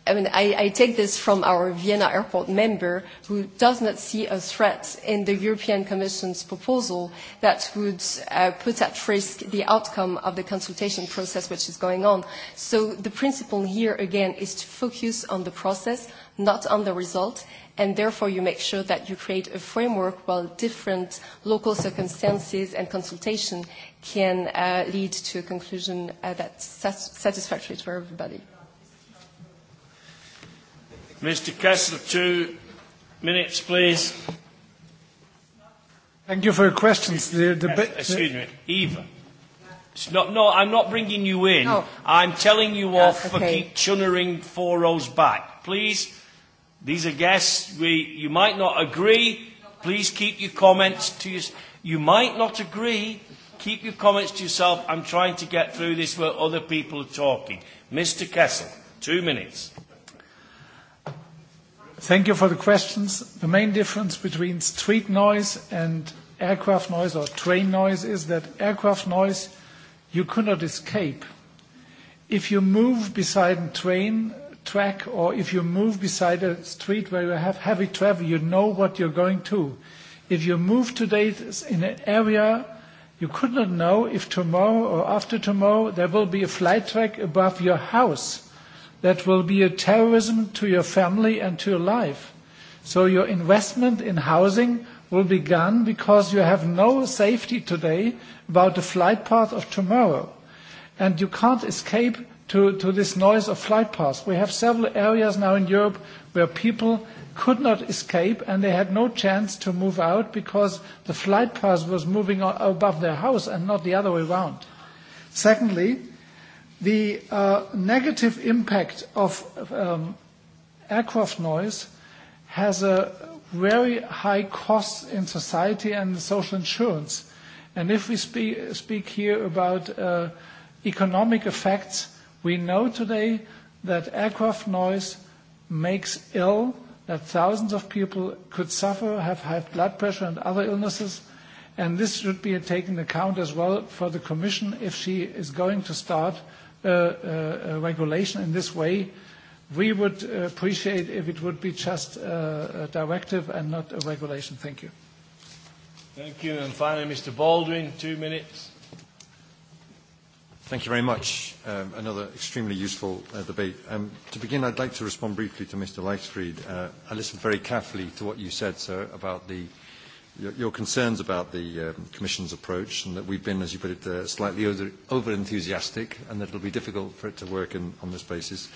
I mean, I, I take this from our Vienna airport member who does not see a threat in the European Commission's proposal that would uh, put at risk the outcome of the consultation process which is going on. So the principle here, again, is to focus on the process, not on the result, and therefore you make sure that you create a framework while different local circumstances and consultation can uh, lead to a conclusion uh, that's satisfactory for everybody. Mr. Kessler, two minutes, please. Thank you for your questions. The, the Excuse me, Eva. It's not, no, I'm not bringing you in. No. I'm telling you off for keep chunnering four rows back. Please These are guests. We, you might not agree. Please keep your comments to yourself. You might not agree. Keep your comments to yourself. I'm trying to get through this where other people are talking. Mr. Kessel, two minutes. Thank you for the questions. The main difference between street noise and aircraft noise or train noise is that aircraft noise you cannot escape. If you move beside a train, track or if you move beside a street where you have heavy traffic, you know what you're going to. If you move today in an area, you could not know if tomorrow or after tomorrow there will be a flight track above your house. That will be a terrorism to your family and to your life. So your investment in housing will be gone because you have no safety today about the flight path of tomorrow. And you can't escape to, to this noise of flight paths. We have several areas now in Europe where people could not escape and they had no chance to move out because the flight path was moving above their house and not the other way around. Secondly, the uh, negative impact of um, aircraft noise has a very high cost in society and social insurance. And if we speak, speak here about uh, economic effects, We know today that aircraft noise makes ill, that thousands of people could suffer, have high blood pressure and other illnesses, and this should be taken account as well for the Commission if she is going to start a regulation in this way. We would appreciate if it would be just a directive and not a regulation. Thank you. Thank you. And finally, Mr. Baldwin, two minutes. Thank you very much. Um, another extremely useful uh, debate. Um, to begin, I'd like to respond briefly to Mr. Leichfried. Uh, I listened very carefully to what you said, sir, about the, your, your concerns about the um, Commission's approach and that we've been, as you put it, uh, slightly over-enthusiastic and that it'll be difficult for it to work in, on this basis.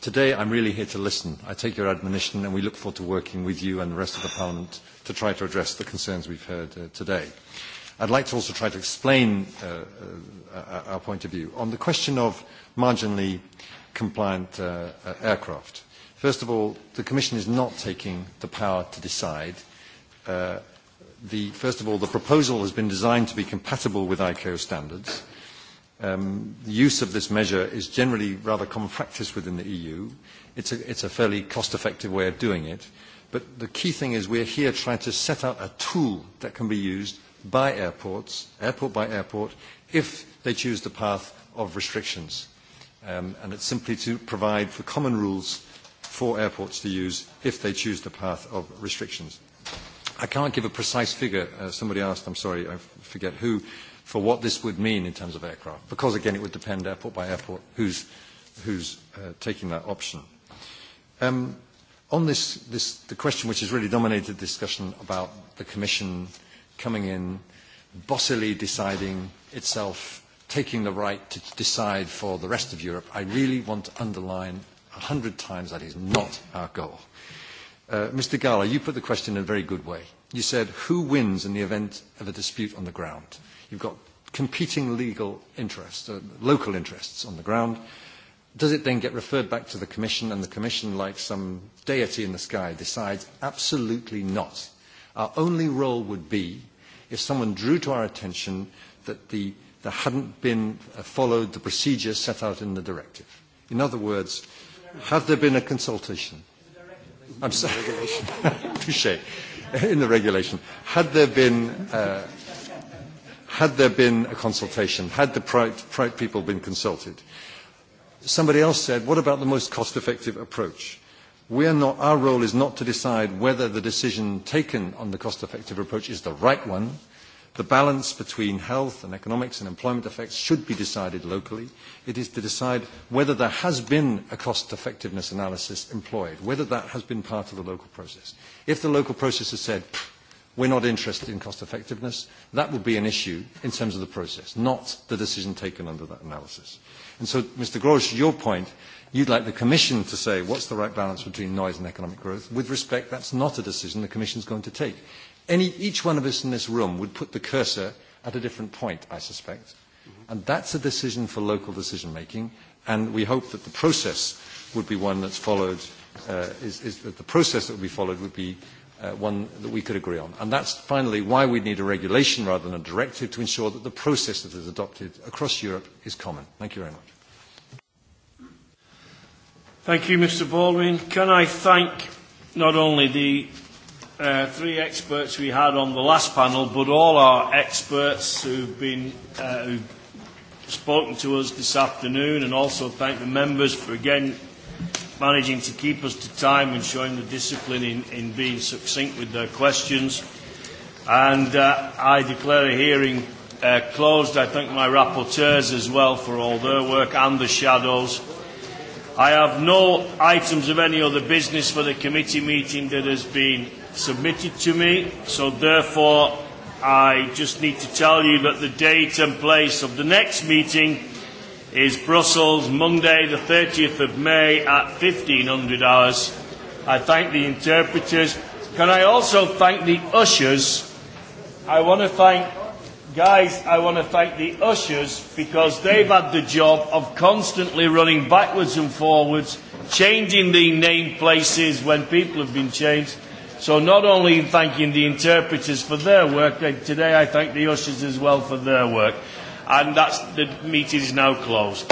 Today, I'm really here to listen. I take your admonition and we look forward to working with you and the rest of the Parliament to try to address the concerns we've heard uh, today. I'd like to also try to explain uh, uh, our point of view. On the question of marginally compliant uh, uh, aircraft, first of all, the Commission is not taking the power to decide. Uh, the, first of all, the proposal has been designed to be compatible with ICAO standards. Um, the use of this measure is generally rather common practice within the EU. It's a, it's a fairly cost-effective way of doing it. But the key thing is we're here trying to set out a tool that can be used by airports, airport by airport, if they choose the path of restrictions. Um, and it's simply to provide for common rules for airports to use if they choose the path of restrictions. I can't give a precise figure. Uh, somebody asked, I'm sorry, I forget who, for what this would mean in terms of aircraft, because again, it would depend airport by airport who's, who's uh, taking that option. Um, on this, this, the question which has really dominated the discussion about the Commission coming in, bossily deciding itself, taking the right to decide for the rest of Europe, I really want to underline a hundred times that is not our goal. Uh, Mr. Gala, you put the question in a very good way. You said, who wins in the event of a dispute on the ground? You've got competing legal interests, uh, local interests on the ground. Does it then get referred back to the Commission and the Commission, like some deity in the sky, decides absolutely not? Our only role would be if someone drew to our attention that the, there hadn't been uh, followed the procedure set out in the directive. In other words, had there been a consultation? I'm sorry. Touché. In the regulation. Had there been, uh, had there been a consultation? Had the private people been consulted? Somebody else said, what about the most cost-effective approach? We are not, our role is not to decide whether the decision taken on the cost-effective approach is the right one. The balance between health and economics and employment effects should be decided locally. It is to decide whether there has been a cost-effectiveness analysis employed, whether that has been part of the local process. If the local process has said, we're not interested in cost-effectiveness, that will be an issue in terms of the process, not the decision taken under that analysis. And so, Mr. Grosch, your point You'd like the Commission to say what's the right balance between noise and economic growth. With respect, that's not a decision the Commission's going to take. Any, each one of us in this room would put the cursor at a different point, I suspect. And that's a decision for local decision making. And we hope that the process would be one that's followed, uh, is, is that the process that would be followed would be uh, one that we could agree on. And that's finally why we need a regulation rather than a directive to ensure that the process that is adopted across Europe is common. Thank you very much. Thank you, Mr. Baldwin. Can I thank not only the uh, three experts we had on the last panel, but all our experts who've been uh, who've spoken to us this afternoon, and also thank the members for again managing to keep us to time and showing the discipline in, in being succinct with their questions. And uh, I declare the hearing uh, closed. I thank my rapporteurs as well for all their work and the shadows. I have no items of any other business for the committee meeting that has been submitted to me, so therefore I just need to tell you that the date and place of the next meeting is Brussels, Monday the 30th of May at 1500 hours. I thank the interpreters. Can I also thank the ushers? I want to thank Guys, I want to thank the ushers because they've had the job of constantly running backwards and forwards, changing the name places when people have been changed. So not only thanking the interpreters for their work, today I thank the ushers as well for their work. And that's, the meeting is now closed.